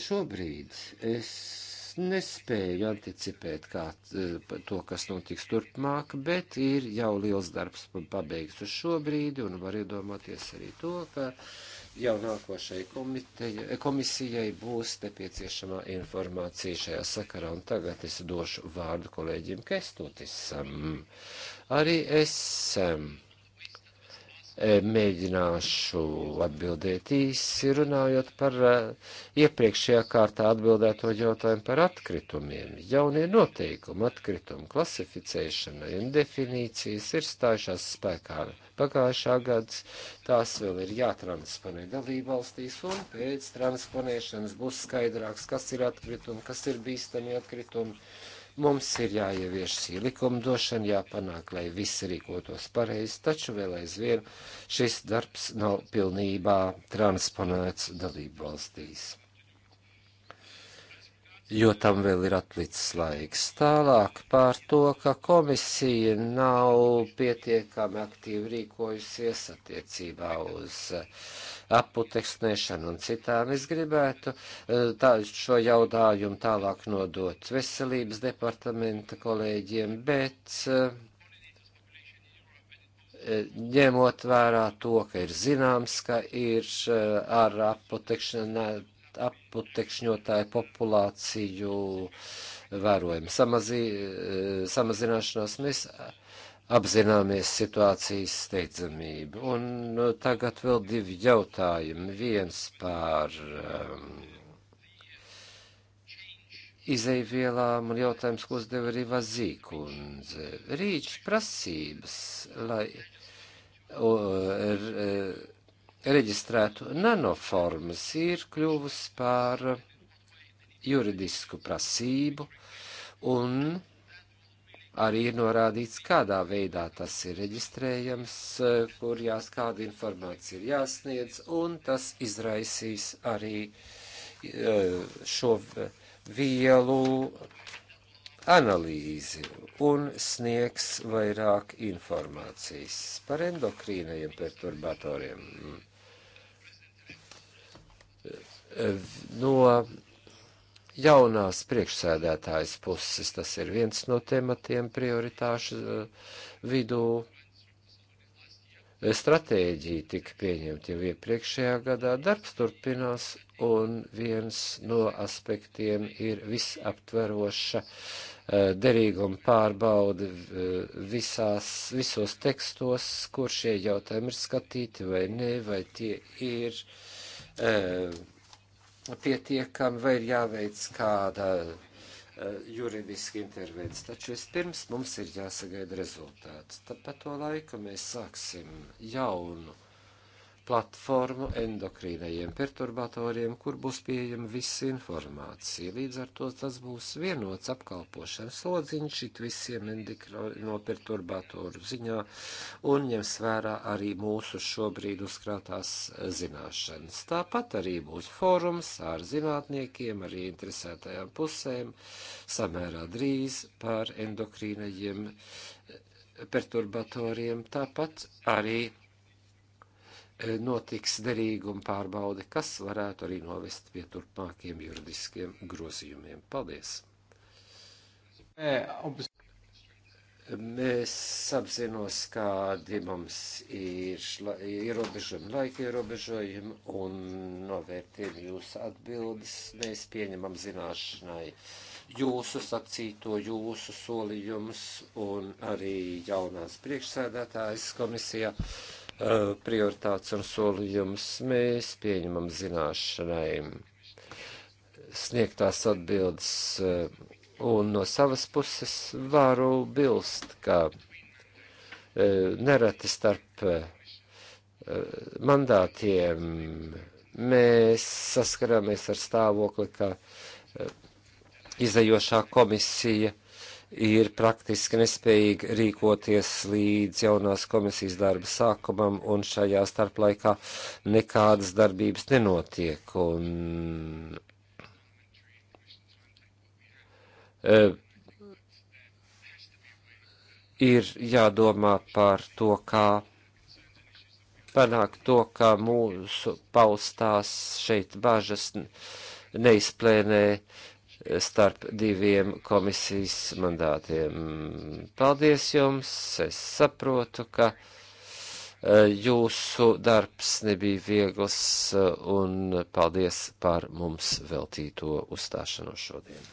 Šobrīd es nespēju anticipēt kā, eh, to, kas notiks turpmāk, bet ir jau liels darbs pabeigts uz šo brīdi, un var iedomāties arī to, ka uh, jau nākošai komiteja, komisijai būs nepieciešamā informācija šajā sakarā, un tagad es došu vārdu kolēģim Kestotisam. Arī es um, E, mēģināšu atbildēt īsi, runājot par e, iepriekšējā kārtā atbildēto jautājumu par atkritumiem. Jaunie noteikumi atkritumu klasificēšanai un definīcijas ir stājušās spēkā pagājušā gads, tās vēl ir jātransponē dalībvalstīs, un pēc transponēšanas būs skaidrāks, kas ir atkritumi, kas ir bīstami atkritumi Mums ir jāievieš šī likumdošana, jāpanāk, lai visi rīkotos pareizi, taču vēl aizvien šis darbs nav pilnībā transponēts dalību valstīs. Jo tam vēl ir atlicis laiks. Tālāk pār to, ka komisija nav pietiekami aktīvi rīkojusies attiecībā uz uh, aputeksnēšanu un citām. Es gribētu eh, tā, šo jautājumu tālāk nodot veselības departamenta kolēģiem, bet eh, ņemot vērā to, ka ir zināms, ka ir eh, ar aputekšņotāju populāciju vērojama samazināšanās, mēs apzināmies situācijas steidzamību. Un nu, tagad vēl divi jautājumi. Viens par um, izeivielām un jautājums, ko uzdeva arī Vazīkundze. Rīču prasības, lai o, re, reģistrētu nanoformas, ir kļuvusi par juridisku prasību un arī ir norādīts, kādā veidā tas ir reģistrējams, e, kur jās kāda informācija ir jāsniedz, un tas izraisīs arī e, šo vielu analīzi un sniegs vairāk informācijas par endokrīnajiem perturbatoriem. Mm. E, no jaunās priekšsēdētājas puses. Tas ir viens no tematiem prioritāšu eh, vidū. Eh, stratēģija tika pieņemta jau iepriekšējā gadā, darbs turpinās, un viens no aspektiem ir visaptveroša eh, derīguma pārbauda visās, visos tekstos, kur šie jautājumi ir skatīti vai nē, vai tie ir. Uh, pietiekami vai ir jāveic kāda eh, juridiska intervence, taču vispirms mums ir jāsagaida rezultāts. Tāpat to laiku mēs sāksim jaunu platformu endokrīnajiem perturbatoriem, kur būs pieejama visa informācija. Līdz ar to tas būs vienots apkalpošanas lodziņš šit visiem endokrīno perturbatoru ziņā un ņems vērā arī mūsu šobrīd uzkrātās zināšanas. Tāpat arī būs forums ar zinātniekiem, arī interesētajām pusēm samērā drīz par endokrīnajiem perturbatoriem. Tāpat arī notiks derīguma pārbaude, kas varētu arī novest pie turpmākiem juridiskiem grozījumiem. Paldies! Mēs apzinos, kādi mums ir ierobežojumi, laika ierobežojumi un novērtējam jūsu atbildes. Mēs pieņemam zināšanai jūsu sacīto, jūsu solījumus un arī jaunās priekšsēdētājas komisijā. Eh, prioritātes un solījumus mēs pieņemam zināšanai sniegtās atbildes, eh, un no savas puses varu bilst, ka eh, nereti starp mandātiem mēs saskaramies ar stāvokli, ka izējošā komisija ir praktiski nespējīgi rīkoties līdz jaunās komisijas darba sākumam, un šajā starplaikā nekādas darbības nenotiek. Un, uh, ir jādomā par to, kā panākt to, ka mūsu paustās šeit bažas neizplēnē uh, starp diviem komisijas mandātiem. Paldies jums! Es saprotu, ka eh, jūsu darbs nebija viegls eh, un paldies par mums veltīto uzstāšanos šodien.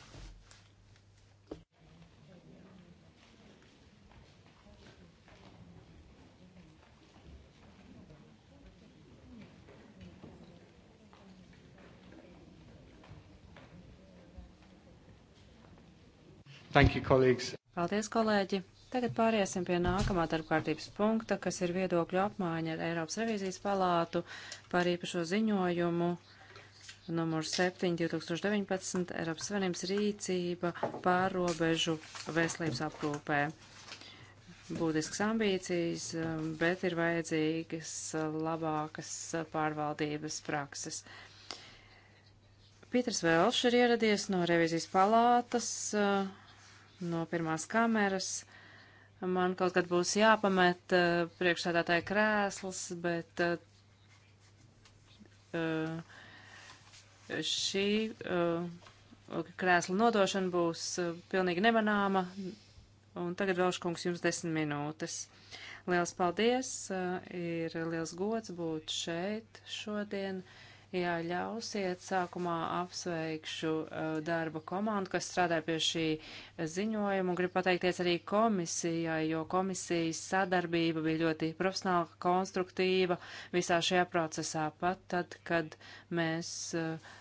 Thank you, colleagues. Paldies, kolēģi. Tagad pāriesim pie nākamā darbkārtības punkta, kas ir viedokļu apmaiņa ar Eiropas revīzijas palātu par īpašo ziņojumu numur 7 2019 Eiropas Savienības rīcība pārrobežu veselības aprūpē. Būtisks ambīcijas, bet ir vajadzīgas labākas pārvaldības prakses. Pīters Vēlš ir ieradies no revizijas palātas. Uh, no pirmās kameras. Man kaut kad būs jāpamet uh, priekšsēdētāja krēsls, bet uh, šī uh, krēsla nodošana būs uh, pilnīgi nemanāma. Un tagad Velškungs jums desmit minūtes. Liels paldies! Uh, ir liels gods būt šeit šodien. Uh, Jā, ļausiet sākumā apsveikšu uh, darba komandu, kas strādāja pie šī ziņojuma un gribu pateikties arī komisijai, jo komisijas sadarbība bija ļoti profesionāla, konstruktīva visā šajā procesā pat tad, kad mēs uh,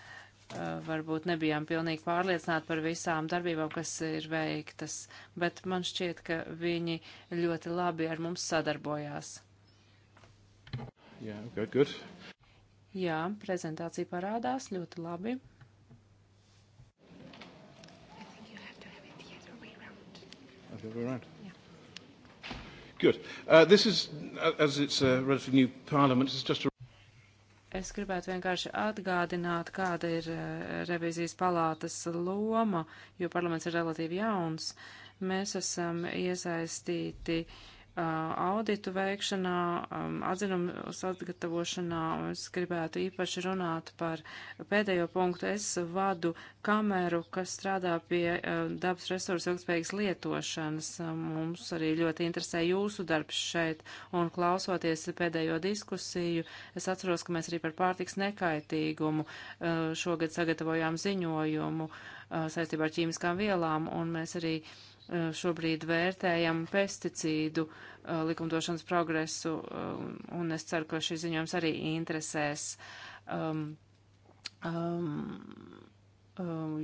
uh varbūt nebijām pilnīgi pārliecināti par visām darbībām, kas ir veiktas, bet man šķiet, ka viņi ļoti labi ar mums sadarbojās. Yeah, good, good. Jā, prezentācija parādās ļoti labi. The other way around. Yeah. Good. Uh, this is, uh, as it's a uh, relatively new parliament, it's just a Es gribētu vienkārši atgādināt, kāda ir uh, revizijas palātas loma, jo parlaments ir relatīvi jauns. Mēs esam iesaistīti uh, Uh, auditu veikšanā, um, atzinumu sagatavošanā, un es gribētu īpaši runāt par pēdējo punktu. Es vadu kameru, kas strādā pie uh, dabas resursu ilgspējīgas lietošanas. Uh, mums arī ļoti interesē jūsu darbs šeit, un klausoties pēdējo diskusiju, es atceros, ka mēs arī par pārtiks nekaitīgumu šogad sagatavojām ziņojumu saistībā ar ķīmiskām vielām, un mēs arī uh, Eh, šobrīd vērtējam pesticīdu eh, likumdošanas progresu, eh, un es ceru, ka šis ziņojums arī interesēs um, um,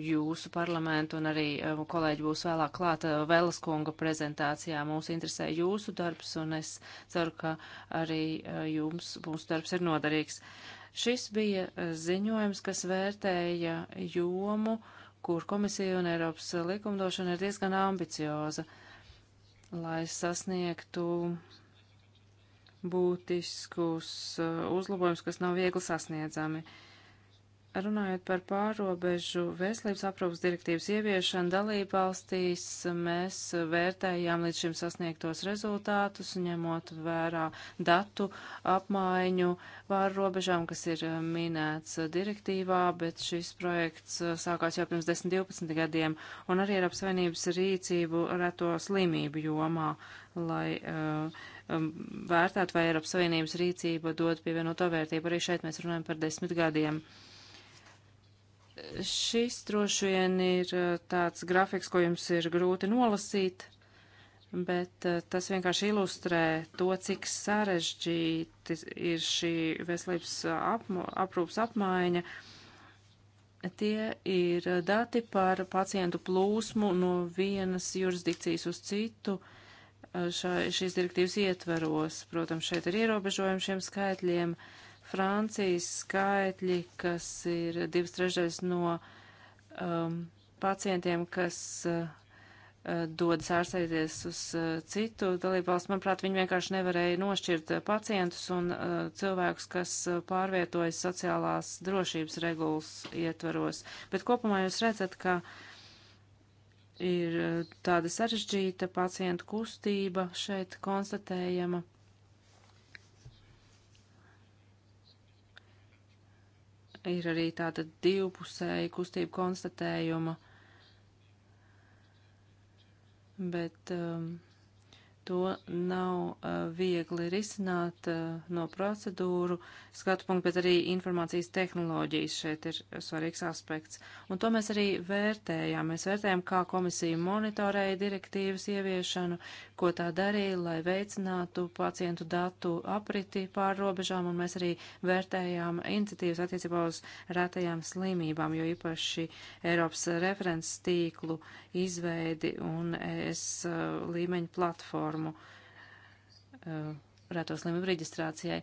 jūsu parlamentu, un arī kolēģi būs vēlāk klāta Vēlas kunga prezentācijā. Mūs interesē jūsu darbs, un es ceru, ka arī jums mūsu darbs ir noderīgs. Šis bija ziņojums, kas vērtēja jomu, uh, kur komisija un Eiropas likumdošana ir diezgan ambicioza, lai sasniegtu būtiskus uh, uzlabojumus, kas nav viegli sasniedzami. Uh, Runājot par pārobežu veselības aprūpas direktīvas ieviešanu dalību valstīs, mēs vērtējām līdz šim sasniegtos rezultātus, ņemot vērā datu apmaiņu pār robežām, kas ir minēts direktīvā, bet šis projekts sākās jau pirms 10-12 gadiem, un arī ar apsvainības rīcību reto slimību jomā, lai uh, um, vērtētu, vai Eiropas Savienības rīcība dod pievienoto vērtību. Arī šeit mēs runājam par desmit gadiem. Uh, Šis droši vien ir uh, tāds grafiks, ko jums ir grūti nolasīt, bet uh, tas vienkārši ilustrē to, cik sarežģīti ir šī veselības apmo, aprūpas apmaiņa. Tie ir dati par pacientu plūsmu no vienas jurisdikcijas uz citu uh, šā, šīs direktīvas ietveros. Protams, šeit ir ierobežojumi šiem skaitļiem. Uh, Francijas skaitļi, kas ir divas trešdaļas no um, pacientiem, kas uh, uh dodas ārstēties uz uh, citu dalību valsts, manuprāt, viņi vienkārši nevarēja nošķirt uh, pacientus un uh, cilvēkus, kas uh, pārvietojas sociālās drošības regulas ietvaros. Bet kopumā jūs redzat, ka ir uh, tāda sarežģīta pacientu kustība šeit konstatējama. ir arī tāda divpusēja kustība konstatējuma, bet um, to nav uh, viegli risināt uh, no procedūru skatu punktu, bet arī informācijas tehnoloģijas šeit ir svarīgs aspekts. Un to mēs arī vērtējām. Mēs vērtējām, kā komisija monitorēja direktīvas ieviešanu, ko tā darīja, lai veicinātu pacientu datu apriti pār robežām, un mēs arī vērtējām iniciatīvas attiecībā uz rētajām slimībām, jo īpaši Eiropas referents tīklu izveidi un es uh, līmeņu platformu uh, rēto slimību reģistrācijai.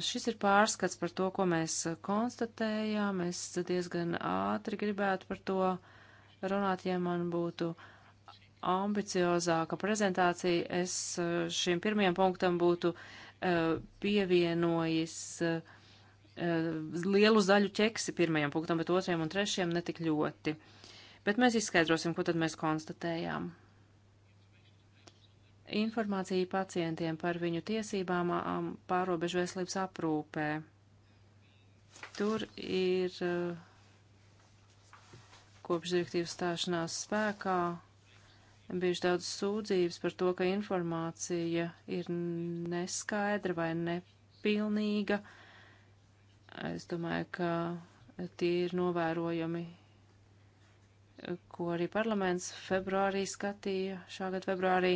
Šis ir pārskats par to, ko mēs konstatējām. Es diezgan ātri gribētu par to runāt, ja man būtu uh, ambiciozāka prezentācija, es eh, šim pirmajam punktam būtu eh, pievienojis eh, lielu zaļu ķeksi pirmajam punktam, bet otrajam un trešajam netik ļoti. Bet mēs izskaidrosim, ko tad mēs konstatējām. Informācija pacientiem par viņu tiesībām um, pārobežu veselības aprūpē. Tur ir kopš direktīvas stāšanās spēkā bijuši daudz sūdzības par to, ka informācija ir neskaidra vai nepilnīga. Es domāju, ka tie ir novērojami, ko arī parlaments februārī skatīja, šā gada februārī.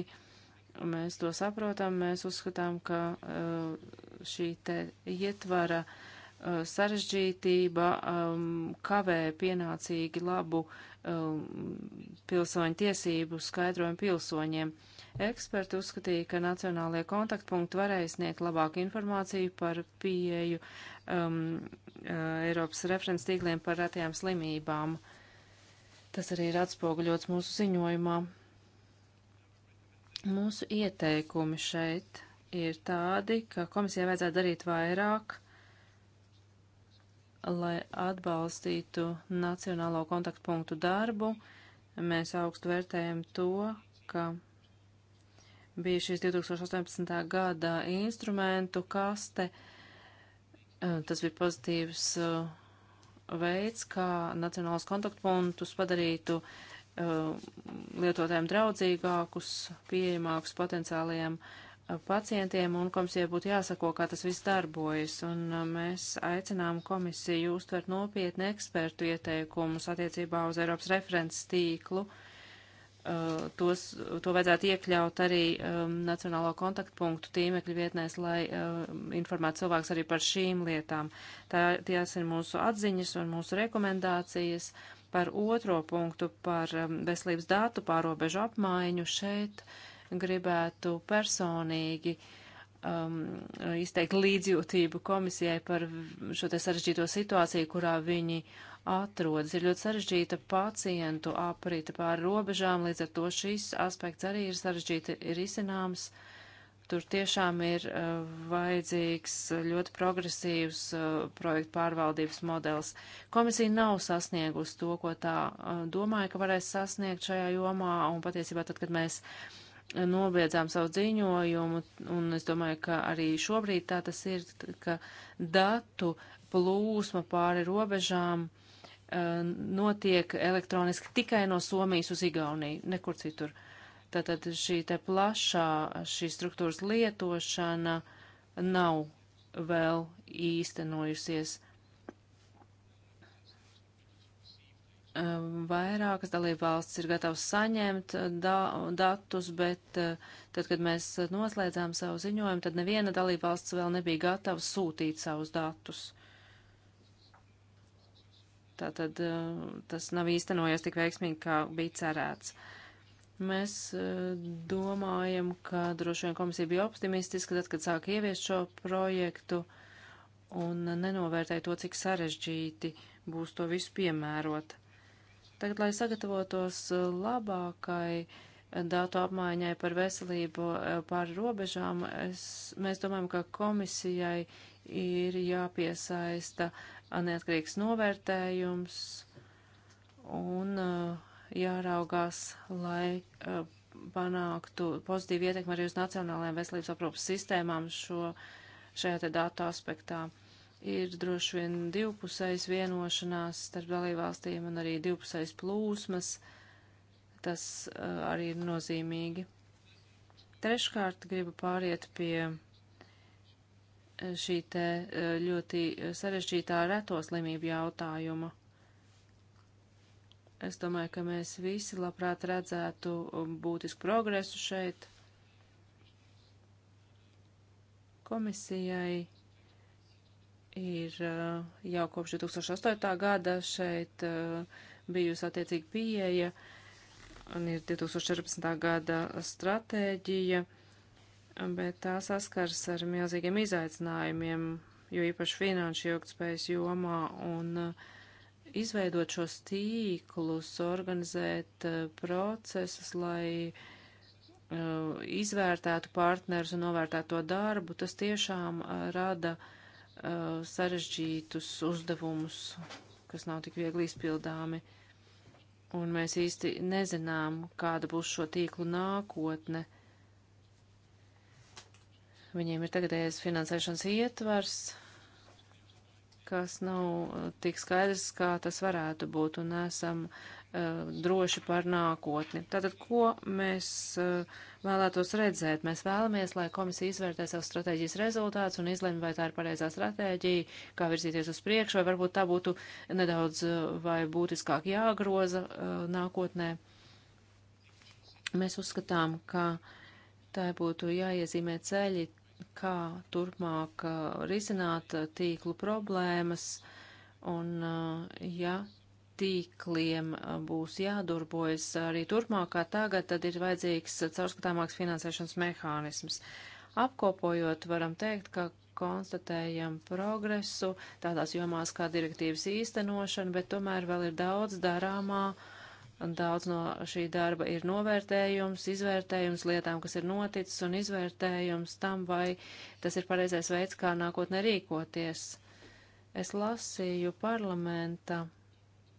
Mēs to saprotam, mēs uzskatām, ka uh, šī te ietvara uh, sarežģītība um, kavē pienācīgi labu uh, Um, pilsoņu tiesību skaidrojumu pilsoņiem. Eksperti uzskatīja, ka nacionālajie kontaktpunkti varēja sniegt labāku informāciju par pieeju um, uh, Eiropas referents tīkliem par retajām slimībām. Tas arī ir atspoguļots mūsu ziņojumā. Mūsu ieteikumi šeit ir tādi, ka komisijai vajadzētu darīt vairāk lai atbalstītu Nacionālo kontaktpunktu darbu. Mēs augstu vērtējam to, ka bija šīs 2018. gada instrumentu kaste. Tas bija pozitīvs veids, kā nacionālus kontaktpunktus padarītu lietotājiem draudzīgākus, pieejamākus potenciālajiem uh, pacientiem, un komisijai būtu jāsako, kā tas viss darbojas. Un uh, mēs aicinām komisiju uztvert nopietni ekspertu ieteikumus attiecībā uz Eiropas referents tīklu. Uh, tos, to vajadzētu iekļaut arī um, Nacionālo kontaktpunktu tīmekļu vietnēs, lai uh, informētu cilvēks arī par šīm lietām. Tā, tās ir mūsu atziņas un mūsu rekomendācijas. Par otro punktu, par um, veselības datu pārobežu apmaiņu šeit uh, gribētu personīgi um, izteikt līdzjūtību komisijai par šo te sarežģīto situāciju, kurā viņi atrodas. Ir ļoti sarežģīta pacientu aprīta pāri robežām, līdz ar to šis aspekts arī ir sarežģīti risināms. Tur tiešām ir uh, vajadzīgs ļoti progresīvs uh, projektu pārvaldības modelis. Komisija nav sasniegusi to, ko tā uh, domāja, ka varēs sasniegt šajā jomā, un patiesībā tad, kad mēs uh, nobiedzām savu ziņojumu, un es domāju, ka arī šobrīd tā tas ir, ka datu plūsma pāri robežām uh, notiek elektroniski tikai no Somijas uz Igauniju, nekur citur. Tātad šī te plašā, šī struktūras lietošana nav vēl īstenojusies. Uh, Ehm, vairākas dalība valstis ir gatavas saņemt eh, da datus, bet eh, tad, kad mēs noslēdzām savu ziņojumu, tad neviena dalība valsts vēl nebija gatava sūtīt savus datus. Tātad eh, tas nav īstenojies tik veiksmīgi, kā bija cerēts. Mēs domājam, ka droši vien komisija bija optimistiska, tad, kad sāka ieviest šo projektu un nenovērtēja to, cik sarežģīti būs to visu piemērot. Tagad, lai sagatavotos uh, labākai uh, datu apmaiņai par veselību uh, pāri robežām, es, mēs domājam, ka komisijai ir jāpiesaista neatkarīgs novērtējums un jāraugās, lai panāktu pozitīvu ietekmi arī uz nacionālajām veselības aprūpas sistēmām šo, šajā te datu aspektā ir droši vien divpusējs vienošanās starp dalībvalstīm un arī divpusējs plūsmas. Tas uh, arī ir nozīmīgi. Treškārt gribu pāriet pie eh, šī te eh, ļoti sarežģītā reto slimību jautājuma. Es domāju, ka mēs visi labprāt redzētu um, būtisku progresu šeit. Komisijai ir eh, jau kopš 2008. gada šeit eh, bijusi attiecīga pieeja un ir 2014. gada stratēģija, bet tā saskars ar milzīgiem izaicinājumiem, jo īpaši finanšu ilgtspējas jomā un eh, izveidot šos tīklus, organizēt procesus, lai izvērtētu partnerus un novērtētu to darbu, tas tiešām rada uh, Uh, sarežģītus uzdevumus, kas nav tik viegli izpildāmi. Un mēs īsti nezinām, kāda būs šo tīklu nākotne. Viņiem ir tagadējais finansēšanas ietvars, kas nav uh, tik skaidrs, kā tas varētu būt, un esam Eh, droši par nākotni. Tātad, ko mēs eh, vēlētos redzēt? Mēs vēlamies, lai komisija izvērtē savu stratēģijas rezultātus un izlemj, vai tā ir pareizā stratēģija, kā virzīties uz priekšu, vai varbūt tā būtu nedaudz eh, vai būtiskāk jāgroza nākotnē. Mēs uzskatām, ka tā būtu jāiezīmē ceļi, kā turpmāk risināt tīklu problēmas, un ja tīkliem būs jādarbojas arī turpmāk, kā tagad, tad ir vajadzīgs caurskatāmāks finansēšanas mehānisms. Apkopojot, varam teikt, ka konstatējam progresu tādās jomās kā direktīvas īstenošana, bet tomēr vēl ir daudz darāmā. Daudz no šī darba ir novērtējums, izvērtējums lietām, kas ir noticis, un izvērtējums tam, vai tas ir pareizais veids, kā nākotnē rīkoties. Es lasīju parlamenta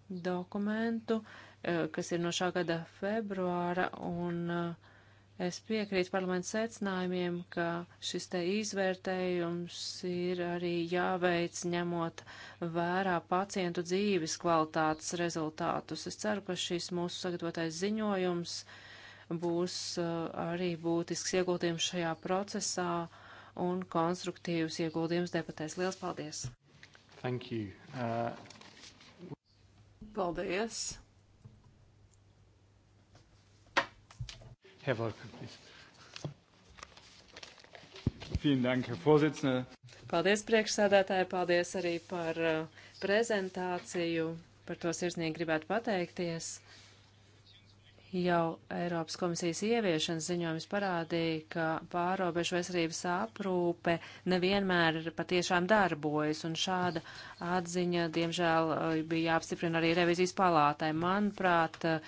dokumentu, eh, kas ir no šā gada februāra, un eh, es piekrītu parlamentu secinājumiem, ka šis te izvērtējums ir arī jāveic ņemot vērā pacientu dzīves kvalitātes rezultātus. Es ceru, ka šis mūsu sagatavotais ziņojums būs eh, arī būtisks ieguldījums šajā procesā un konstruktīvs ieguldījums debatēs. Lielas paldies! Thank you. Uh... Paldies! Herr Volken, please. Paldies, priekšsādātāji, paldies arī par uh, prezentāciju. Par to sirsnīgi gribētu pateikties. Jau Eiropas komisijas ieviešanas ziņojums parādīja, ka pārobežu veselības aprūpe nevienmēr patiešām darbojas, un šāda atziņa, diemžēl, eh, bija jāapstiprina arī revizijas palātai. Manuprāt, eh,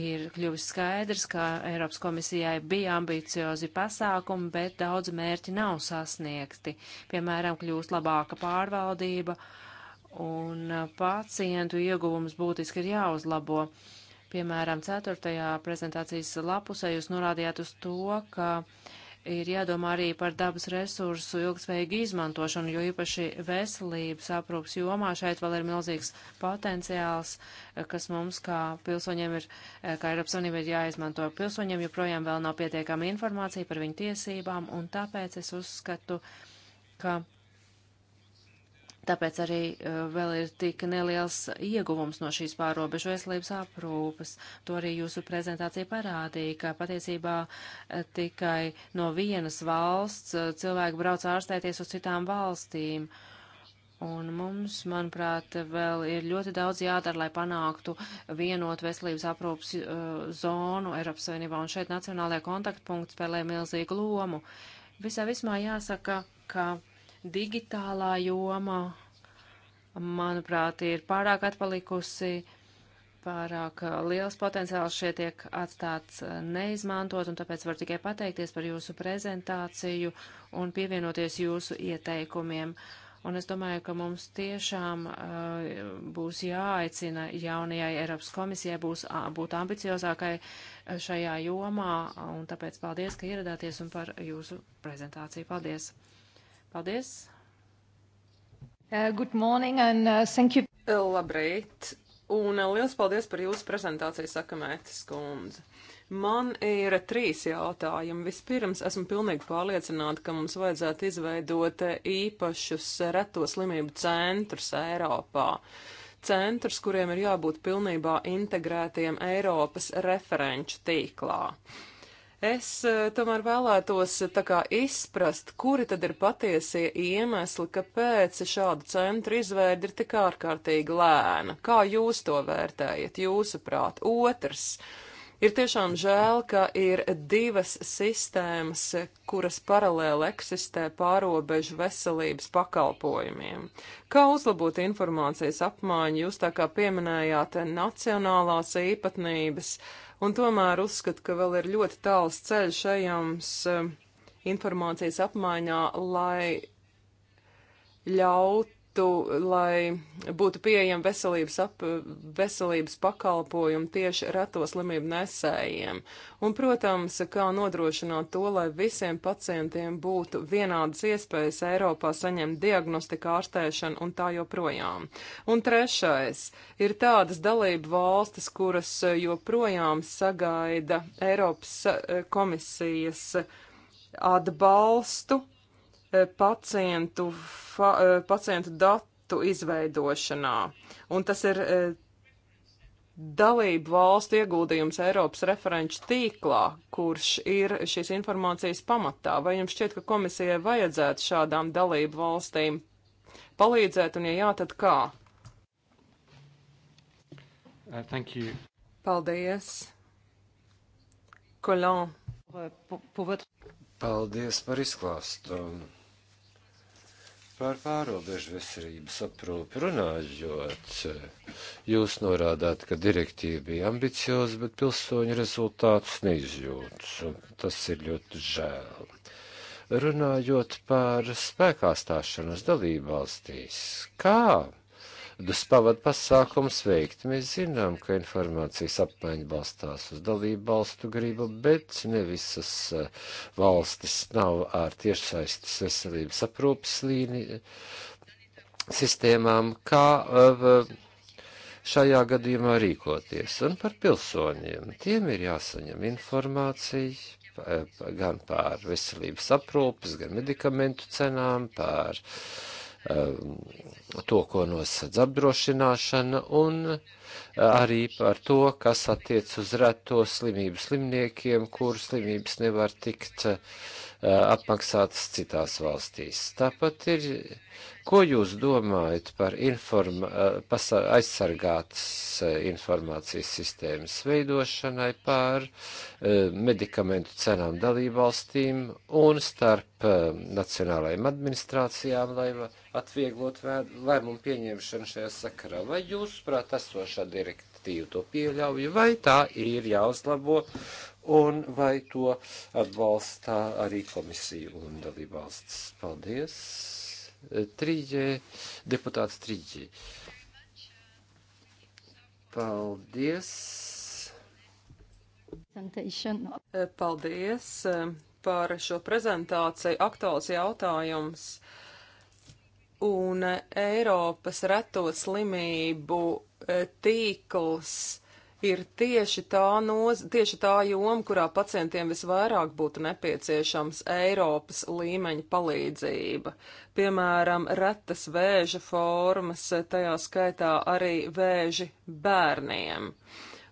ir kļuvis skaidrs, ka Eiropas komisijai bija ambiciozi pasākumi, bet daudz mērķi nav sasniegti. Piemēram, kļūst labāka pārvaldība, un eh, pacientu ieguvums būtiski ir jāuzlabo. Piemēram, ceturtajā prezentācijas lapusē jūs norādījāt uz to, ka ir jādomā arī par dabas resursu ilgspējīgu izmantošanu, jo īpaši veselības aprūpas jomā šeit vēl ir milzīgs potenciāls, kas mums kā pilsoņiem ir, kā Eiropas Savienība ir jāizmanto. Pilsoņiem joprojām vēl nav pietiekama informācija par viņu tiesībām, un tāpēc es uzskatu, ka tāpēc arī eh, vēl ir tik neliels ieguvums no šīs pārobežu veselības aprūpes. To arī jūsu prezentācija parādīja, ka patiesībā eh, tikai no vienas valsts eh, cilvēki brauc ārstēties uz citām valstīm. Un mums, manuprāt, vēl ir ļoti daudz jādara, lai panāktu vienotu veselības aprūpas uh, zonu Eiropas Savienībā, un šeit nacionālajā kontaktpunkti spēlē milzīgu lomu. Visā vismā jāsaka, ka digitālā joma, manuprāt, ir pārāk atpalikusi, pārāk uh, liels potenciāls šeit tiek atstāts uh, neizmantot, un tāpēc varu tikai pateikties par jūsu prezentāciju un pievienoties jūsu ieteikumiem. Un es domāju, ka mums tiešām uh, būs jāaicina jaunajai Eiropas komisijai būs, a, būt ambiciozākai uh, šajā jomā, un tāpēc paldies, ka ieradāties un par jūsu prezentāciju. Paldies! Paldies! Uh, good morning and uh, thank you. Labrīt! Un uh, liels paldies par jūsu prezentāciju, saka Mētis Kundze. Man ir trīs jautājumi. Vispirms esmu pilnīgi pārliecināta, ka mums vajadzētu izveidot uh, īpašus reto slimību centrus Eiropā. Centrus, kuriem ir jābūt pilnībā integrētiem Eiropas referenču tīklā. Uh, Es eh, tomēr vēlētos eh, tā kā izprast, kuri tad ir patiesie iemesli, kāpēc šādu centru izveidi ir tik ārkārtīgi lēna. Kā jūs to vērtējat, jūsuprāt? Otrs. Ir tiešām žēl, ka ir divas sistēmas, kuras paralēli eksistē pārobežu veselības pakalpojumiem. Kā uzlabot informācijas apmaiņu, jūs tā kā pieminējāt nacionālās īpatnības, un tomēr uzskatu, ka vēl ir ļoti tāls ceļš ejams eh, informācijas apmaiņā, lai ļaut tu, lai būtu pieejama veselības, ap, veselības pakalpojumi tieši reto slimību nesējiem. Un, protams, kā nodrošināt to, lai visiem pacientiem būtu vienādas iespējas Eiropā saņemt diagnostiku, ārstēšanu un tā joprojām. Un trešais ir tādas dalību valstis, kuras joprojām sagaida Eiropas komisijas atbalstu Eh, pacientu, fa, eh, pacientu datu izveidošanā. Un tas ir eh, dalību valstu ieguldījums Eiropas referenču tīklā, kurš ir šīs informācijas pamatā. Vai jums šķiet, ka komisijai vajadzētu šādām dalību valstīm palīdzēt, un ja jā, tad kā? Uh, thank you. Paldies. Kolon. Paldies par izklāstu. Par pārobežu veselības aprūpi runājot, jūs norādāt, ka direktīva bija ambicioza, bet pilsoņu rezultātus neizjūtas, un tas ir ļoti žēl. Runājot par spēkā stāšanos dalībvalstīs, kā kādus pavadu pasākums veikt. Mēs zinām, ka informācijas apmaiņa balstās uz dalību valstu gribu, bet ne visas eh, valstis nav ar tiešsaistes veselības aprūpas līniju sistēmām, kā eh, šajā gadījumā rīkoties. Un par pilsoņiem. Tiem ir jāsaņem informācija eh, gan par veselības aprūpas, gan medikamentu cenām, par uh, Um, to, ko nosedz apdrošināšana, un uh, arī par to, kas attiec uz reto slimību slimniekiem, kur slimības nevar tikt uh, Eh, apmaksātas citās valstīs. Tāpat ir, ko jūs domājat par informa, eh, pasa, aizsargātas eh, informācijas sistēmas veidošanai pār medikamentu cenām dalībvalstīm un starp nacionālajām administrācijām, lai atvieglot lēmumu pieņemšanu šajā sakarā? Vai jūs, prāt, esošā direktīva to pieļauj, vai tā ir jāuzlabo? un vai to atbalstā arī komisija un dalībvalsts. Paldies! Trīģē, deputāts Trīģē. Paldies! Paldies eh, par šo prezentāciju. Aktuāls jautājums. Un eh, Eiropas reto slimību eh, tīkls ir tieši tā, noz, tieši tā joma, kurā pacientiem visvairāk būtu nepieciešams Eiropas līmeņa palīdzība. Piemēram, retas vēža formas, tajā skaitā arī vēži bērniem.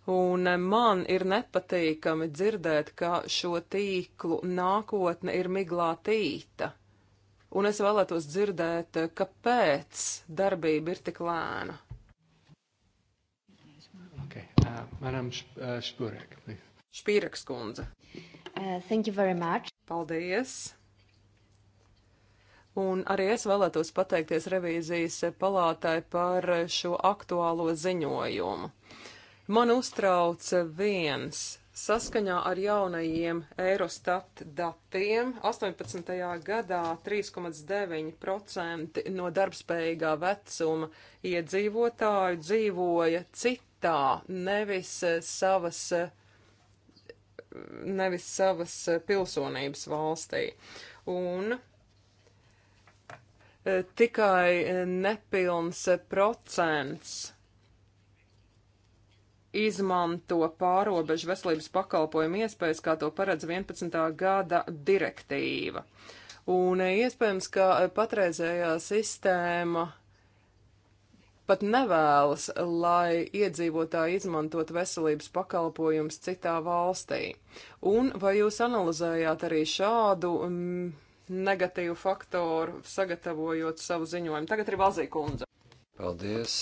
Un man ir nepatīkami dzirdēt, ka šo tīklu nākotne ir miglātīta. Un es vēlētos dzirdēt, kāpēc darbība ir tik lēna. Uh, Manam uh, Špurek. Špīraks kundze. Uh, thank you very much. Paldies. Un arī es vēlētos pateikties revīzijas palātai par šo aktuālo ziņojumu. Man uztrauc viens. Saskaņā ar jaunajiem Eurostat datiem 18. gadā 3,9% no darbspējīgā vecuma iedzīvotāju dzīvoja citā tā, nevis eh, savas, eh, nevis savas eh, pilsonības valstī. Un tikai nepilns procents izmanto pārobežu veselības pakalpojumu iespējas, kā to paredz 11. gada direktīva. Un iespējams, ka patreizējā sistēma pat nevēlas, lai iedzīvotāji izmantot veselības pakalpojumus citā valstī. Un vai jūs analizējāt arī šādu mm, negatīvu faktoru, sagatavojot savu ziņojumu? Tagad ir Valzija kundze. Paldies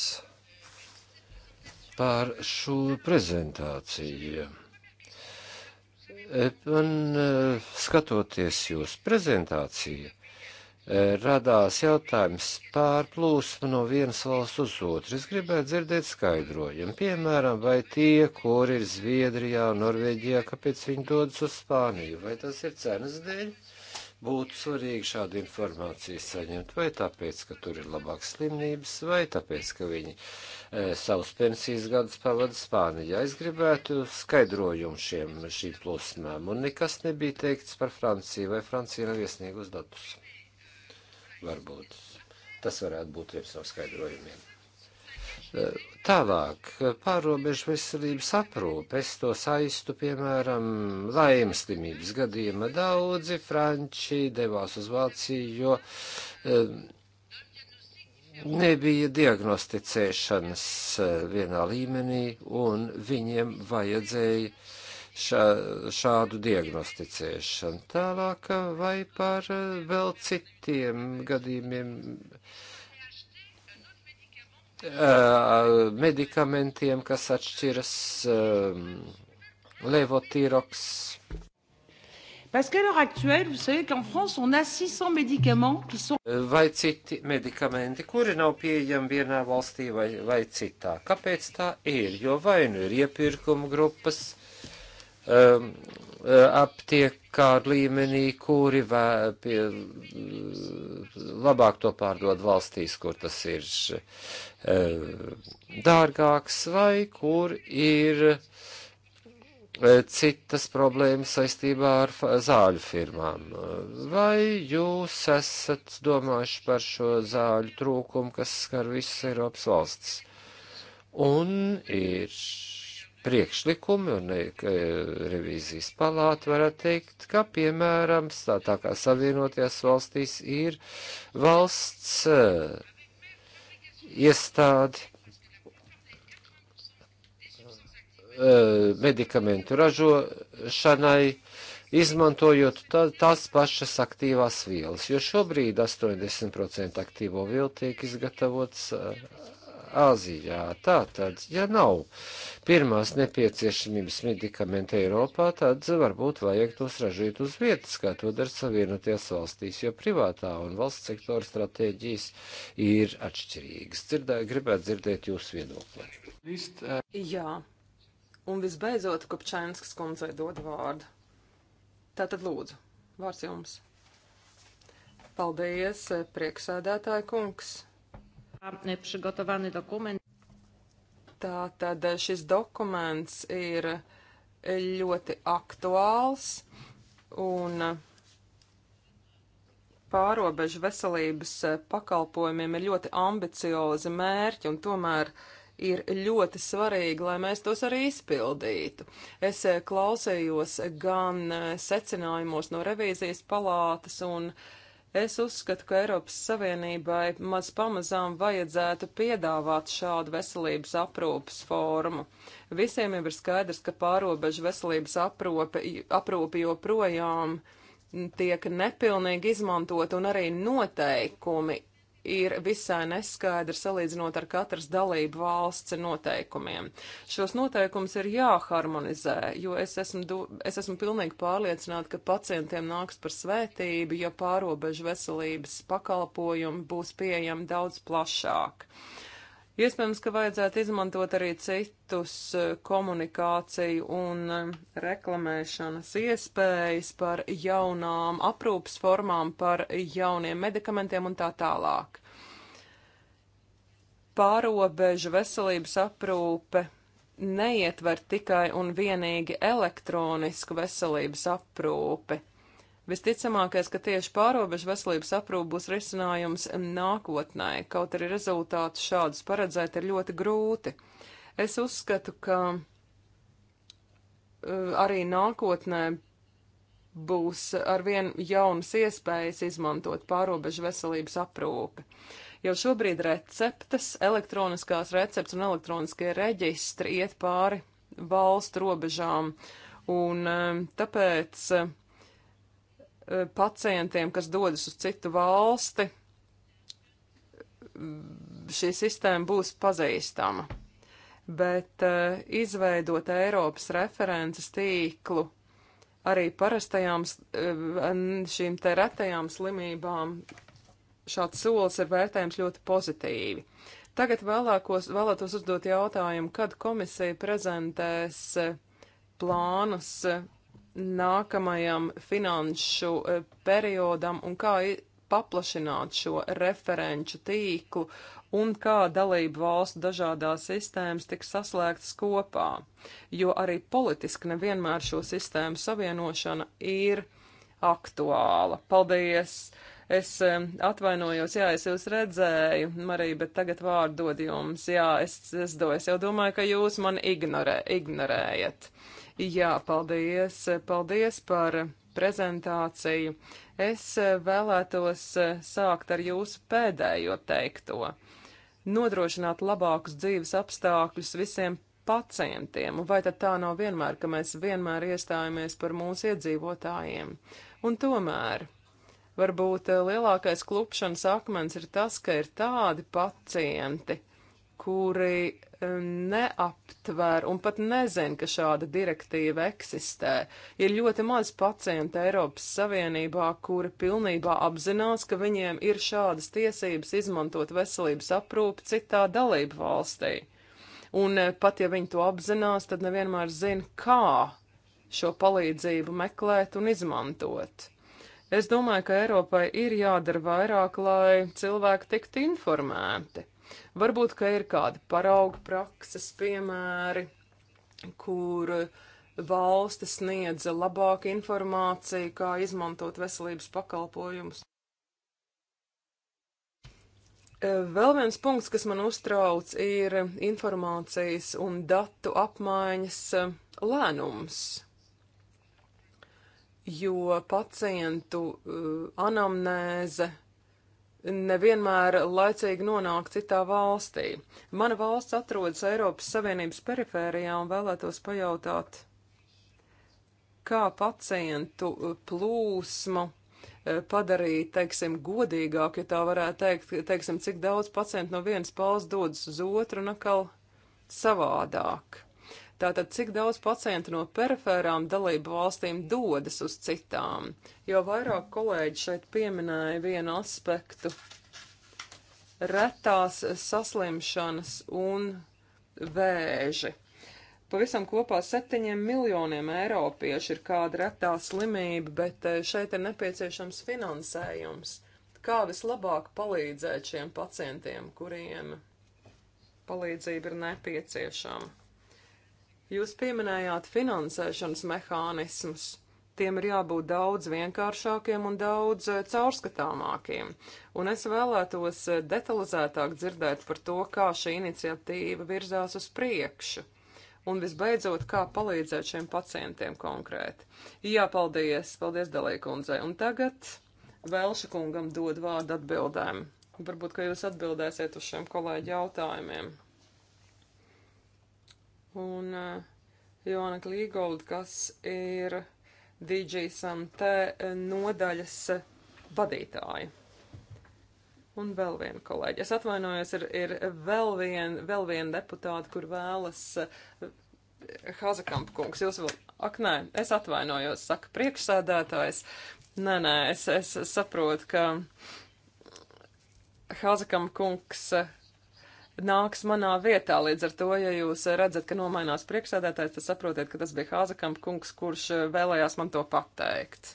par šo prezentāciju. Man e, e, skatoties jūsu prezentāciju, radās jautājums pār plūsmu no vienas valsts uz otru. Es gribētu dzirdēt skaidrojumu. Piemēram, vai tie, kuri ir Zviedrijā, Norvēģijā, kāpēc viņi dodas uz Spāniju, vai tas ir cenas dēļ? Būtu svarīgi šādu informāciju saņemt, vai tāpēc, ka tur ir labāks slimnības, vai tāpēc, ka viņi e, savus pensijas gadus pavada Spānijā. Es gribētu skaidrojumu šiem, šīm plūsmām, un nekas nebija teikts par Franciju, vai Francija nav iesniegus datus varbūt. Tas varētu būt viens no skaidrojumiem. Tālāk, pārobežu veselības aprūpe, es to saistu, piemēram, laimstimības gadījumā. Daudzi franči devās uz Vāciju, jo eh, nebija diagnosticēšanas eh, vienā līmenī, un viņiem vajadzēja šā, šādu diagnosticēšanu. Tālāk vai par eh, vēl citiem gadījumiem eh, medikamentiem, kas atšķiras eh, levotiroks. Parce qu'à l'heure actuelle, vous savez qu'en France, on a 600 médicaments qui sont... Vai citi medikamenti, kuri nav pieejami vienā valstī vai, vai citā. Kāpēc tā ir? Jo vai nu ir iepirkuma grupas, uh, um, uh, aptiekāru līmenī, kuri vē, pie, labāk to pārdod valstīs, kur tas ir e, dārgāks vai kur ir e, citas problēmas saistībā ar zāļu firmām. Vai jūs esat domājuši par šo zāļu trūkumu, kas skar visas Eiropas valstis? Un ir priekšlikumi un e, e, revīzijas palāta varētu teikt, ka, piemēram, tā, tā kā savienotajās valstīs ir valsts e, iestādi medikamentu ražošanai, izmantojot tās pašas aktīvās vielas, jo šobrīd 80% aktīvo vielu tiek izgatavots Āzijā. Tātad, ja nav pirmās nepieciešamības medikamenta Eiropā, tad varbūt vajag tos ražīt uz vietas, kā to dara Savienoties valstīs, jo privātā un valsts sektora stratēģijas ir atšķirīgas. Dzirdēju, gribētu dzirdēt jūsu viedokli. Eh, Jā, un visbeidzot, Kopčainskas kundzei dod vārdu. Tātad lūdzu, vārds jums. Paldies, eh, prieksēdētāja kungs. E, Tā tad e, šis dokuments ir e, ļoti aktuāls un pārobežu veselības pakalpojumiem ir ļoti ambiciozi mērķi un tomēr ir ļoti svarīgi, lai mēs tos arī izpildītu. Es klausējos gan secinājumos no revīzijas palātas un uh, Es uzskatu, ka Eiropas Savienībai maz pamazām vajadzētu piedāvāt šādu veselības aprūpas formu. Visiem jau ir skaidrs, ka pārobežu veselības aprūpe, aprūpe joprojām tiek nepilnīgi izmantot un arī noteikumi ir visai neskaidra salīdzinot ar katras dalību valsts noteikumiem. Šos noteikumus ir jāharmonizē, jo es esmu, do, es esmu pilnīgi pārliecināta, ka pacientiem nāks par svētību, ja pārobežu veselības pakalpojumi būs pieejami daudz plašāk. Uh, Iespējams, ka vajadzētu izmantot arī citus e, komunikāciju un e, reklamēšanas iespējas par jaunām aprūpas formām, par jauniem medikamentiem un tā tālāk. Pārobežu veselības aprūpe neietver tikai un vienīgi elektronisku veselības aprūpi. Visticamākais, ka tieši pārobežu veselības aprūpe būs risinājums nākotnē, kaut arī rezultātus šādus paredzēt ir ļoti grūti. Es uzskatu, ka uh, arī nākotnē būs arvien jaunas iespējas izmantot pārobežu veselības aprūpi. Jau šobrīd receptes, elektroniskās receptes un elektroniskie reģistri iet pāri valstu robežām, un um, tāpēc Eh, pacientiem, kas dodas uz citu valsti, šī sistēma būs pazīstama. Bet eh, izveidot Eiropas references tīklu arī parastajām eh, šīm te retajām slimībām, šāds solis ir vērtējams ļoti pozitīvi. Tagad vēlākos, vēlētos uzdot jautājumu, kad komisija prezentēs plānus nākamajam finanšu eh, periodam un kā paplašināt šo referenču tīklu un kā dalību valstu dažādās sistēmas tiks saslēgtas kopā, jo arī politiski nevienmēr šo sistēmu savienošana ir aktuāla. Paldies! Es eh, atvainojos, jā, es jūs redzēju, Marija, bet tagad vārdu dod jums. Jā, es, es, do, es jau domāju, ka jūs mani ignorē, ignorējat. Uh, Jā, paldies, paldies par prezentāciju. Es vēlētos sākt ar jūsu pēdējo teikto. Nodrošināt labākus dzīves apstākļus visiem pacientiem, vai tad tā nav vienmēr, ka mēs vienmēr iestājamies par mūsu iedzīvotājiem? Un tomēr, varbūt lielākais klupšanas akmens ir tas, ka ir tādi pacienti, kuri eh, neaptver un pat nezin, ka šāda direktīva eksistē. Ir ļoti maz pacientu Eiropas Savienībā, kuri pilnībā apzinās, ka viņiem ir šādas tiesības izmantot veselības aprūpi citā dalību valstī. Un eh, pat ja viņi to apzinās, tad nevienmēr zin, kā šo palīdzību meklēt un izmantot. Es domāju, ka Eiropai ir jādara vairāk, lai cilvēki tiktu informēti. Varbūt, ka ir kādi parauga prakses piemēri, kur valstis sniedza labāku informāciju, kā izmantot veselības pakalpojumus. E, vēl viens punkts, kas man uztrauc, ir informācijas un datu apmaiņas e, lēnums, jo pacientu uh, anamnēze nevienmēr laicīgi nonāk citā valstī. Mana valsts atrodas Eiropas Savienības perifērijā un vēlētos pajautāt, kā pacientu uh, plūsmu uh, padarīt, teiksim, godīgāk, ja tā varētu teikt, teiksim, cik daudz pacientu no vienas palas dodas uz otru un atkal savādāk. Tātad, cik daudz pacientu no perifērām dalību valstīm dodas uz citām? Jo vairāk kolēģi šeit pieminēja vienu aspektu - retās saslimšanas un vēži. Pavisam kopā septiņiem miljoniem eiropiešu ir kāda retā slimība, bet eh, šeit ir nepieciešams finansējums. Kā vislabāk palīdzēt šiem pacientiem, kuriem palīdzība ir nepieciešama? Jūs pieminējāt finansēšanas mehānismus. Tiem ir jābūt daudz vienkāršākiem un daudz eh, caurskatāmākiem. Un es vēlētos eh, detalizētāk dzirdēt par to, kā šī iniciatīva virzās uz priekšu un visbeidzot, kā palīdzēt šiem pacientiem konkrēti. Jā, paldies, paldies dalīkundzei. Un tagad Velša kungam dod vārdu atbildēm. Varbūt, ka jūs atbildēsiet uz šiem kolēģi jautājumiem un eh, Joana Klīgolda, kas ir DJ Santē eh, nodaļas eh, vadītāja. Un vēl viena kolēģa. Es atvainojos, ir, ir vēl viena vēl vien deputāta, kur vēlas Hazakamp kungs. Jūs vēl, ak nē, es atvainojos, saka priekšsēdētājs. Nē, nē, es, es saprotu, ka Hazakamp kungs nāks manā vietā. Līdz ar to, ja jūs redzat, ka nomainās priekšsēdētājs, tad saprotiet, ka tas bija Hāzekamp kungs, kurš eh, vēlējās man to pateikt.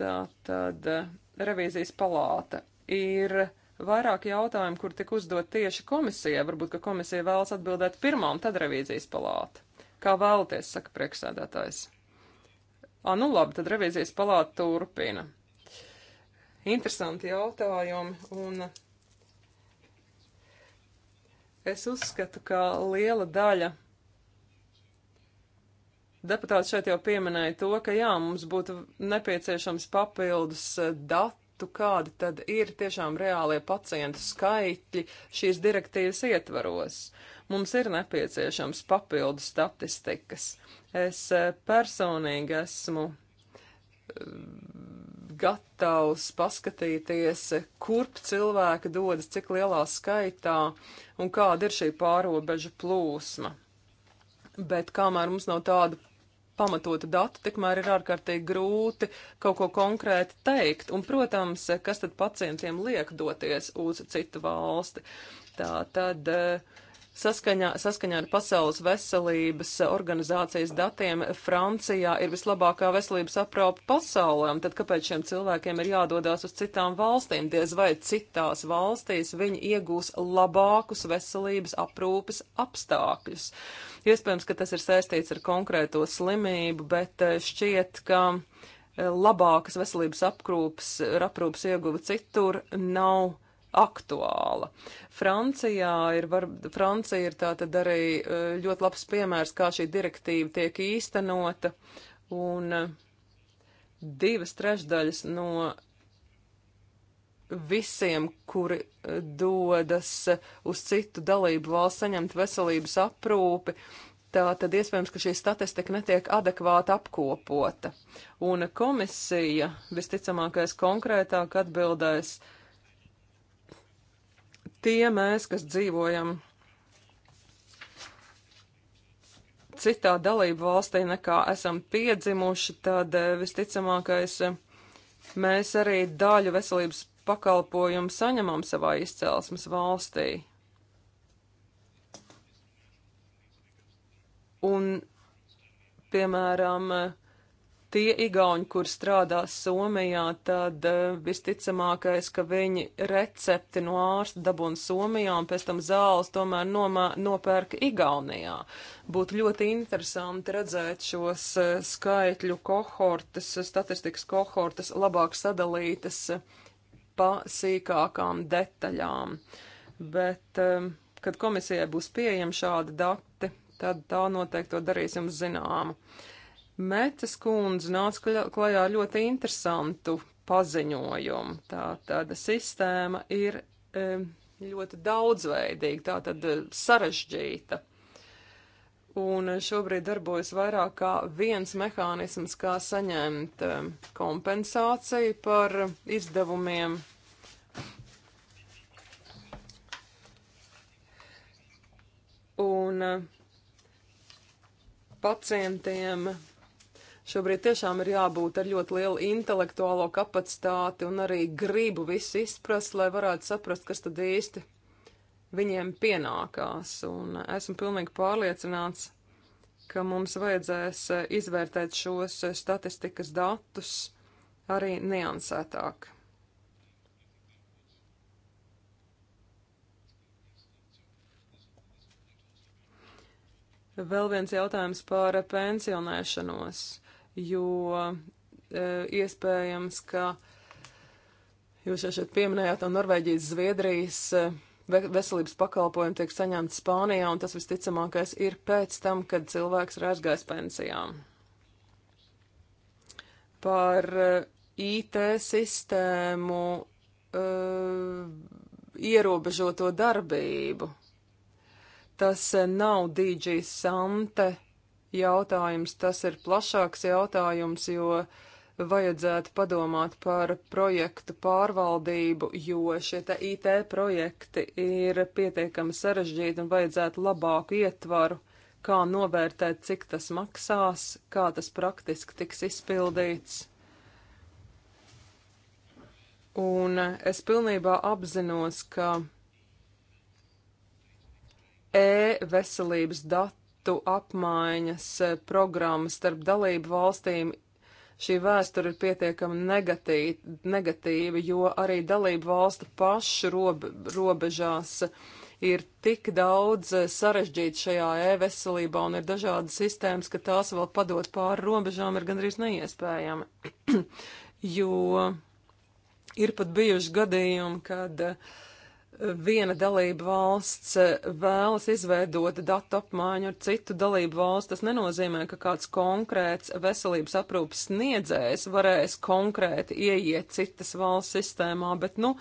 Tā tad eh, revīzijas palāta ir vairāk jautājumu, kur tik uzdot tieši komisijai. Varbūt, ka komisija vēlas atbildēt pirmā un tad revīzijas palāta. Kā vēlaties, saka priekšsēdētājs. Ā, nu labi, tad revīzijas palāta turpina. Interesanti jautājumi un Es uzskatu, ka liela daļa deputāti šeit jau pieminēja to, ka jā, mums būtu nepieciešams papildus eh, datu, kādi tad ir tiešām reālie pacientu skaitļi šīs direktīvas ietvaros. Mums ir nepieciešams papildus statistikas. Es eh, personīgi esmu eh, gatavs paskatīties, kurp cilvēki dodas, cik lielā skaitā un kāda ir šī pārobeža plūsma. Bet kamēr mums nav tādu pamatotu datu, tikmēr ir ārkārtīgi grūti kaut ko konkrēti teikt. Un, protams, kas tad pacientiem liek doties uz citu valsti? Tā tad. Uh, Saskaņā, saskaņā ar Pasaules veselības organizācijas datiem Francijā ir vislabākā veselības apraupa pasaulē, un tad kāpēc šiem cilvēkiem ir jādodas uz citām valstīm? Diez vai citās valstīs viņi iegūs labākus veselības aprūpes apstākļus. Iespējams, ka tas ir saistīts ar konkrēto slimību, bet eh, šķiet, ka eh, labākas veselības aprūpes, aprūpes ieguva citur nav aktuāla. Francijā ir, var, Francija ir tātad arī e, ļoti labs piemērs, kā šī direktīva tiek īstenota, un e, divas trešdaļas no visiem, kuri e, dodas uz citu dalību valsts saņemt veselības aprūpi, tā tad iespējams, ka šī statistika netiek adekvāti apkopota. Un komisija visticamākais konkrētāk atbildēs, uh, tie mēs, kas dzīvojam citā dalību valstī nekā esam piedzimuši, tad eh, visticamākais eh, mēs arī daļu veselības pakalpojumu saņemam savā izcelsmes valstī. Un, piemēram, tie igauņi, kur strādā Somijā, tad eh, visticamākais, ka viņi recepti no ārsta dabūna Somijā un pēc tam zāles tomēr nomā, nopērka Igaunijā. Būtu ļoti interesanti redzēt šos eh, skaitļu kohortes, statistikas kohortes labāk sadalītas eh, pa sīkākām detaļām. Bet, kad komisijai būs pieejami šādi dati, tad tā noteikti to darīs jums zināmu. Metas kundze nāca klajā ļoti interesantu paziņojumu. Tā tāda sistēma ir e, ļoti daudzveidīga, tā tad eh, sarežģīta. Un eh, šobrīd darbojas vairāk kā viens mehānisms, kā saņemt e, kompensāciju par izdevumiem. Un e, pacientiem Šobrīd tiešām ir jābūt ar ļoti lielu intelektuālo kapacitāti un arī gribu visu izprast, lai varētu saprast, kas tad īsti viņiem pienākās. Un esmu pilnīgi pārliecināts, ka mums vajadzēs izvērtēt šos statistikas datus arī niansētāk. Vēl viens jautājums par pensionēšanos jo e, iespējams, ka jūs jau šeit pieminējāt no Norvēģijas, Zviedrijas e, veselības pakalpojumi tiek saņemti Spānijā, un tas visticamākais ir pēc tam, kad cilvēks ir aizgājis pensijām. Par e, IT sistēmu uh, ierobežoto darbību. Tas e, nav DJ Sante jautājums, tas ir plašāks jautājums, jo vajadzētu padomāt par projektu pārvaldību, jo šie IT projekti ir pietiekami sarežģīti un vajadzētu labāku ietvaru, kā novērtēt, cik tas maksās, kā tas praktiski tiks izpildīts. Un es pilnībā apzinos, ka e-veselības dati datu apmaiņas e, programma starp dalību valstīm. Šī vēsture ir pietiekami negatīva, negatīva, jo arī dalību valstu pašu robe, robežās ir tik daudz e, sarežģīti šajā e-veselībā un ir dažādas sistēmas, ka tās vēl padot pāri robežām ir gandrīz neiespējami. jo ir pat bijuši gadījumi, kad uh, viena dalība valsts eh, vēlas izveidot datu apmaiņu ar citu dalību valsts, tas nenozīmē, ka kāds konkrēts veselības aprūpas sniedzējs varēs konkrēti ieiet citas valsts sistēmā, bet, nu,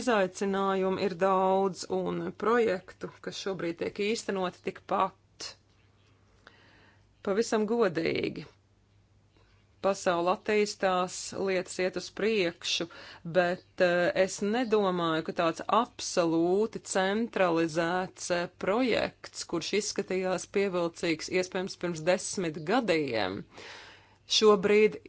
izaicinājumu ir daudz un projektu, kas šobrīd tiek īstenoti tikpat. Pavisam godīgi pasaule attīstās, lietas iet uz priekšu, bet eh, es nedomāju, ka tāds absolūti centralizēts eh, projekts, kurš izskatījās pievilcīgs iespējams pirms desmit gadiem, šobrīd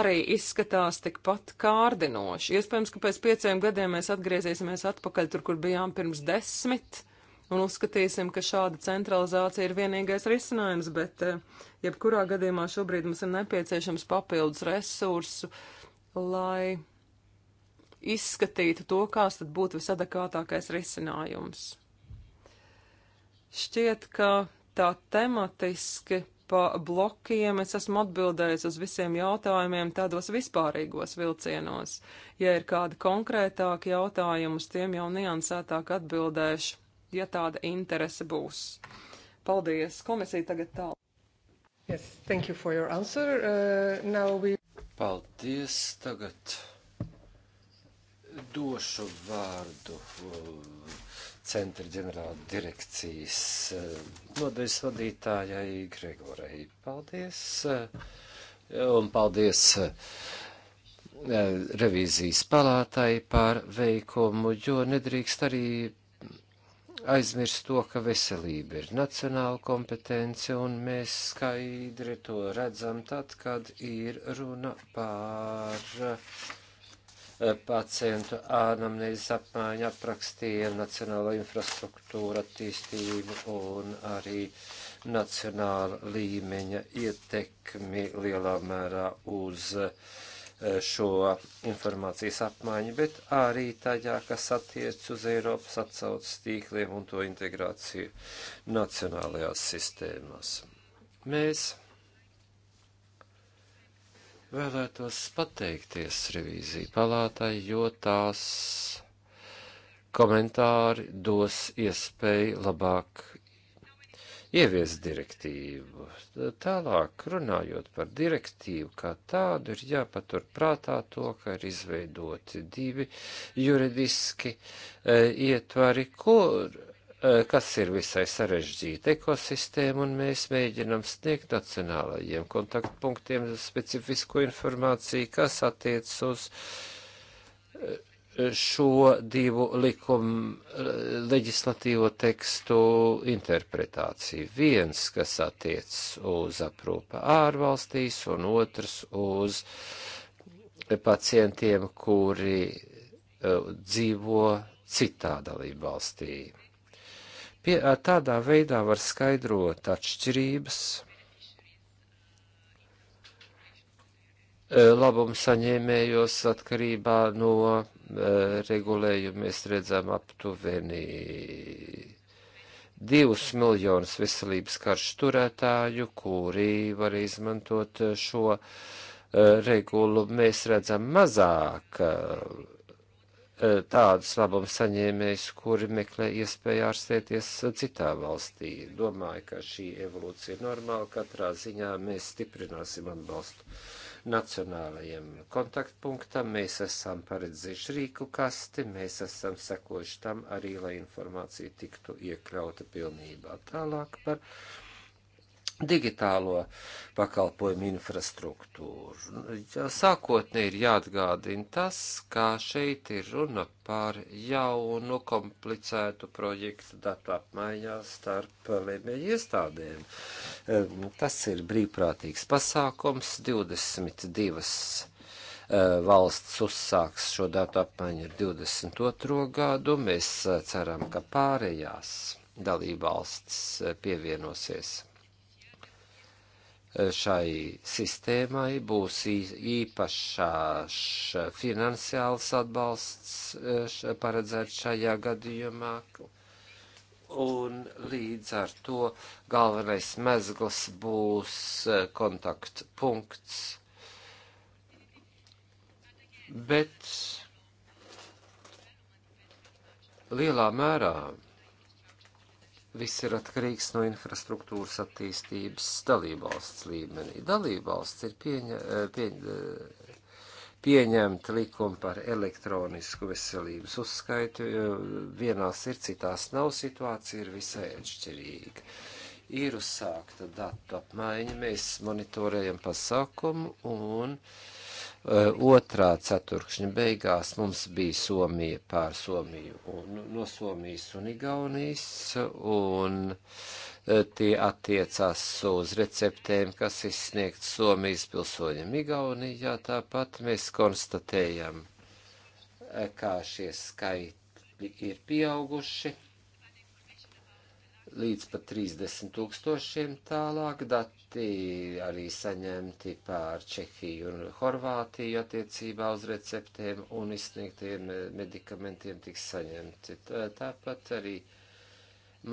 arī izskatās tikpat kārdinoši. Iespējams, ka pēc pieciem gadiem mēs atgriezīsimies atpakaļ tur, kur bijām pirms desmit gadiem un uzskatīsim, ka šāda centralizācija ir vienīgais risinājums, bet eh, jebkurā gadījumā šobrīd mums ir nepieciešams papildus resursu, lai izskatītu to, kāds tad būtu visadekvātākais risinājums. Šķiet, ka tā tematiski pa blokiem es esmu atbildējis uz visiem jautājumiem tādos vispārīgos vilcienos. Ja ir kādi konkrētāki jautājumi, uz tiem jau niansētāk atbildēšu ja tāda interese būs. Paldies! Komisija tagad tālāk. Yes, thank you for your answer. Uh, now we... Paldies! Tagad došu vārdu uh, centra ģenerāla direkcijas uh, nodaļas vadītājai Gregorei. Paldies! Uh, un paldies revīzijas palātai par veikumu, jo nedrīkst arī aizmirst to, ka veselība ir nacionāla kompetence, un mēs skaidri to redzam tad, kad ir runa par eh, pacientu anamnēzes apmaiņu, aprakstiem, nacionālo infrastruktūru attīstību un arī nacionāla līmeņa ietekmi lielā mērā uz uh, Eh, šo informācijas apmaiņu, bet arī tajā, kas attiec uz Eiropas atsaucas tīkliem un to integrāciju nacionālajās sistēmās. Mēs vēlētos pateikties revīziju palātai, jo tās komentāri dos iespēju labāk ievies direktīvu. Tālāk, runājot par direktīvu kā tādu, ir jāpatur prātā to, ka ir izveidoti divi juridiski e, ietvari, kur e, kas ir visai sarežģīta ekosistēma, un mēs mēģinam sniegt nacionālajiem kontaktpunktiem specifisko informāciju, kas attiec uz e, šo divu likumu eh, leģislatīvo tekstu interpretāciju. Viens, kas attiec uz aprūpa ārvalstīs, un otrs uz pacientiem, kuri eh, dzīvo citā dalība valstī. Pie, tādā veidā var skaidrot atšķirības, eh, labumu saņēmējos atkarībā no regulējumu mēs redzam aptuveni divus miljonus veselības karš turētāju, kuri var izmantot šo uh, regulu. Mēs redzam mazāk uh, tādus labumu saņēmējus, kuri meklē iespēju ārstēties citā valstī. Domāju, ka šī evolūcija ir normāla. Katrā ziņā mēs stiprināsim atbalstu nacionālajiem kontaktpunktam, mēs esam paredzējuši rīku kasti, mēs esam sekojuši tam arī, lai informācija tiktu iekļauta pilnībā. Tālāk par digitālo pakalpojumu infrastruktūru. Sākotnē ir jāatgādina tas, kā šeit ir runa par jaunu komplicētu projektu datu apmaiņā starp lēmēju iestādēm. Tas ir brīvprātīgs pasākums, 22 e, valsts uzsāks šo datu apmaiņu ar 22. gadu. Mēs e, ceram, ka pārējās dalībvalsts e, pievienosies šai sistēmai būs īpašs finansiāls atbalsts e, paredzēts šajā gadījumā. Un līdz ar to galvenais mezgls būs e, kontaktpunkts. Bet lielā mērā viss ir atkarīgs no infrastruktūras attīstības dalībvalsts līmenī. Dalībvalsts ir pieņa, eh, pieņ, eh, pieņemta likuma par elektronisku veselības uzskaitu, vienās ir, citās nav, situācija ir visai atšķirīga. Ir uzsākta datu apmaiņa, mēs monitorējam pasākumu un uh, Eh, otrā ceturkšņa beigās mums bija Somija pār Somiju un no Somijas un Igaunijas, un eh, tie attiecās uz receptēm, kas izsniegt Somijas pilsoņiem Igaunijā. Tāpat mēs konstatējam, eh, kā šie skaitļi ir pieauguši līdz pat 30 tūkstošiem tālāk. Dati arī saņemti pār Čehiju un Horvātiju attiecībā uz receptēm un izsniegtiem medikamentiem tiks saņemti. Tāpat arī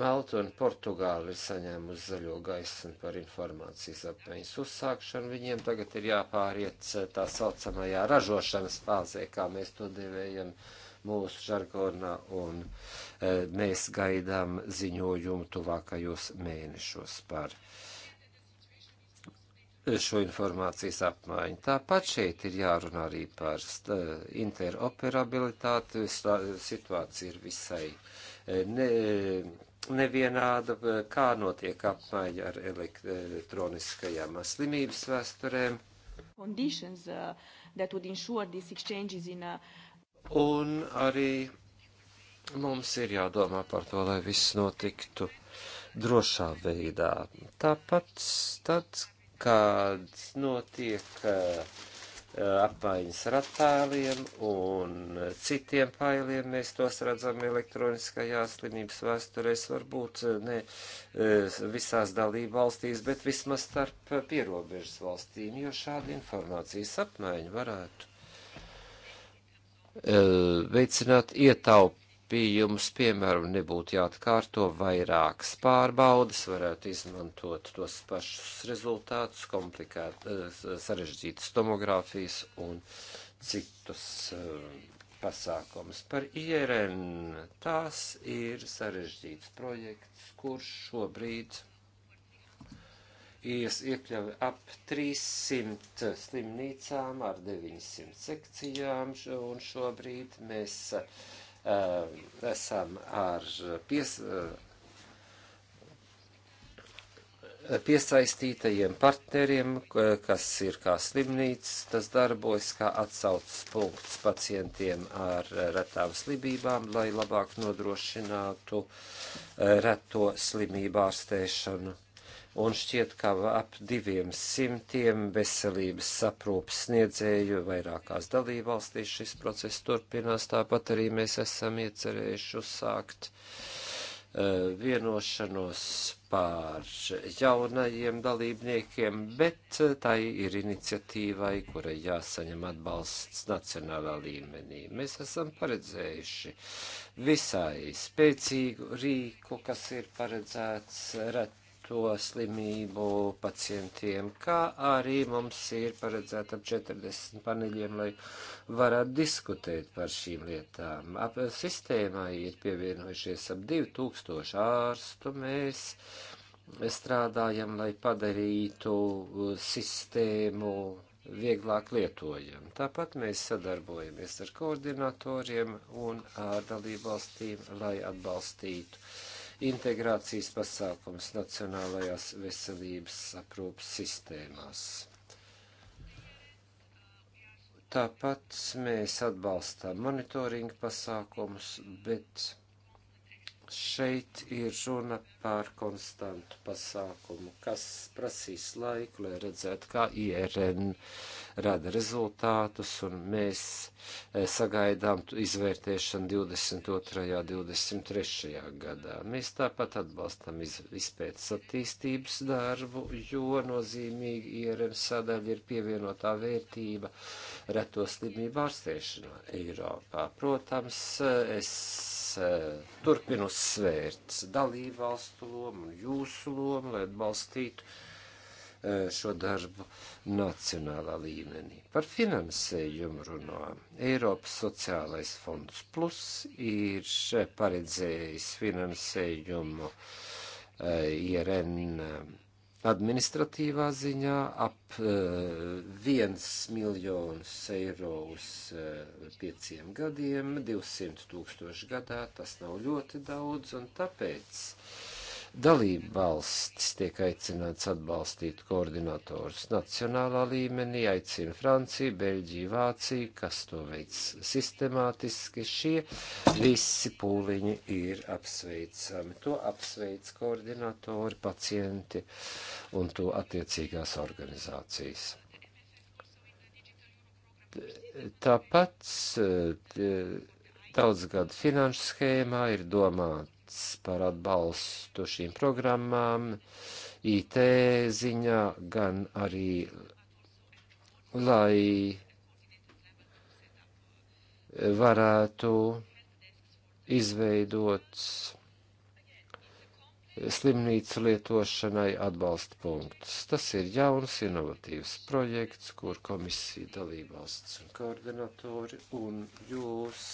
Malta un Portugāla ir saņēmusi zaļo gaismu par informācijas apmaiņas uzsākšanu. Viņiem tagad ir jāpāriet tā saucamajā ražošanas fāzē, kā mēs to devējam. Uh, mūsu žargonā, un e, mēs gaidām ziņojumu tuvākajos mēnešos par šo informācijas apmaiņu. Tāpat šeit ir jārunā arī par e, interoperabilitāti. Situācija ir visai e, ne, nevienāda, kā notiek apmaiņa ar elektroniskajām slimības vēsturēm. Conditions uh, that would ensure these exchanges in a uh, Un arī mums ir jādomā par to, lai viss notiktu drošā veidā. Tāpat tad, kad notiek eh, apmaiņas ar attēliem un citiem failiem, mēs tos redzam elektroniskajā slimības vēsturēs, varbūt ne eh, visās dalību valstīs, bet vismaz starp pierobežas valstīm, jo šāda informācijas apmaiņa varētu Eh, veicināt ietaupījumus, piemēram, nebūtu jāatkārto vairākas pārbaudas, varētu izmantot tos pašus rezultātus, komplikēt, eh, sarežģītas tomogrāfijas un citus eh, pasākums par IRN. Tās ir sarežģīts projekts, kurš šobrīd ies iekļauj ap 300 slimnīcām ar 900 sekcijām, un šobrīd mēs uh, esam ar pies, uh, piesaistītajiem partneriem, kas ir kā slimnīcas, tas darbojas kā atsaucas punkts pacientiem ar retām slimībām, lai labāk nodrošinātu uh, reto slimību ārstēšanu un šķiet, ka ap diviem simtiem veselības aprūpas sniedzēju vairākās dalībvalstīs šis process turpinās. Tāpat arī mēs esam iecerējuši uzsākt uh, vienošanos pār jaunajiem dalībniekiem, bet e, tai ir iniciatīvai, kurai jāsaņem atbalsts nacionālā līmenī. Mēs esam paredzējuši visai spēcīgu rīku, kas ir paredzēts ret to slimību pacientiem, kā arī mums ir paredzēta ap 40 paneļiem, lai varētu diskutēt par šīm lietām. Ap sistēmai ir pievienojušies ap 2000 ārstu mēs strādājam, lai padarītu sistēmu vieglāk lietojam. Tāpat mēs sadarbojamies ar koordinatoriem un ar dalībvalstīm, lai atbalstītu integrācijas pasākums nacionālajās veselības aprūpas sistēmās. Tāpat mēs atbalstām monitoringa pasākumus, bet Šeit ir runa par konstantu pasākumu, kas prasīs laiku, lai redzētu, kā IRN rada rezultātus, un mēs eh, sagaidām izvērtēšanu 22. un 23. gadā. Mēs tāpat atbalstam iz, izpētes attīstības darbu, jo nozīmīgi IRN sadaļa ir pievienotā vērtība reto slimību ārstēšanā Eiropā. Protams, eh, es Eh, turpinu svērt dalību valstu lomu un jūsu lomu, lai atbalstītu eh, šo darbu nacionālā līmenī. Par finansējumu runā. Eiropas sociālais fonds plus ir eh, paredzējis finansējumu IRN administratīvā ziņā ap eh, viens miljonus eiro uz eh, pieciem gadiem, 200 tūkstoši gadā, tas nav ļoti daudz, un tāpēc uh, Dalība valstis tiek aicināts atbalstīt koordinatorus nacionālā līmenī, aicina Franciju, Beļģiju, Vāciju, kas to veids sistemātiski. Šie visi pūliņi ir apsveicami. To apsveic koordinatori, pacienti un to attiecīgās organizācijas tāpat eh, daudzgadu finanšu schēmā ir domāta par atbalstu šīm programmām, IT ziņā, gan arī, lai varētu izveidot slimnīcu lietošanai atbalsta punktus. Tas ir jauns, inovatīvs projekts, kur komisija dalībvalsts un koordinatori un jūs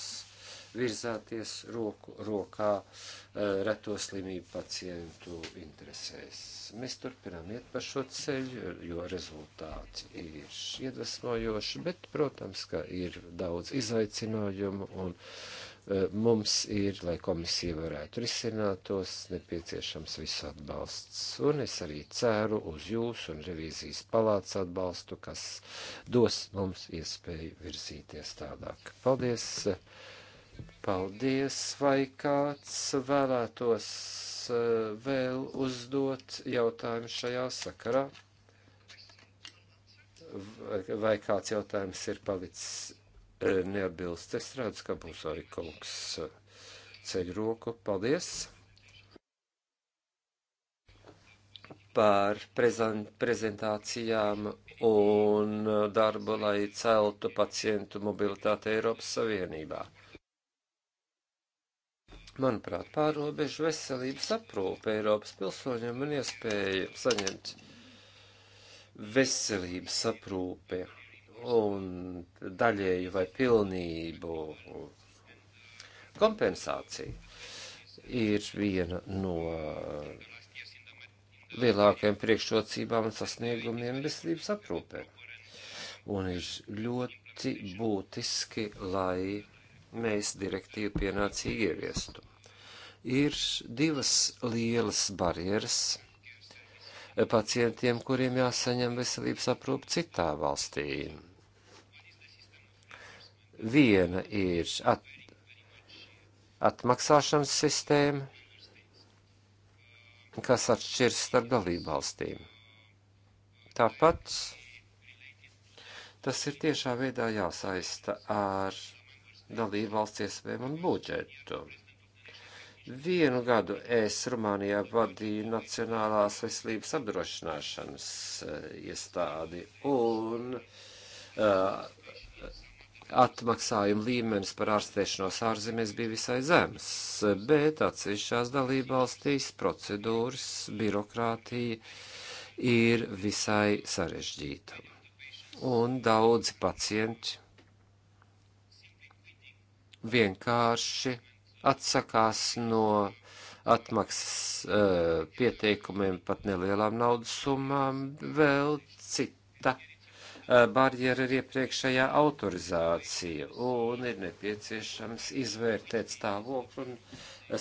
virzāties roku rokā eh, reto slimību pacientu interesēs. Mēs turpinām iet pa šo ceļu, jo rezultāti ir iedvesmojoši, bet, protams, ka ir daudz izaicinājumu un eh, mums ir, lai komisija varētu risināt tos, nepieciešams visu atbalsts. Un es arī ceru uz jūsu un revīzijas palāca atbalstu, kas dos mums iespēju virzīties tālāk. Paldies! Paldies, vai kāds vēlētos eh, vēl uzdot jautājumu šajā sakarā? Vai kāds jautājums ir palicis eh, neatbilst? Es redzu, ka būs arī kungs eh, ceļ roku. Paldies! Par prezentācijām un darbu, lai celtu pacientu mobilitāti Eiropas Savienībā. Manuprāt, pārobežu veselības aprūpe Eiropas pilsoņiem un iespēja saņemt veselības aprūpe un daļēju vai pilnību kompensācija ir viena no lielākajām priekšrocībām un sasniegumiem veselības aprūpē. Un ir ļoti būtiski, lai mēs direktīvu pienācīgi ieviestu ir divas lielas barjeras pacientiem, kuriem jāsaņem veselības aprūpe citā valstī. Viena ir at, atmaksāšanas sistēma, kas atšķiras starp dalību valstīm. Tāpat tas ir tiešā veidā jāsaista ar dalību valsts iespējām un budžetu. Vienu gadu es Rumānijā vadīju Nacionālās veselības apdrošināšanas eh, iestādi un uh, eh, atmaksājuma līmenis par ārstēšanos ārzemēs bija visai zems, bet atsevišķās dalībvalstīs procedūras, birokrātija ir visai sarežģīta. Un daudzi pacienti vienkārši atsakās no atmaksas uh, pieteikumiem pat nelielām naudas summām, vēl cita uh, barjera ir iepriekšējā autorizācija, un ir nepieciešams izvērtēt stāvokli un uh,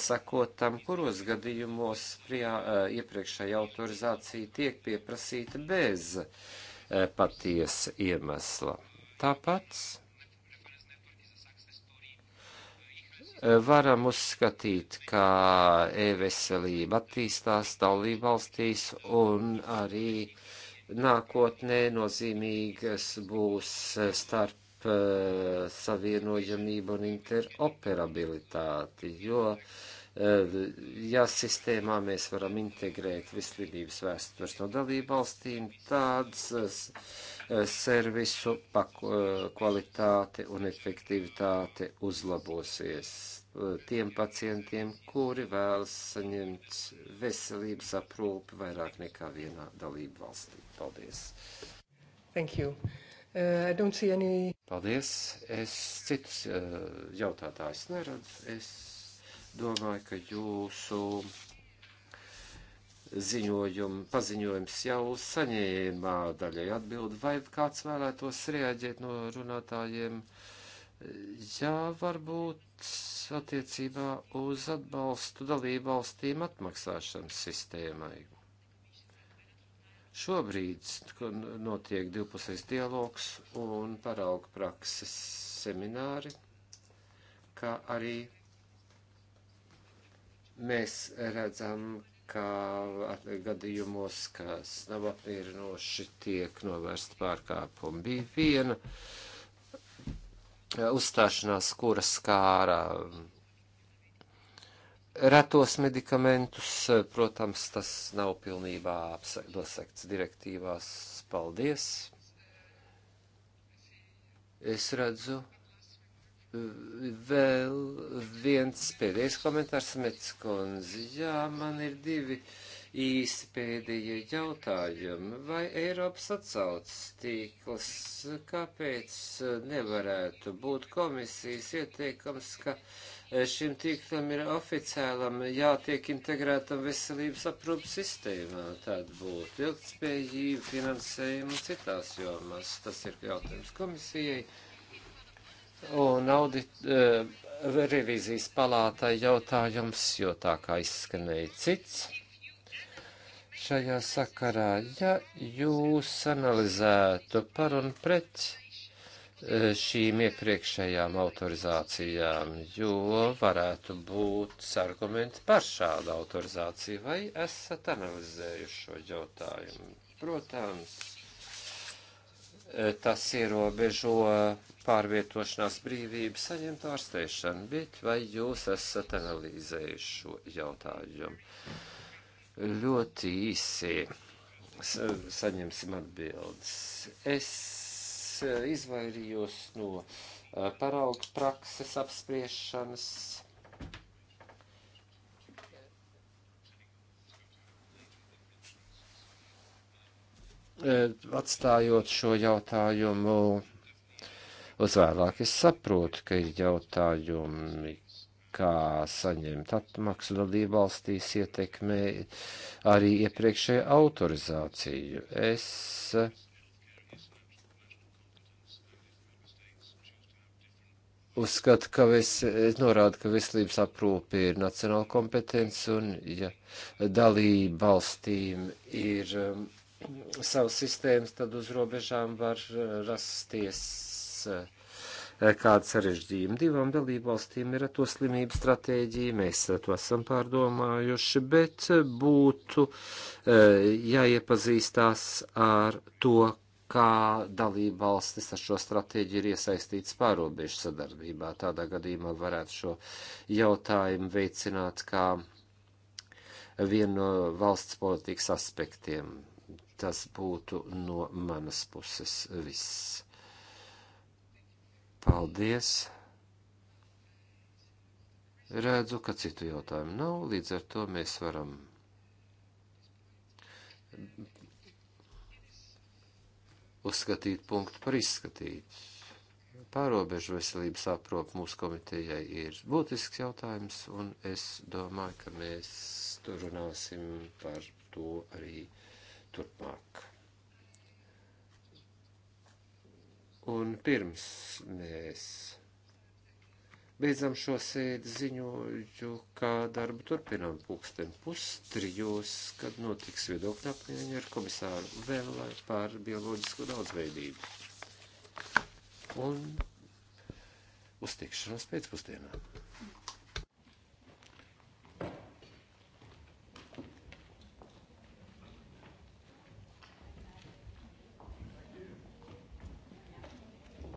sakot tam, kuros gadījumos prijā, uh, iepriekšējā autorizācija tiek pieprasīta bez uh, patiesa iemesla. Tāpat Eh, varam uzskatīt, ka e-veselība attīstās dalību valstīs un arī nākotnē nozīmīgas būs eh, starp uh, savienojamību un interoperabilitāti, jo, uh, ja sistēmā mēs varam integrēt vislidības vēstures no dalību valstīm, tāds uh, servisu eh, kvalitāte un efektivitāte uzlabosies eh, tiem pacientiem, kuri vēlas saņemt veselības aprūpi vairāk nekā vienā dalību valstī. Paldies! Thank you. Uh, I don't see any... Paldies. Es citus uh, jautātājus neredzu. Es domāju, ka jūsu ziņojum, paziņojums jau saņēma daļai atbildi, vai kāds vēlētos reaģēt no runātājiem? Jā, varbūt attiecībā uz atbalstu dalību valstīm atmaksāšanas sistēmai. Šobrīd notiek divpusējs dialogs un parauga prakses semināri, kā arī mēs redzam, ka gadījumos, kas nav apmierinoši, tiek novērsta pārkāpuma. Bija viena uzstāšanās, kura skāra retos medikamentus. Protams, tas nav pilnībā apsekts direktīvās. Paldies! Es redzu. Vēl viens pēdējais komentārs Metskundze. Jā, man ir divi īsi pēdējie jautājumi. Vai Eiropas atsaucas tīkls, kāpēc nevarētu būt komisijas ieteikums, ka šim tīklam ir oficiālam jātiek integrētam veselības aprūpas sistēmā? Tāda būtu ilgtspējība, finansējuma citās jomās. Tas ir jautājums komisijai un audit, eh, revizijas palātai jautājums, jo tā kā izskanēja cits. Šajā sakarā, ja jūs analizētu par un pret eh, šīm iepriekšējām autorizācijām, jo varētu būt argumenti par šādu autorizāciju, vai esat analizējuši šo jautājumu? Protams, eh, tas ierobežo pārvietošanās brīvību saņemt ārstēšanu, bet vai jūs esat analizējuši šo jautājumu? Ļoti īsi sa saņemsim atbildes. Es e, izvairījos no e, paraugu prakses apspriešanas. E, atstājot šo jautājumu uz vēlāk. Es saprotu, ka ir jautājumi, kā saņemt atmaksu dalību valstīs ietekmē arī iepriekšēju autorizāciju. Es eh, uzskatu, ka ves, es norādu, ka veselības aprūpe ir nacionāla kompetence un ja dalību valstīm ir um, savas sistēmas, tad uz robežām var eh, rasties Eh, kāda sarežģījuma. Divām dalībvalstīm ir to slimību stratēģija, mēs eh, to esam pārdomājuši, bet eh, būtu jāiepazīstās ar to, kā dalībvalstis ar šo stratēģiju ir iesaistīts pārobežu sadarbībā. Tādā gadījumā varētu šo jautājumu veicināt kā vienu no valsts politikas aspektiem. Tas būtu no manas puses viss. Paldies! Redzu, ka citu jautājumu nav, līdz ar to mēs varam. Uzskatīt punktu par izskatīt. Pārobežu veselības aprop mūsu komitejai ir būtisks jautājums, un es domāju, ka mēs tur runāsim par to arī turpmāk. Un pirms mēs beidzam šo sēdi ziņoju, kā darbu turpinām pūksteni pustrijos, kad notiks viedokļa apmaiņa ar komisāru Vēlai par bioloģisko daudzveidību. Un uztikšanos pēcpusdienā.